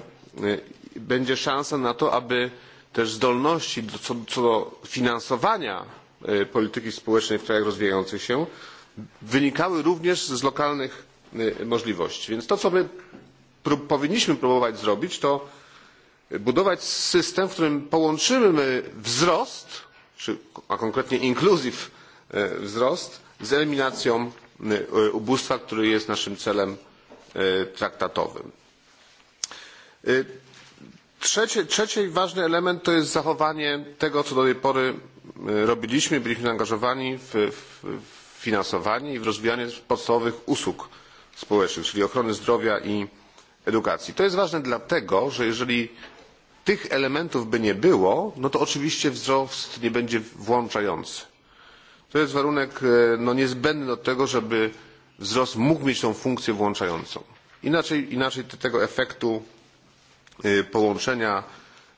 będzie szansa na to, aby też zdolności co do finansowania E, polityki społecznej w krajach rozwijających się wynikały również z lokalnych e, możliwości. więc to co my powinniśmy próbować zrobić to budować system w którym połączymy wzrost a konkretnie inclusive e, wzrost z eliminacją ubóstwa który jest naszym celem traktatowym. trzeci ważny element to jest zachowanie tego co do tej pory robiliśmy, byliśmy angażowani w, w finansowanie i w rozwijanie podstawowych usług społecznych, czyli ochrony zdrowia i edukacji. To jest ważne dlatego, że jeżeli tych elementów by nie było, no to oczywiście wzrost nie będzie włączający. To jest warunek e, no, niezbędny do tego, żeby wzrost mógł mieć tą funkcję włączającą. Inaczej, inaczej tego efektu e, połączenia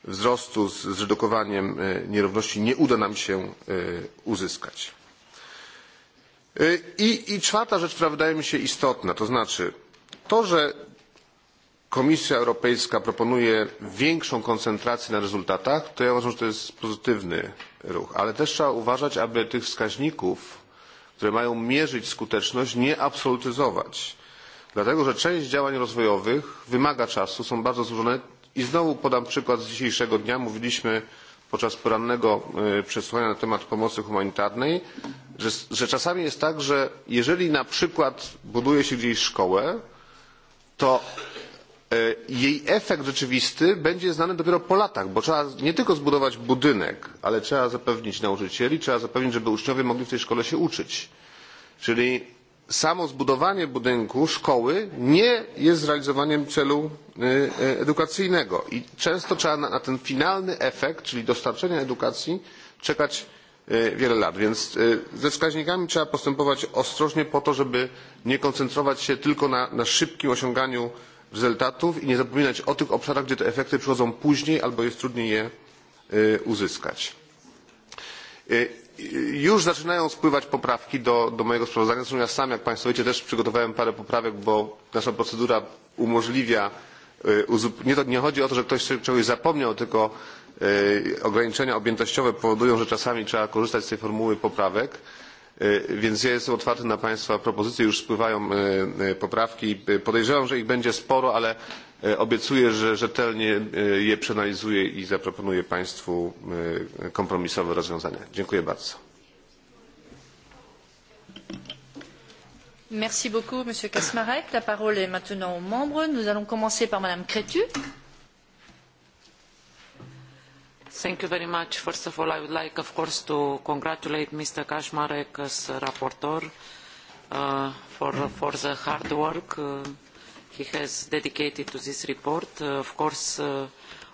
wzrostu z zredukowaniem e, nierówności nie uda nam się e, uzyskać. E, I, i czwarta rzecz która wydaje mi się istotna to znaczy to że komisja europejska proponuje większą koncentrację na rezultatach to ja uważam że to jest pozytywny ruch ale też trzeba uważać aby tych wskaźników które mają mierzyć skuteczność nie absolutyzować dlatego że część działań rozwojowych wymaga czasu są bardzo złożone I znowu podam przykład z dzisiejszego dnia. Mówiliśmy podczas porannego e, przesłuchania na temat pomocy humanitarnej, że, że czasami jest tak, że jeżeli na przykład buduje się gdzieś szkołę, to e, jej efekt rzeczywisty będzie znany dopiero po latach bo trzeba nie tylko zbudować budynek ale trzeba zapewnić nauczycieli trzeba zapewnić żeby uczniowie mogli w tej szkole się uczyć czyli samo zbudowanie budynku szkoły nie jest zrealizowaniem celu edukacyjnego i często trzeba na ten finalny efekt czyli dostarczenie edukacji czekać wiele lat więc ze wskaźnikami trzeba postępować ostrożnie po to żeby nie koncentrować się tylko na, szybkim osiąganiu rezultatów i nie zapominać o tych obszarach gdzie te efekty przychodzą później albo jest trudniej je uzyskać już zaczynają spływać poprawki do, do mojego sprawozdania, zresztą ja sam, jak Państwo wiecie, też przygotowałem parę poprawek, bo nasza procedura umożliwia, nie, to, nie chodzi o to, że ktoś czegoś zapomniał, tylko ograniczenia objętościowe powodują, że czasami trzeba korzystać z tej formuły poprawek, więc ja jestem otwarty na Państwa propozycje, już spływają poprawki, podejrzewam, że ich będzie sporo, ale E, obiecuję, że rzetelnie e, je przeanalizuję i zaproponuję Państwu e, kompromisowe rozwiązania. Dziękuję bardzo. Merci beaucoup, Monsieur Kasmarek. La parole est maintenant aux membres. Nous allons commencer par Madame Crétu. Thank you very much. First of all, I would like, of course, to congratulate Mr. Kaczmarek as rapporteur uh, for, for the hard work. Uh, he has dedicated to this report. Uh, of course, uh,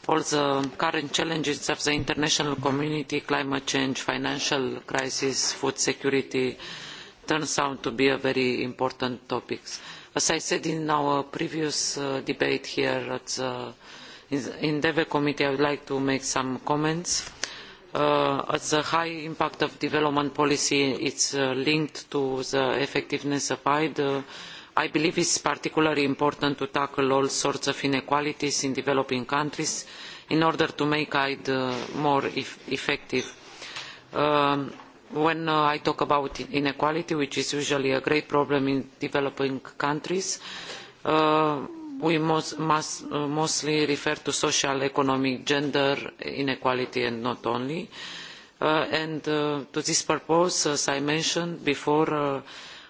all the current challenges of the international community, climate change, financial crisis, food security, turns out to be a very important topic. As I said in our previous uh, debate here at the in DEVE committee, I would like to make some comments. Uh, as the high impact of development policy, it's uh, linked to the effectiveness of aid. Uh, e, i believe it is particularly important to tackle all sorts of inequalities in developing countries in order to make aid uh, more e effective. Um, when uh, i talk about inequality which is usually a great problem in developing countries uh, we must, must mostly refer to social economic gender inequality and not only uh, and uh, to this purpose as i mentioned before uh,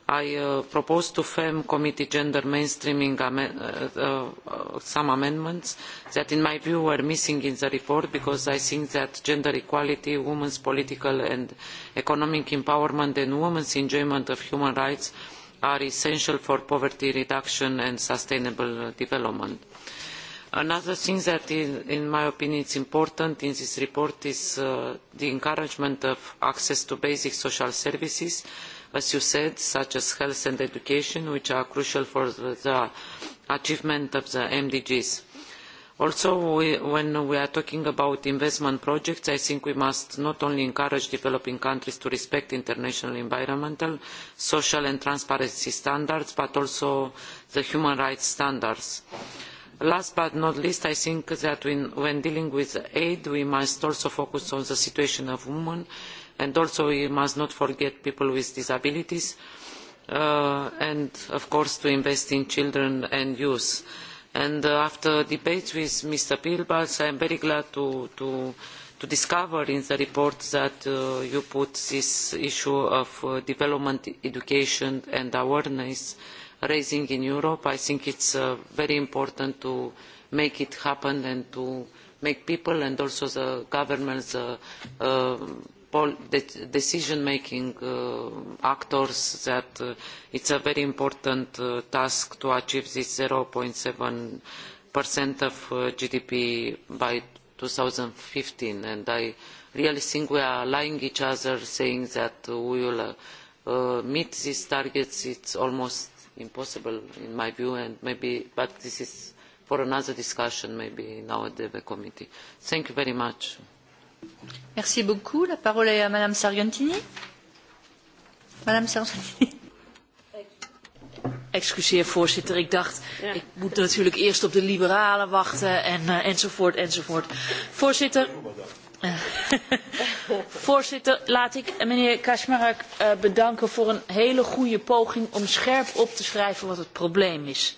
i uh, proposed to femm committee gender mainstreaming uh, uh, some amendments that in my view were missing in the report because i think that gender equality women's political and economic empowerment and women's enjoyment of human rights are essential for poverty reduction and sustainable development. Another thing that, in, in my opinion, is important in this report is uh, the encouragement of access to basic social services, as you said, such as health and education, which are crucial for the achievement of the MDGs. Also, we, when we are talking about investment projects, I think we must not only encourage developing countries to respect international environmental, social and transparency standards, but also the human rights standards. Last but not least, I think that when, when dealing with aid, we must also focus on the situation of women and also we must not forget people with disabilities uh, and of course to invest in children and youth. And uh, after debates with Mr. Pilbals, I am very glad to, to, to, discover in the report that uh, you put this issue of uh, development, education and awareness raising in Europe. I think it's uh, very important to make it happen and to make people and also the governments uh, uh, de decision-making uh, actors that uh, it's a very important uh, task to achieve this 0.7% of uh, GDP by 2015. And I really think we are lying each other saying that we will uh, uh, meet these targets. It's almost impossible in my view, and maybe, but this is for another discussion maybe in our e committee. Thank you very much. Merci beaucoup. La parole est à Madame Sargentini. Madame Sargentini. Excuseer voorzitter, ik dacht ja. ik moet natuurlijk eerst op de liberalen wachten en, uh, enzovoort enzovoort. Voorzitter, eh, [laughs] voorzitter laat ik meneer Kaczmarek uh, bedanken voor een hele goede poging om scherp op te schrijven wat het probleem is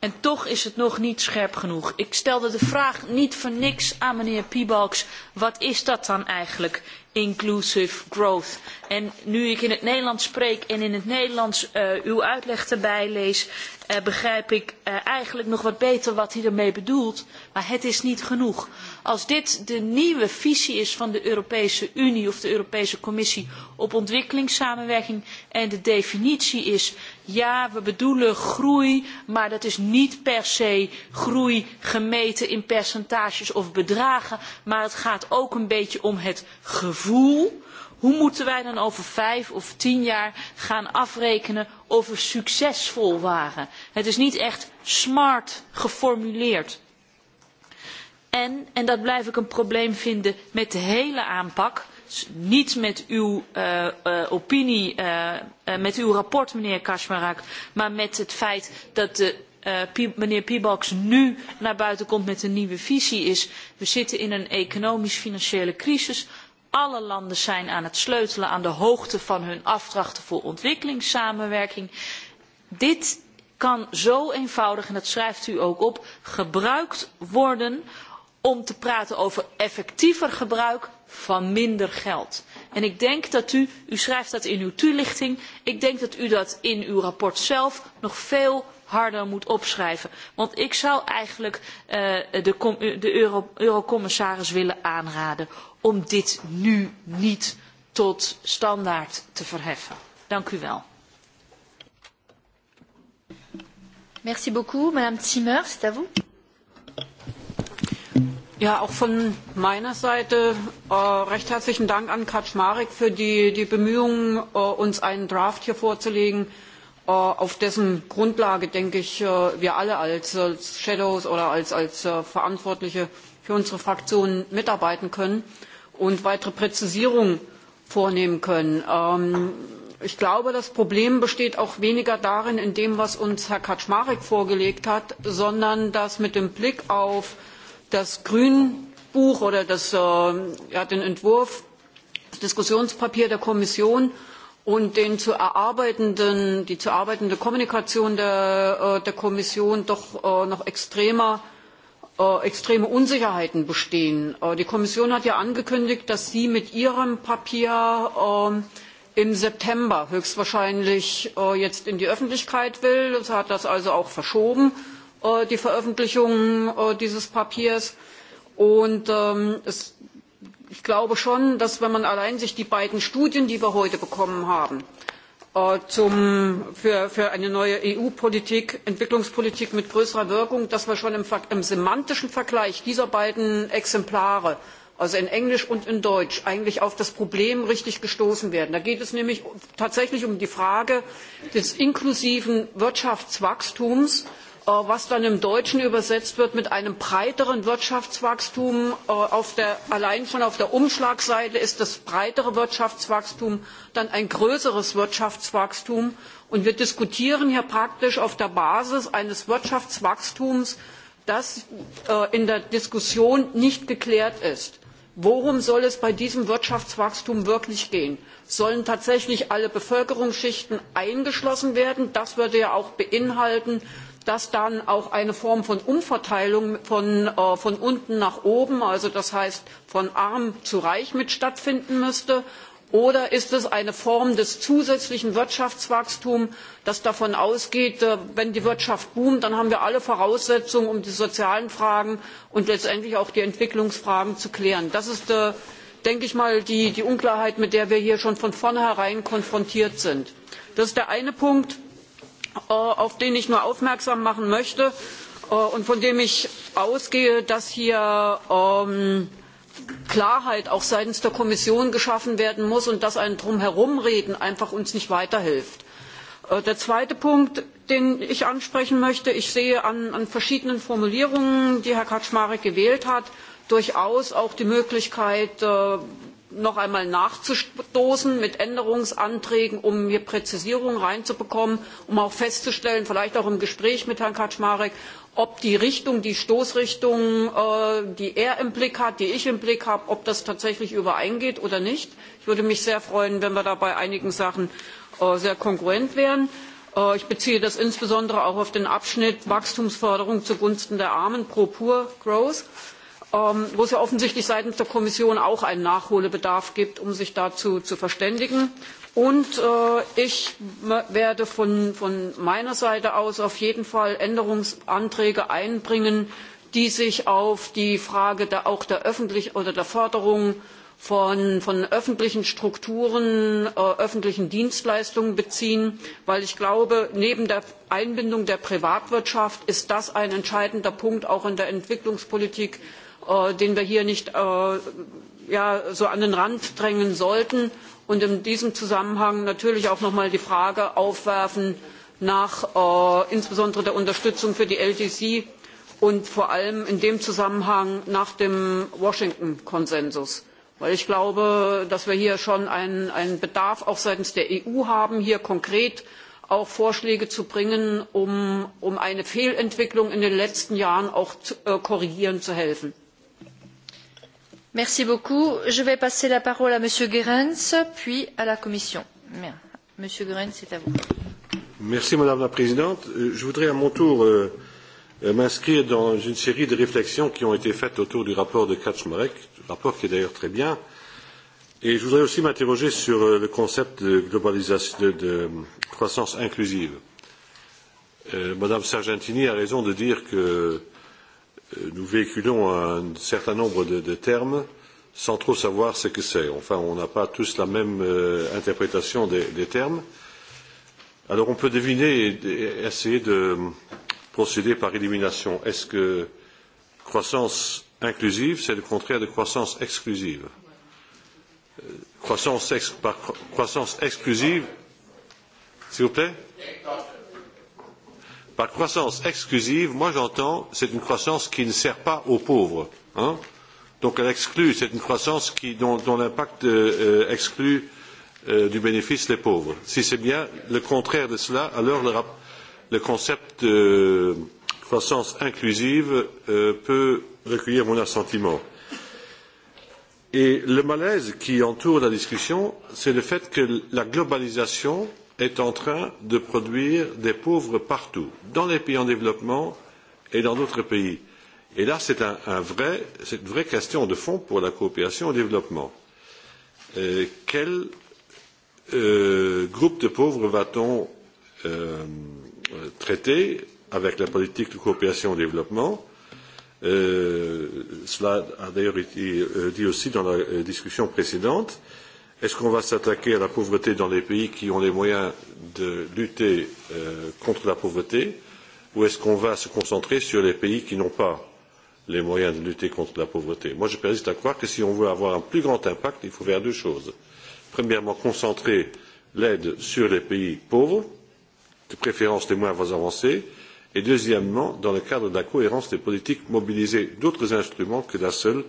En toch is het nog niet scherp genoeg. Ik stelde de vraag niet voor niks aan meneer Piebalgs. Wat is dat dan eigenlijk, inclusive growth? En nu ik in het Nederlands spreek en in het Nederlands uh, uw uitleg erbij lees, uh, begrijp ik uh, eigenlijk nog wat beter wat hij ermee bedoelt. Maar het is niet genoeg. Als dit de nieuwe visie is van de Europese Unie of de Europese Commissie op ontwikkelingssamenwerking en de definitie is ja we bedoelen groei maar dat is niet per se groei gemeten in percentages of bedragen maar het gaat ook een beetje om het gevoel hoe moeten wij dan over vijf of tien jaar gaan afrekenen of we succesvol waren? het is niet echt smart geformuleerd. en en dat blijf ik een probleem vinden met de hele aanpak niet met uw uh, uh, opinie, uh, uh, met uw rapport, meneer Kasmarak, maar met het feit dat de Uh, P meneer Piebalgs nu naar buiten komt met een nieuwe visie is. We zitten in een economisch-financiële crisis. Alle landen zijn aan het sleutelen aan de hoogte van hun afdrachten voor ontwikkelingssamenwerking. Dit kan zo eenvoudig, en dat schrijft u ook op, gebruikt worden om te praten over effectiever gebruik van minder geld. En ik denk dat u, u schrijft dat in uw toelichting, ik denk dat u dat in uw rapport zelf nog veel harder moet opschrijven. Want ik zou eigenlijk uh, de, de euro, eurocommissaris willen aanraden om dit nu niet tot standaard te verheffen. Dank u wel. Merci beaucoup, Madame Timmer, c'est à vous. Ja, auch von meiner Seite äh, recht herzlichen Dank an Kaczmarek für die, die Bemühungen, äh, uns einen Draft hier vorzulegen, äh, auf dessen Grundlage, denke ich, äh, wir alle als, als Shadows oder als, als äh, Verantwortliche für unsere Fraktionen mitarbeiten können und weitere Präzisierungen vornehmen können. Ähm, ich glaube, das Problem besteht auch weniger darin, in dem, was uns Herr Kaczmarek vorgelegt hat, sondern dass mit dem Blick auf das grünbuch oder das, äh, ja, den entwurf das diskussionspapier der kommission und den zu erarbeitenden, die zu erarbeitende kommunikation der, äh, der kommission doch äh, noch extremer extreme Unsicherheiten bestehen. Die Kommission hat ja angekündigt, dass sie mit ihrem Papier im September höchstwahrscheinlich jetzt in die Öffentlichkeit will. Sie hat das also auch verschoben. Äh, die Veröffentlichung äh, dieses Papiers. Und ähm, es, ich glaube schon, dass wenn man allein sich die beiden Studien, die wir heute bekommen haben, äh, zum, für, für eine neue EU-Politik, Entwicklungspolitik mit größerer Wirkung, dass wir schon im, im semantischen Vergleich dieser beiden Exemplare also in Englisch und in Deutsch, eigentlich auf das Problem richtig gestoßen werden. Da geht es nämlich tatsächlich um die Frage des inklusiven Wirtschaftswachstums Äh, was dann im Deutschen übersetzt wird mit einem breiteren Wirtschaftswachstum. Äh, der, allein schon auf der Umschlagseite ist das breitere Wirtschaftswachstum dann ein größeres Wirtschaftswachstum. Und wir diskutieren hier praktisch auf der Basis eines Wirtschaftswachstums, das äh, in der Diskussion nicht geklärt ist. Worum soll es bei diesem Wirtschaftswachstum wirklich gehen? Sollen tatsächlich alle Bevölkerungsschichten eingeschlossen werden? Das würde ja auch beinhalten, dass dann auch eine Form von Umverteilung von, äh, von unten nach oben, also das heißt von arm zu reich mit stattfinden müsste? Oder ist es eine Form des zusätzlichen Wirtschaftswachstums, das davon ausgeht, äh, wenn die Wirtschaft boomt, dann haben wir alle Voraussetzungen, um die sozialen Fragen und letztendlich auch die Entwicklungsfragen zu klären? Das ist, äh, denke ich mal, die, die Unklarheit, mit der wir hier schon von vornherein konfrontiert sind. Das ist der eine Punkt Äh, auf den ich nur aufmerksam machen möchte äh, und von dem ich ausgehe dass hier ähm, klarheit auch seitens der kommission geschaffen werden muss und dass ein drumherumreden einfach uns nicht weiterhilft. Äh, der zweite punkt den ich ansprechen möchte ich sehe an, an verschiedenen formulierungen die herr kaczmarek gewählt hat durchaus auch die möglichkeit noch einmal nachzustoßen mit änderungsanträgen um hier präzisierungen reinzubekommen um auch festzustellen vielleicht auch im gespräch mit herrn kaczmarek ob die richtung die stoßrichtung äh, die er im blick hat die ich im blick habe ob das tatsächlich übereingeht oder nicht. ich würde mich sehr freuen wenn wir da bei einigen sachen äh, sehr kongruent wären. Äh, ich beziehe das insbesondere auch auf den abschnitt wachstumsförderung zugunsten der armen pro poor growth Ähm, wo es ja offensichtlich seitens der kommission auch einen nachholbedarf gibt um sich dazu zu verständigen. Und äh, ich werde von, von, meiner Seite aus auf jeden Fall Änderungsanträge einbringen, die sich auf die Frage der, auch der, öffentlich oder der Förderung von, von öffentlichen Strukturen, äh, öffentlichen Dienstleistungen beziehen, weil ich glaube, neben der Einbindung der Privatwirtschaft ist das ein entscheidender Punkt auch in der Entwicklungspolitik, Äh, den wir hier nicht äh, ja, so an den Rand drängen sollten und in diesem Zusammenhang natürlich auch noch mal die Frage aufwerfen nach äh, insbesondere der Unterstützung für die LDC und vor allem in dem Zusammenhang nach dem Washington-Konsensus. Weil ich glaube, dass wir hier schon einen, einen Bedarf auch seitens der EU haben, hier konkret auch Vorschläge zu bringen, um, um eine Fehlentwicklung in den letzten Jahren auch zu, äh, korrigieren zu helfen. Merci beaucoup. Je vais passer la parole à Monsieur Goerens, puis à la Commission. Madame la Présidente. Euh, je voudrais à mon tour euh, euh, m'inscrire dans une série de réflexions qui ont été faites autour du rapport de Kaczmarek, rapport qui est d'ailleurs très bien. Et je voudrais aussi m'interroger sur le concept de, globalisation, de, de croissance inclusive. Euh, Madame Sargentini a raison de dire que Euh, nous véhiculons un certain nombre de, de termes sans trop savoir ce que c'est. Enfin, on n'a pas tous la même euh, interprétation des, des termes. Alors, on peut deviner et, et essayer de procéder par élimination. Est-ce que croissance inclusive, c'est le contraire de croissance exclusive euh, Croissance, ex, par, croissance exclusive, s'il vous plaît Par croissance exclusive, moi j'entends, c'est une croissance qui ne sert pas aux pauvres. Hein? Donc elle exclut, c'est une croissance qui, dont, dont l'impact euh, euh exclut euh, du bénéfice les pauvres. Si c'est bien le contraire de cela, alors le, le concept de euh, croissance inclusive euh, peut recueillir mon assentiment. Et le malaise qui entoure la discussion, c'est le fait que la globalisation est en train de produire des pauvres partout, dans les pays en développement et dans d'autres pays. Et là, c'est un, un vrai, une vraie question de fond pour la coopération au développement. Euh, quel euh, groupe de pauvres va-t-on euh, traiter avec la politique de coopération au développement euh, Cela a d'ailleurs été euh, dit aussi dans la euh, discussion précédente Est-ce qu'on va s'attaquer à la pauvreté dans les pays qui ont les moyens de lutter euh, contre la pauvreté ou est-ce qu'on va se concentrer sur les pays qui n'ont pas les moyens de lutter contre la pauvreté Moi, je persiste à croire que si on veut avoir un plus grand impact, il faut faire deux choses. Premièrement, concentrer l'aide sur les pays pauvres, de préférence les moins avancés, et deuxièmement, dans le cadre de la cohérence des politiques, mobiliser d'autres instruments que la seule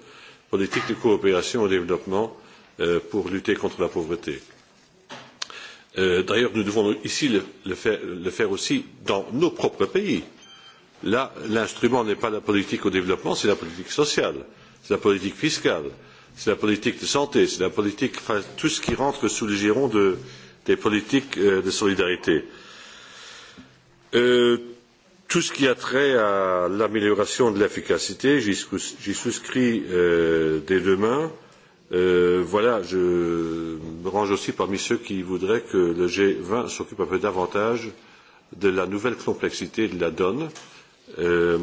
politique de coopération au développement Euh, pour lutter contre la pauvreté. Euh, d'ailleurs, nous devons ici le, le, faire, le faire aussi dans nos propres pays. Là, l'instrument n'est pas la politique au développement, c'est la politique sociale, c'est la politique fiscale, c'est la politique de santé, c'est la politique, enfin, tout ce qui rentre sous le giron de, des politiques euh, de solidarité. Euh, tout ce qui a trait à l'amélioration de l'efficacité, j'y souscris euh, dès demain. Euh, Euh, voilà, je me range aussi parmi ceux qui voudraient que le G20 s'occupe un peu davantage de la nouvelle complexité de la donne, euh,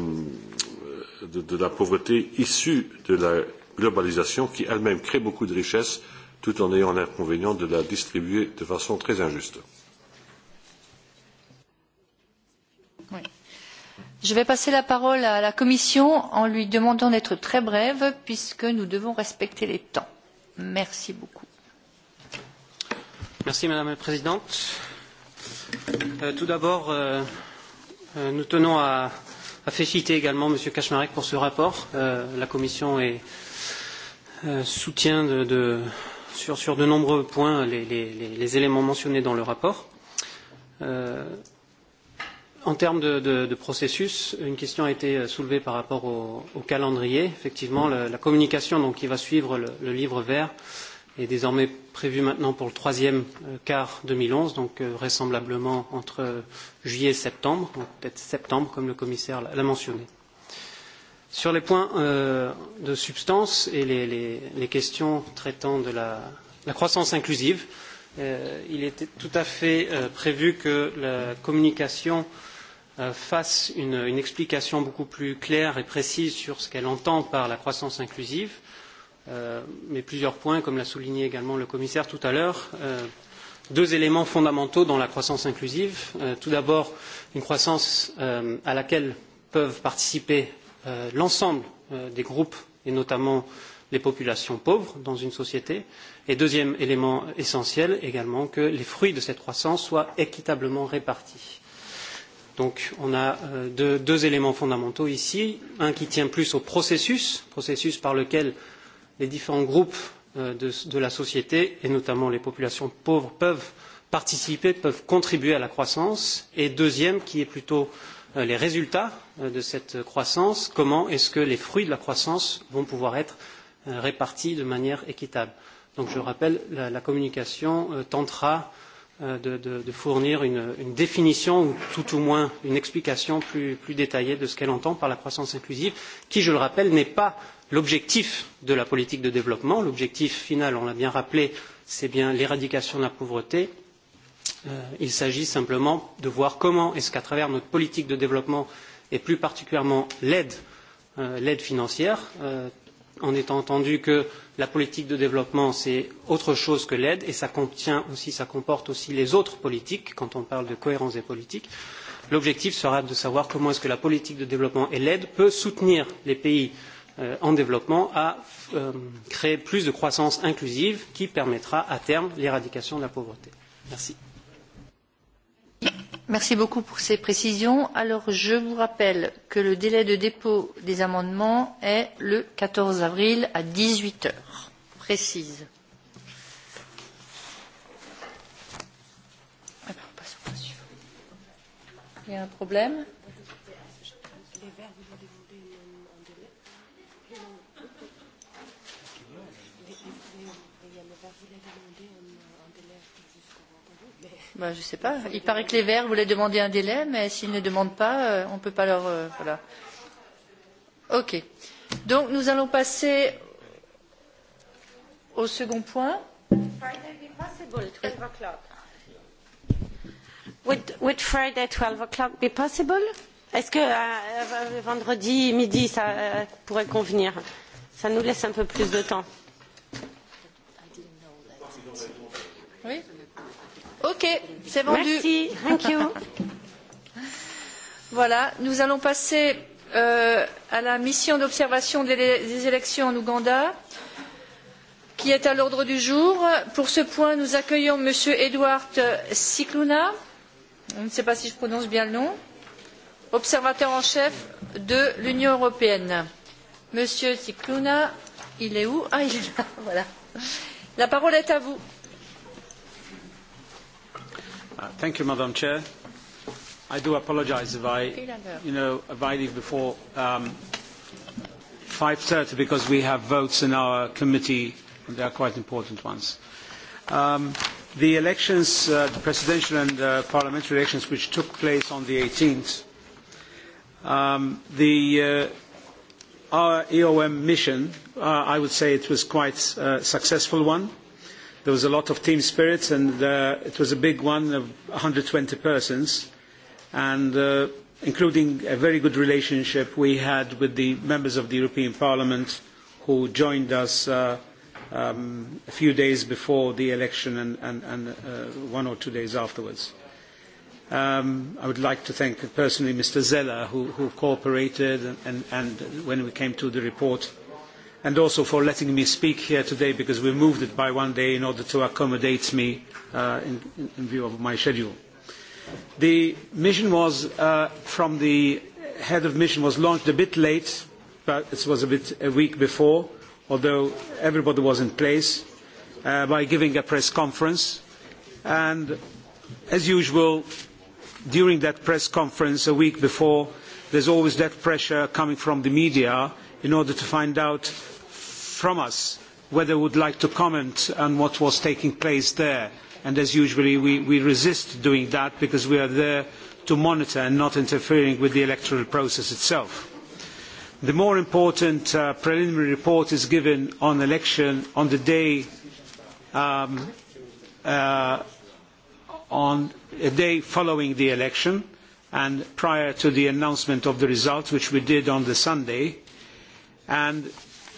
de, de la pauvreté issue de la globalisation qui elle-même crée beaucoup de richesses tout en ayant l'inconvénient de la distribuer de façon très injuste. Oui. Je vais passer la parole à la Commission en lui demandant d'être très brève puisque nous devons respecter les temps. Merci beaucoup. Merci Madame la Présidente. Euh, tout d'abord, euh, euh, nous tenons à, à féliciter également M. Kaczmarek pour ce rapport. Euh, la Commission est, euh, soutient de, de, sur, sur de nombreux points les, les, les éléments mentionnés dans le rapport. Euh, En termes de, de, de processus, une question a été soulevée par rapport au, au calendrier. Effectivement, le, la communication donc, qui va suivre le, le livre vert est désormais prévue maintenant pour le troisième euh, quart 2011, donc euh, vraisemblablement entre juillet et septembre, peut-être septembre comme le commissaire l'a mentionné. Sur les points euh, de substance et les, les, les questions traitant de la, la croissance inclusive, euh, il était tout à fait euh, prévu que la communication euh, Euh, fasse une, une explication beaucoup plus claire et précise sur ce qu'elle entend par la croissance inclusive. Euh, mais plusieurs points, comme l'a souligné également le commissaire tout à l'heure, euh, deux éléments fondamentaux dans la croissance inclusive. Euh, tout d'abord, une croissance euh, à laquelle peuvent participer euh, l'ensemble euh, des groupes et notamment les populations pauvres dans une société. Et deuxième élément essentiel également, que les fruits de cette croissance soient équitablement répartis Donc on a euh, deux, deux éléments fondamentaux ici, un qui tient plus au processus, processus par lequel les différents groupes euh, de, de la société, et notamment les populations pauvres, peuvent participer, peuvent contribuer à la croissance, et deuxième qui est plutôt euh, les résultats de cette croissance, comment est-ce que les fruits de la croissance vont pouvoir être répartis de manière équitable. Donc je rappelle, la, la communication tentera Euh, de, de, de fournir une, une définition ou tout au moins une explication plus, plus détaillée de ce qu'elle entend par la croissance inclusive, qui, je le rappelle, n'est pas l'objectif de la politique de développement. L'objectif final, on l'a bien rappelé, c'est bien l'éradication de la pauvreté. Euh, il s'agit simplement de voir comment est-ce qu'à travers notre politique de développement et plus particulièrement l'aide, euh, l'aide financière, euh, en étant entendu que la politique de développement, c'est autre chose que l'aide et ça contient aussi, ça comporte aussi les autres politiques quand on parle de cohérence des politiques. L'objectif sera de savoir comment est-ce que la politique de développement et l'aide peut soutenir les pays euh, en développement à euh, créer plus de croissance inclusive qui permettra à terme l'éradication de la pauvreté. Merci. Merci beaucoup pour ces précisions. Alors, je vous rappelle que le délai de dépôt des amendements est le 14 avril à 18 heures précise. Il y a un problème Ben, je sais pas. Il paraît que les Verts voulaient demander un délai, mais s'ils ne demandent pas, euh, on ne peut pas leur. Euh, voilà. Ok. Donc nous allons passer au second point. Would, would Friday 12 o'clock be possible? Est-ce que euh, euh, vendredi midi ça euh, pourrait convenir Ça nous laisse un peu plus de temps. Oui. Ok, c'est vendu. Merci, thank you. [laughs] voilà, nous allons passer euh, à la mission d'observation des, des élections en Ouganda qui est à l'ordre du jour. Pour ce point, nous accueillons Monsieur Edward Sikluna, je ne sais pas si je prononce bien le nom, observateur en chef de l'Union européenne. Monsieur Sikluna, il est où Ah, il est là, [laughs] voilà. La parole est à vous. Uh, thank you, Madam Chair. I do apologize if I, you know, if I leave before um, 5.30 because we have votes in our committee and they are quite important ones. Um, the elections, uh, the presidential and uh, parliamentary elections which took place on the 18th, um, the, uh, our EOM mission, uh, I would say it was quite a uh, successful one. There was a lot of team spirit, and uh, it was a big one of 120 persons, and uh, including a very good relationship we had with the members of the European Parliament who joined us uh, um, a few days before the election and, and, and uh, one or two days afterwards. Um, I would like to thank personally Mr. Zeller, who, who cooperated, and, and, when we came to the report, and also for letting me speak here today because we moved it by one day in order to accommodate me uh, in, view of my schedule. The mission was uh, from the head of mission was launched a bit late, but it was a bit a week before, although everybody was in place, uh, by giving a press conference. And as usual, during that press conference a week before, there's always that pressure coming from the media in order to find out from us whether would like to comment on what was taking place there. And as usually, we, we resist doing that because we are there to monitor and not interfering with the electoral process itself. The more important uh, preliminary report is given on election on the day um, uh, on a day following the election and prior to the announcement of the results, which we did on the Sunday. And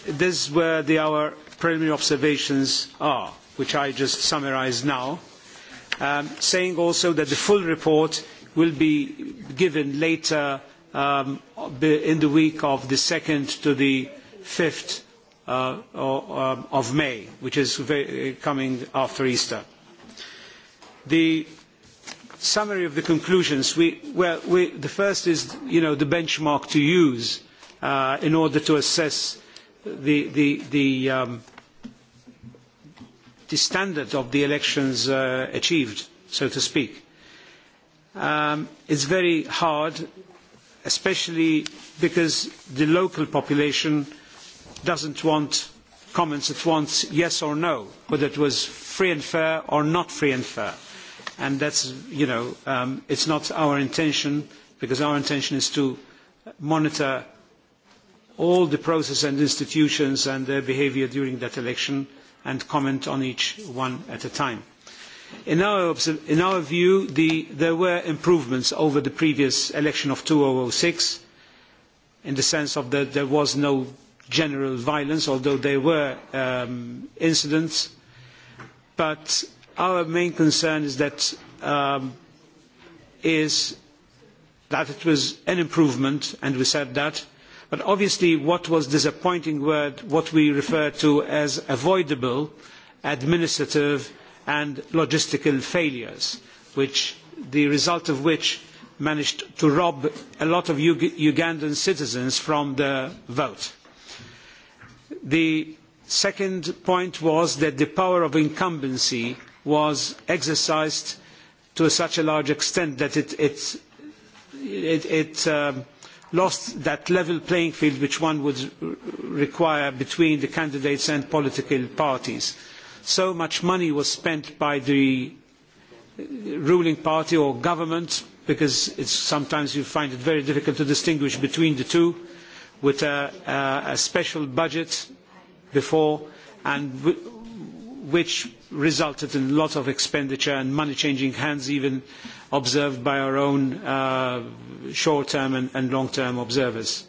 this is where the, our preliminary observations are, which I just summarise now, um, saying also that the full report will be given later um, in the week of the 2nd to the 5th uh, um, of May, which is coming after Easter. The summary of the conclusions, we, well, we, the first is, you know, the benchmark to use uh, in order to assess the, the, the, um, the standard of the elections uh, achieved, so to speak. Um, it's very hard, especially because the local population doesn't want comments at once, yes or no, whether it was free and fair or not free and fair. And that's, you know, um, it's not our intention, because our intention is to monitor all the process and institutions and their behaviour during that election and comment on each one at a time. In our, in our view, the, there were improvements over the previous election of 2006 in the sense of that there was no general violence, although there were um, incidents. But our main concern is that, um, is that it was an improvement, and we said that, But obviously what was disappointing were what we refer to as avoidable administrative and logistical failures, which the result of which managed to rob a lot of Ug Ugandan citizens from the vote. The second point was that the power of incumbency was exercised to such a large extent that it, it, it, it um, lost that level playing field which one would require between the candidates and political parties. So much money was spent by the ruling party or government, because sometimes you find it very difficult to distinguish between the two, with a, a, a special budget before, and which resulted in a lot of expenditure and money changing hands even observed by our own uh, short-term and, and long-term observers.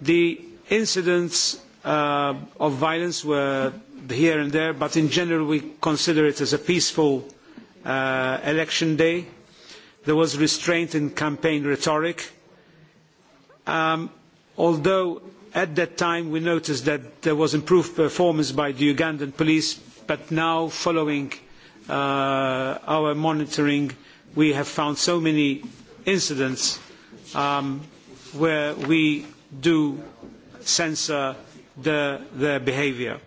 The incidents uh, of violence were here and there, but in general we consider it as a peaceful uh, election day. There was restraint in campaign rhetoric. Um, although at that time we noticed that there was improved performance by the Ugandan police but now following uh, our monitoring, we have found so many incidents um, where we do censor the, their behaviour.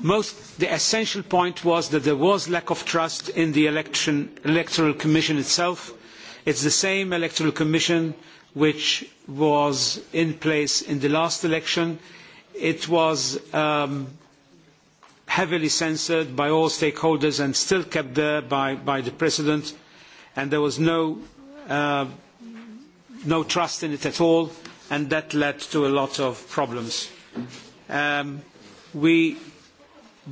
Most, the essential point was that there was lack of trust in the election, electoral commission itself. It's the same electoral commission which was in place in the last election. It was um, heavily censored by all stakeholders and still kept there by, by the president and there was no, uh, no trust in it at all and that led to a lot of problems. Um, we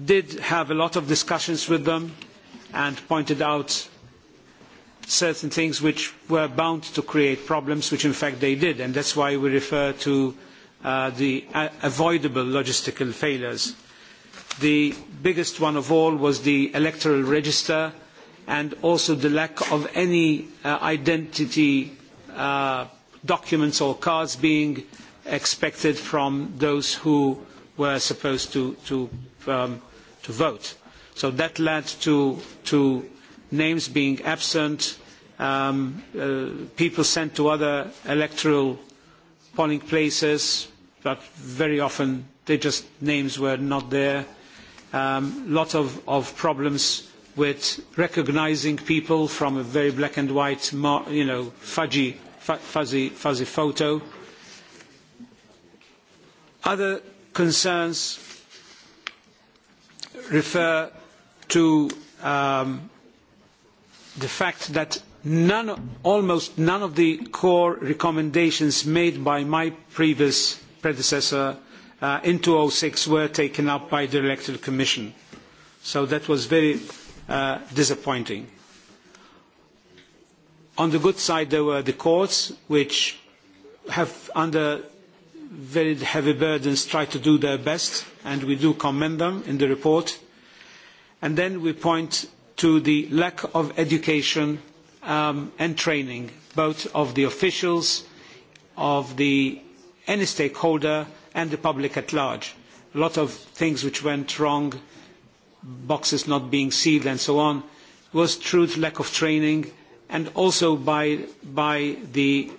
did have a lot of discussions with them and pointed out certain things which were bound to create problems, which in fact they did, and that's why we refer to uh, the avoidable logistical failures. The biggest one of all was the electoral register and also the lack of any uh, identity uh, documents or cards being expected from those who were supposed to, to, um, to vote. So that led to, to names being absent, um, uh, people sent to other electoral polling places, but very often they just names were not there um, lot of, of problems with recognising people from a very black and white, you know, fudgy, fuzzy, fuzzy photo. Other concerns refer to um, the fact that none, almost none of the core recommendations made by my previous predecessor uh, in 2006 were taken up by the elected commission. So that was very uh, disappointing. On the good side, there were the courts, which have, under very heavy burdens, tried to do their best, and we do commend them in the report. And then we point to the lack of education um, and training, both of the officials, of the any stakeholder, and the public at large. A lot of things which went wrong, boxes not being sealed and so on, was to lack of training and also by, by the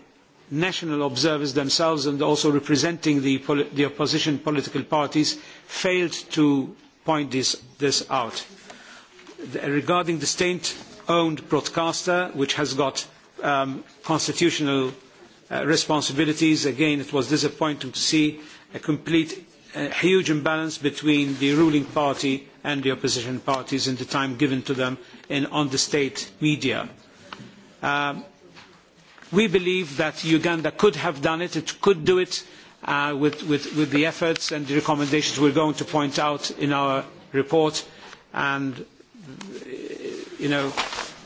national observers themselves and also representing the, the opposition political parties failed to point this, this out. The, regarding the state-owned broadcaster, which has got um, constitutional uh, responsibilities, again, it was disappointing to see a complete a huge imbalance between the ruling party and the opposition parties in the time given to them in, on the state media. Um, we believe that Uganda could have done it, it could do it uh, with, with, with, the efforts and the recommendations we're going to point out in our report. And, you know,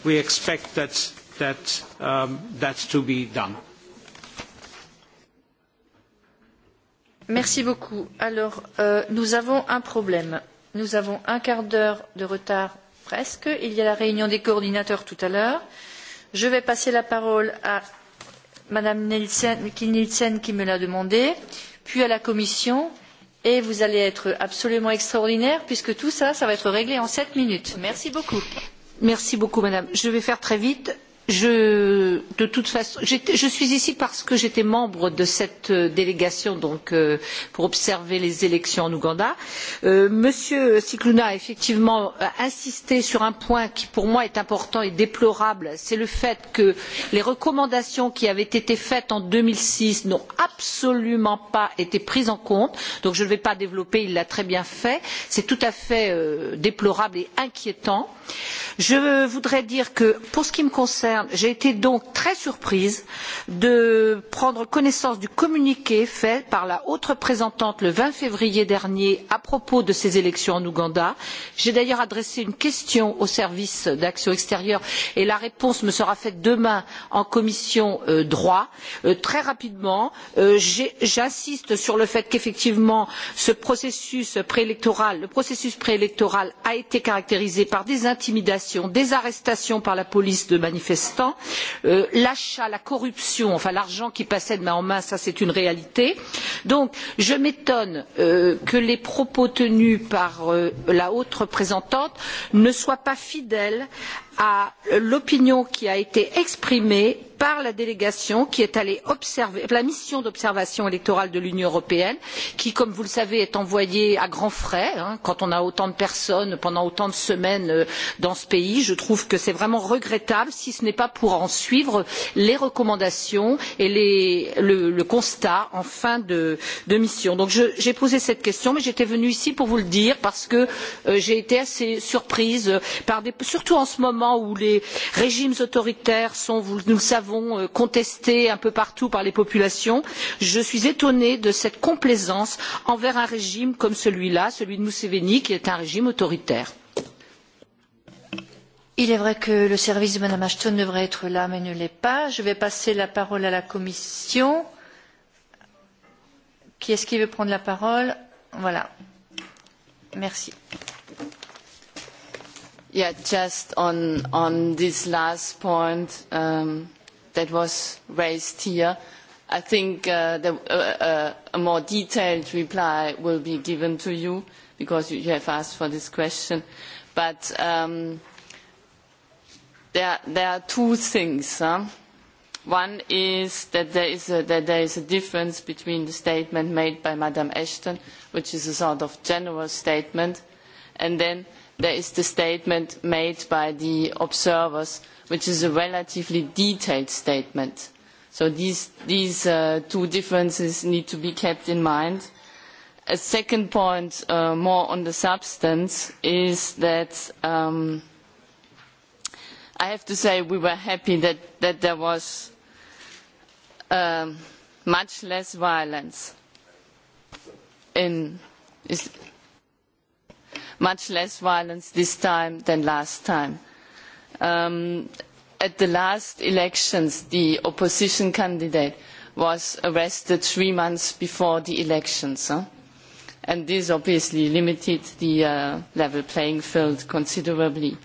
we expect that, that, um, that to be done. Euh, nous avons un problème. Nous avons un quart d'heure de retard presque. Il y a la réunion des coordinateurs tout à l'heure. Je vais passer la parole à Madame Nielsen, Nielsen qui me l'a demandé, puis à la Commission. Et vous allez être absolument extraordinaires puisque tout cela va être réglé en sept minutes. Merci beaucoup. Je vais faire très vite Je, de toute façon, je suis ici parce que j'étais membre de cette euh, délégation donc, euh, pour observer les élections en Ouganda. Euh, Monsieur Scicluna a effectivement euh, insisté sur un point qui pour moi est important et déplorable, c'est le fait que les recommandations qui avaient été faites en 2006 n'ont absolument pas été prises en compte. Donc je ne vais pas développer, il l'a très bien fait. C'est tout à fait euh, déplorable et inquiétant. Je voudrais dire que pour ce qui me concerne, concerne j'ai été donc très surprise de prendre connaissance du communiqué fait par la haute représentante le vingt février dernier à propos de ces élections en ouganda. j'ai d'ailleurs adressé une question au service pour l'action extérieure et la réponse me sera faite demain en commission euh, droit. Euh, très rapidement euh, j'insiste sur le fait qu'effectivement ce processus préélectoral le processus préélectoral a été caractérisé par des intimidations des arrestations par la police de manifestants l'instant euh, l'achat la corruption enfin l'argent qui passait de main en main ça c'est une réalité. donc je m'étonne euh, que les propos tenus par euh, la haute représentante ne soient pas fidèles à l'opinion qui a été exprimée par la délégation qui est allée observer la mission d'observation électorale de l'union européenne qui comme vous le savez est envoyée à grands frais hein, quand on a autant de personnes pendant autant de semaines euh, dans ce pays je trouve que c'est vraiment regrettable si ce n'est pas pour en suivre les recommandations et les, le, le constat en fin de, de mission. donc j'ai posé cette question mais j'étais venue ici pour vous le dire parce que euh, j'ai été assez surprise par des, surtout en ce moment moment où les régimes autoritaires sont nous le savons euh, contestés un peu partout par les populations je suis étonnée de cette complaisance envers un régime comme celui là celui de museveni qui est un régime autoritaire. Il est vrai que le service de Mme Ashton devrait être là, mais ne l'est pas. Je vais passer la parole à la Commission. Qui est-ce qui veut prendre la parole Voilà. Merci. Yeah, just on, on this last point um, that was raised here, I think uh, the, uh, uh, a more detailed reply will be given to you because you have asked for this question. But um, there, there are two things. Huh? One is that there is, a, that there is a difference between the statement made by Madame Ashton, which is a sort of general statement, and then there is the statement made by the observers, which is a relatively detailed statement. So these, these uh, two differences need to be kept in mind. A second point, uh, more on the substance, is that um, I have to say we were happy that, that there was um, much less violence in is, much less violence this time than last time. Um, at the last elections, the opposition candidate was arrested three months before the elections. Huh? And this obviously limited the uh, level playing field considerably,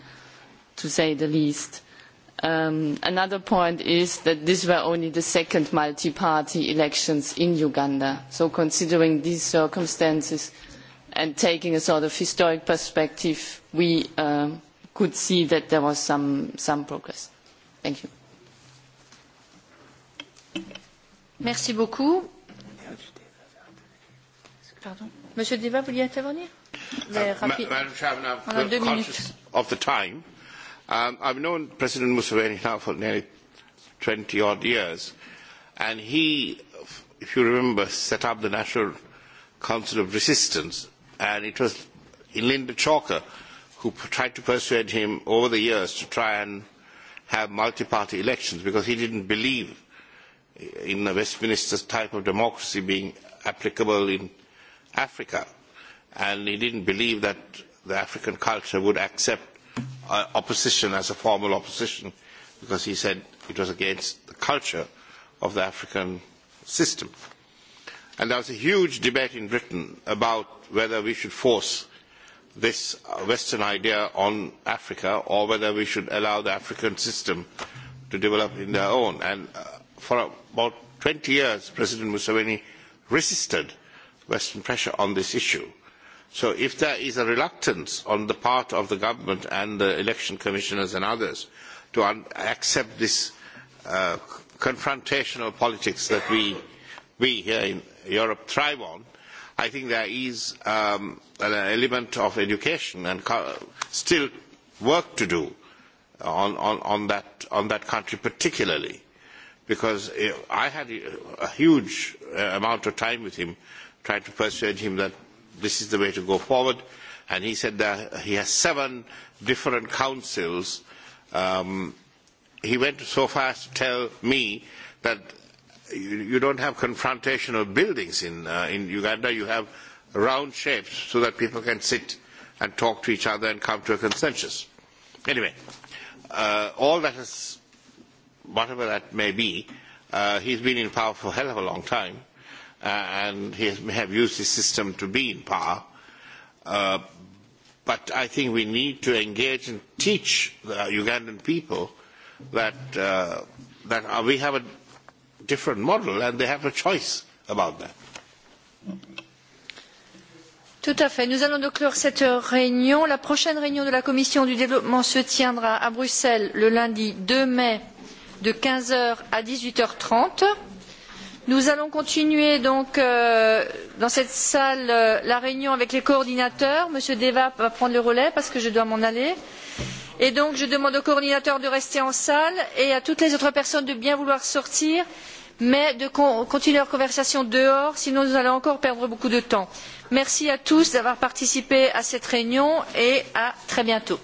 to say the least. Um, another point is that these were only the second multi-party elections in Uganda. So considering these circumstances, and taking a sort of historic perspective, we um, could see that there was some, some progress. Thank you. Merci beaucoup. Pardon. Monsieur Deva, vous vouliez intervenir uh, Chairman, I'm conscious of the time. Um, I've known President Museveni now for nearly 20 odd years, and he, if you remember, set up the National Council of Resistance and it was Linda Chalker who tried to persuade him over the years to try and have multi-party elections because he didn't believe in the Westminster type of democracy being applicable in Africa. And he didn't believe that the African culture would accept uh, opposition as a formal opposition because he said it was against the culture of the African system. And there was a huge debate in Britain about whether we should force this Western idea on Africa or whether we should allow the African system to develop in their own. And uh, for about 20 years, President Museveni resisted Western pressure on this issue. So if there is a reluctance on the part of the government and the election commissioners and others to accept this uh, confrontational politics that we, we here in Europe thrive on, I think there is um, an element of education and still work to do on, on, on, that, on that country particularly. Because I had a huge uh, amount of time with him trying to persuade him that this is the way to go forward. And he said that he has seven different councils. Um, he went so far as to tell me that you, don't have confrontation of buildings in, uh, in Uganda. You have round shapes so that people can sit and talk to each other and come to a consensus. Anyway, uh, all that is, whatever that may be, uh, he's been in power for a hell of a long time, uh, and he has, have used his system to be in power. Uh, but I think we need to engage and teach the Ugandan people that, uh, that uh, we have a different model and they have a choice about that. Tout à fait. Nous allons donc clore cette réunion. La prochaine réunion de la Commission du développement se tiendra à Bruxelles le lundi 2 mai de 15h à 18h30. Nous allons continuer donc euh, dans cette salle euh, la réunion avec les coordinateurs. Monsieur Deva va prendre le relais parce que je dois m'en aller. Euh, et donc je demande aux coordinateurs de rester en salle et à toutes les autres personnes de bien vouloir sortir mais de continuer leur conversation dehors sinon nous allons encore perdre beaucoup de temps. merci à tous d'avoir participé à cette réunion et à très bientôt.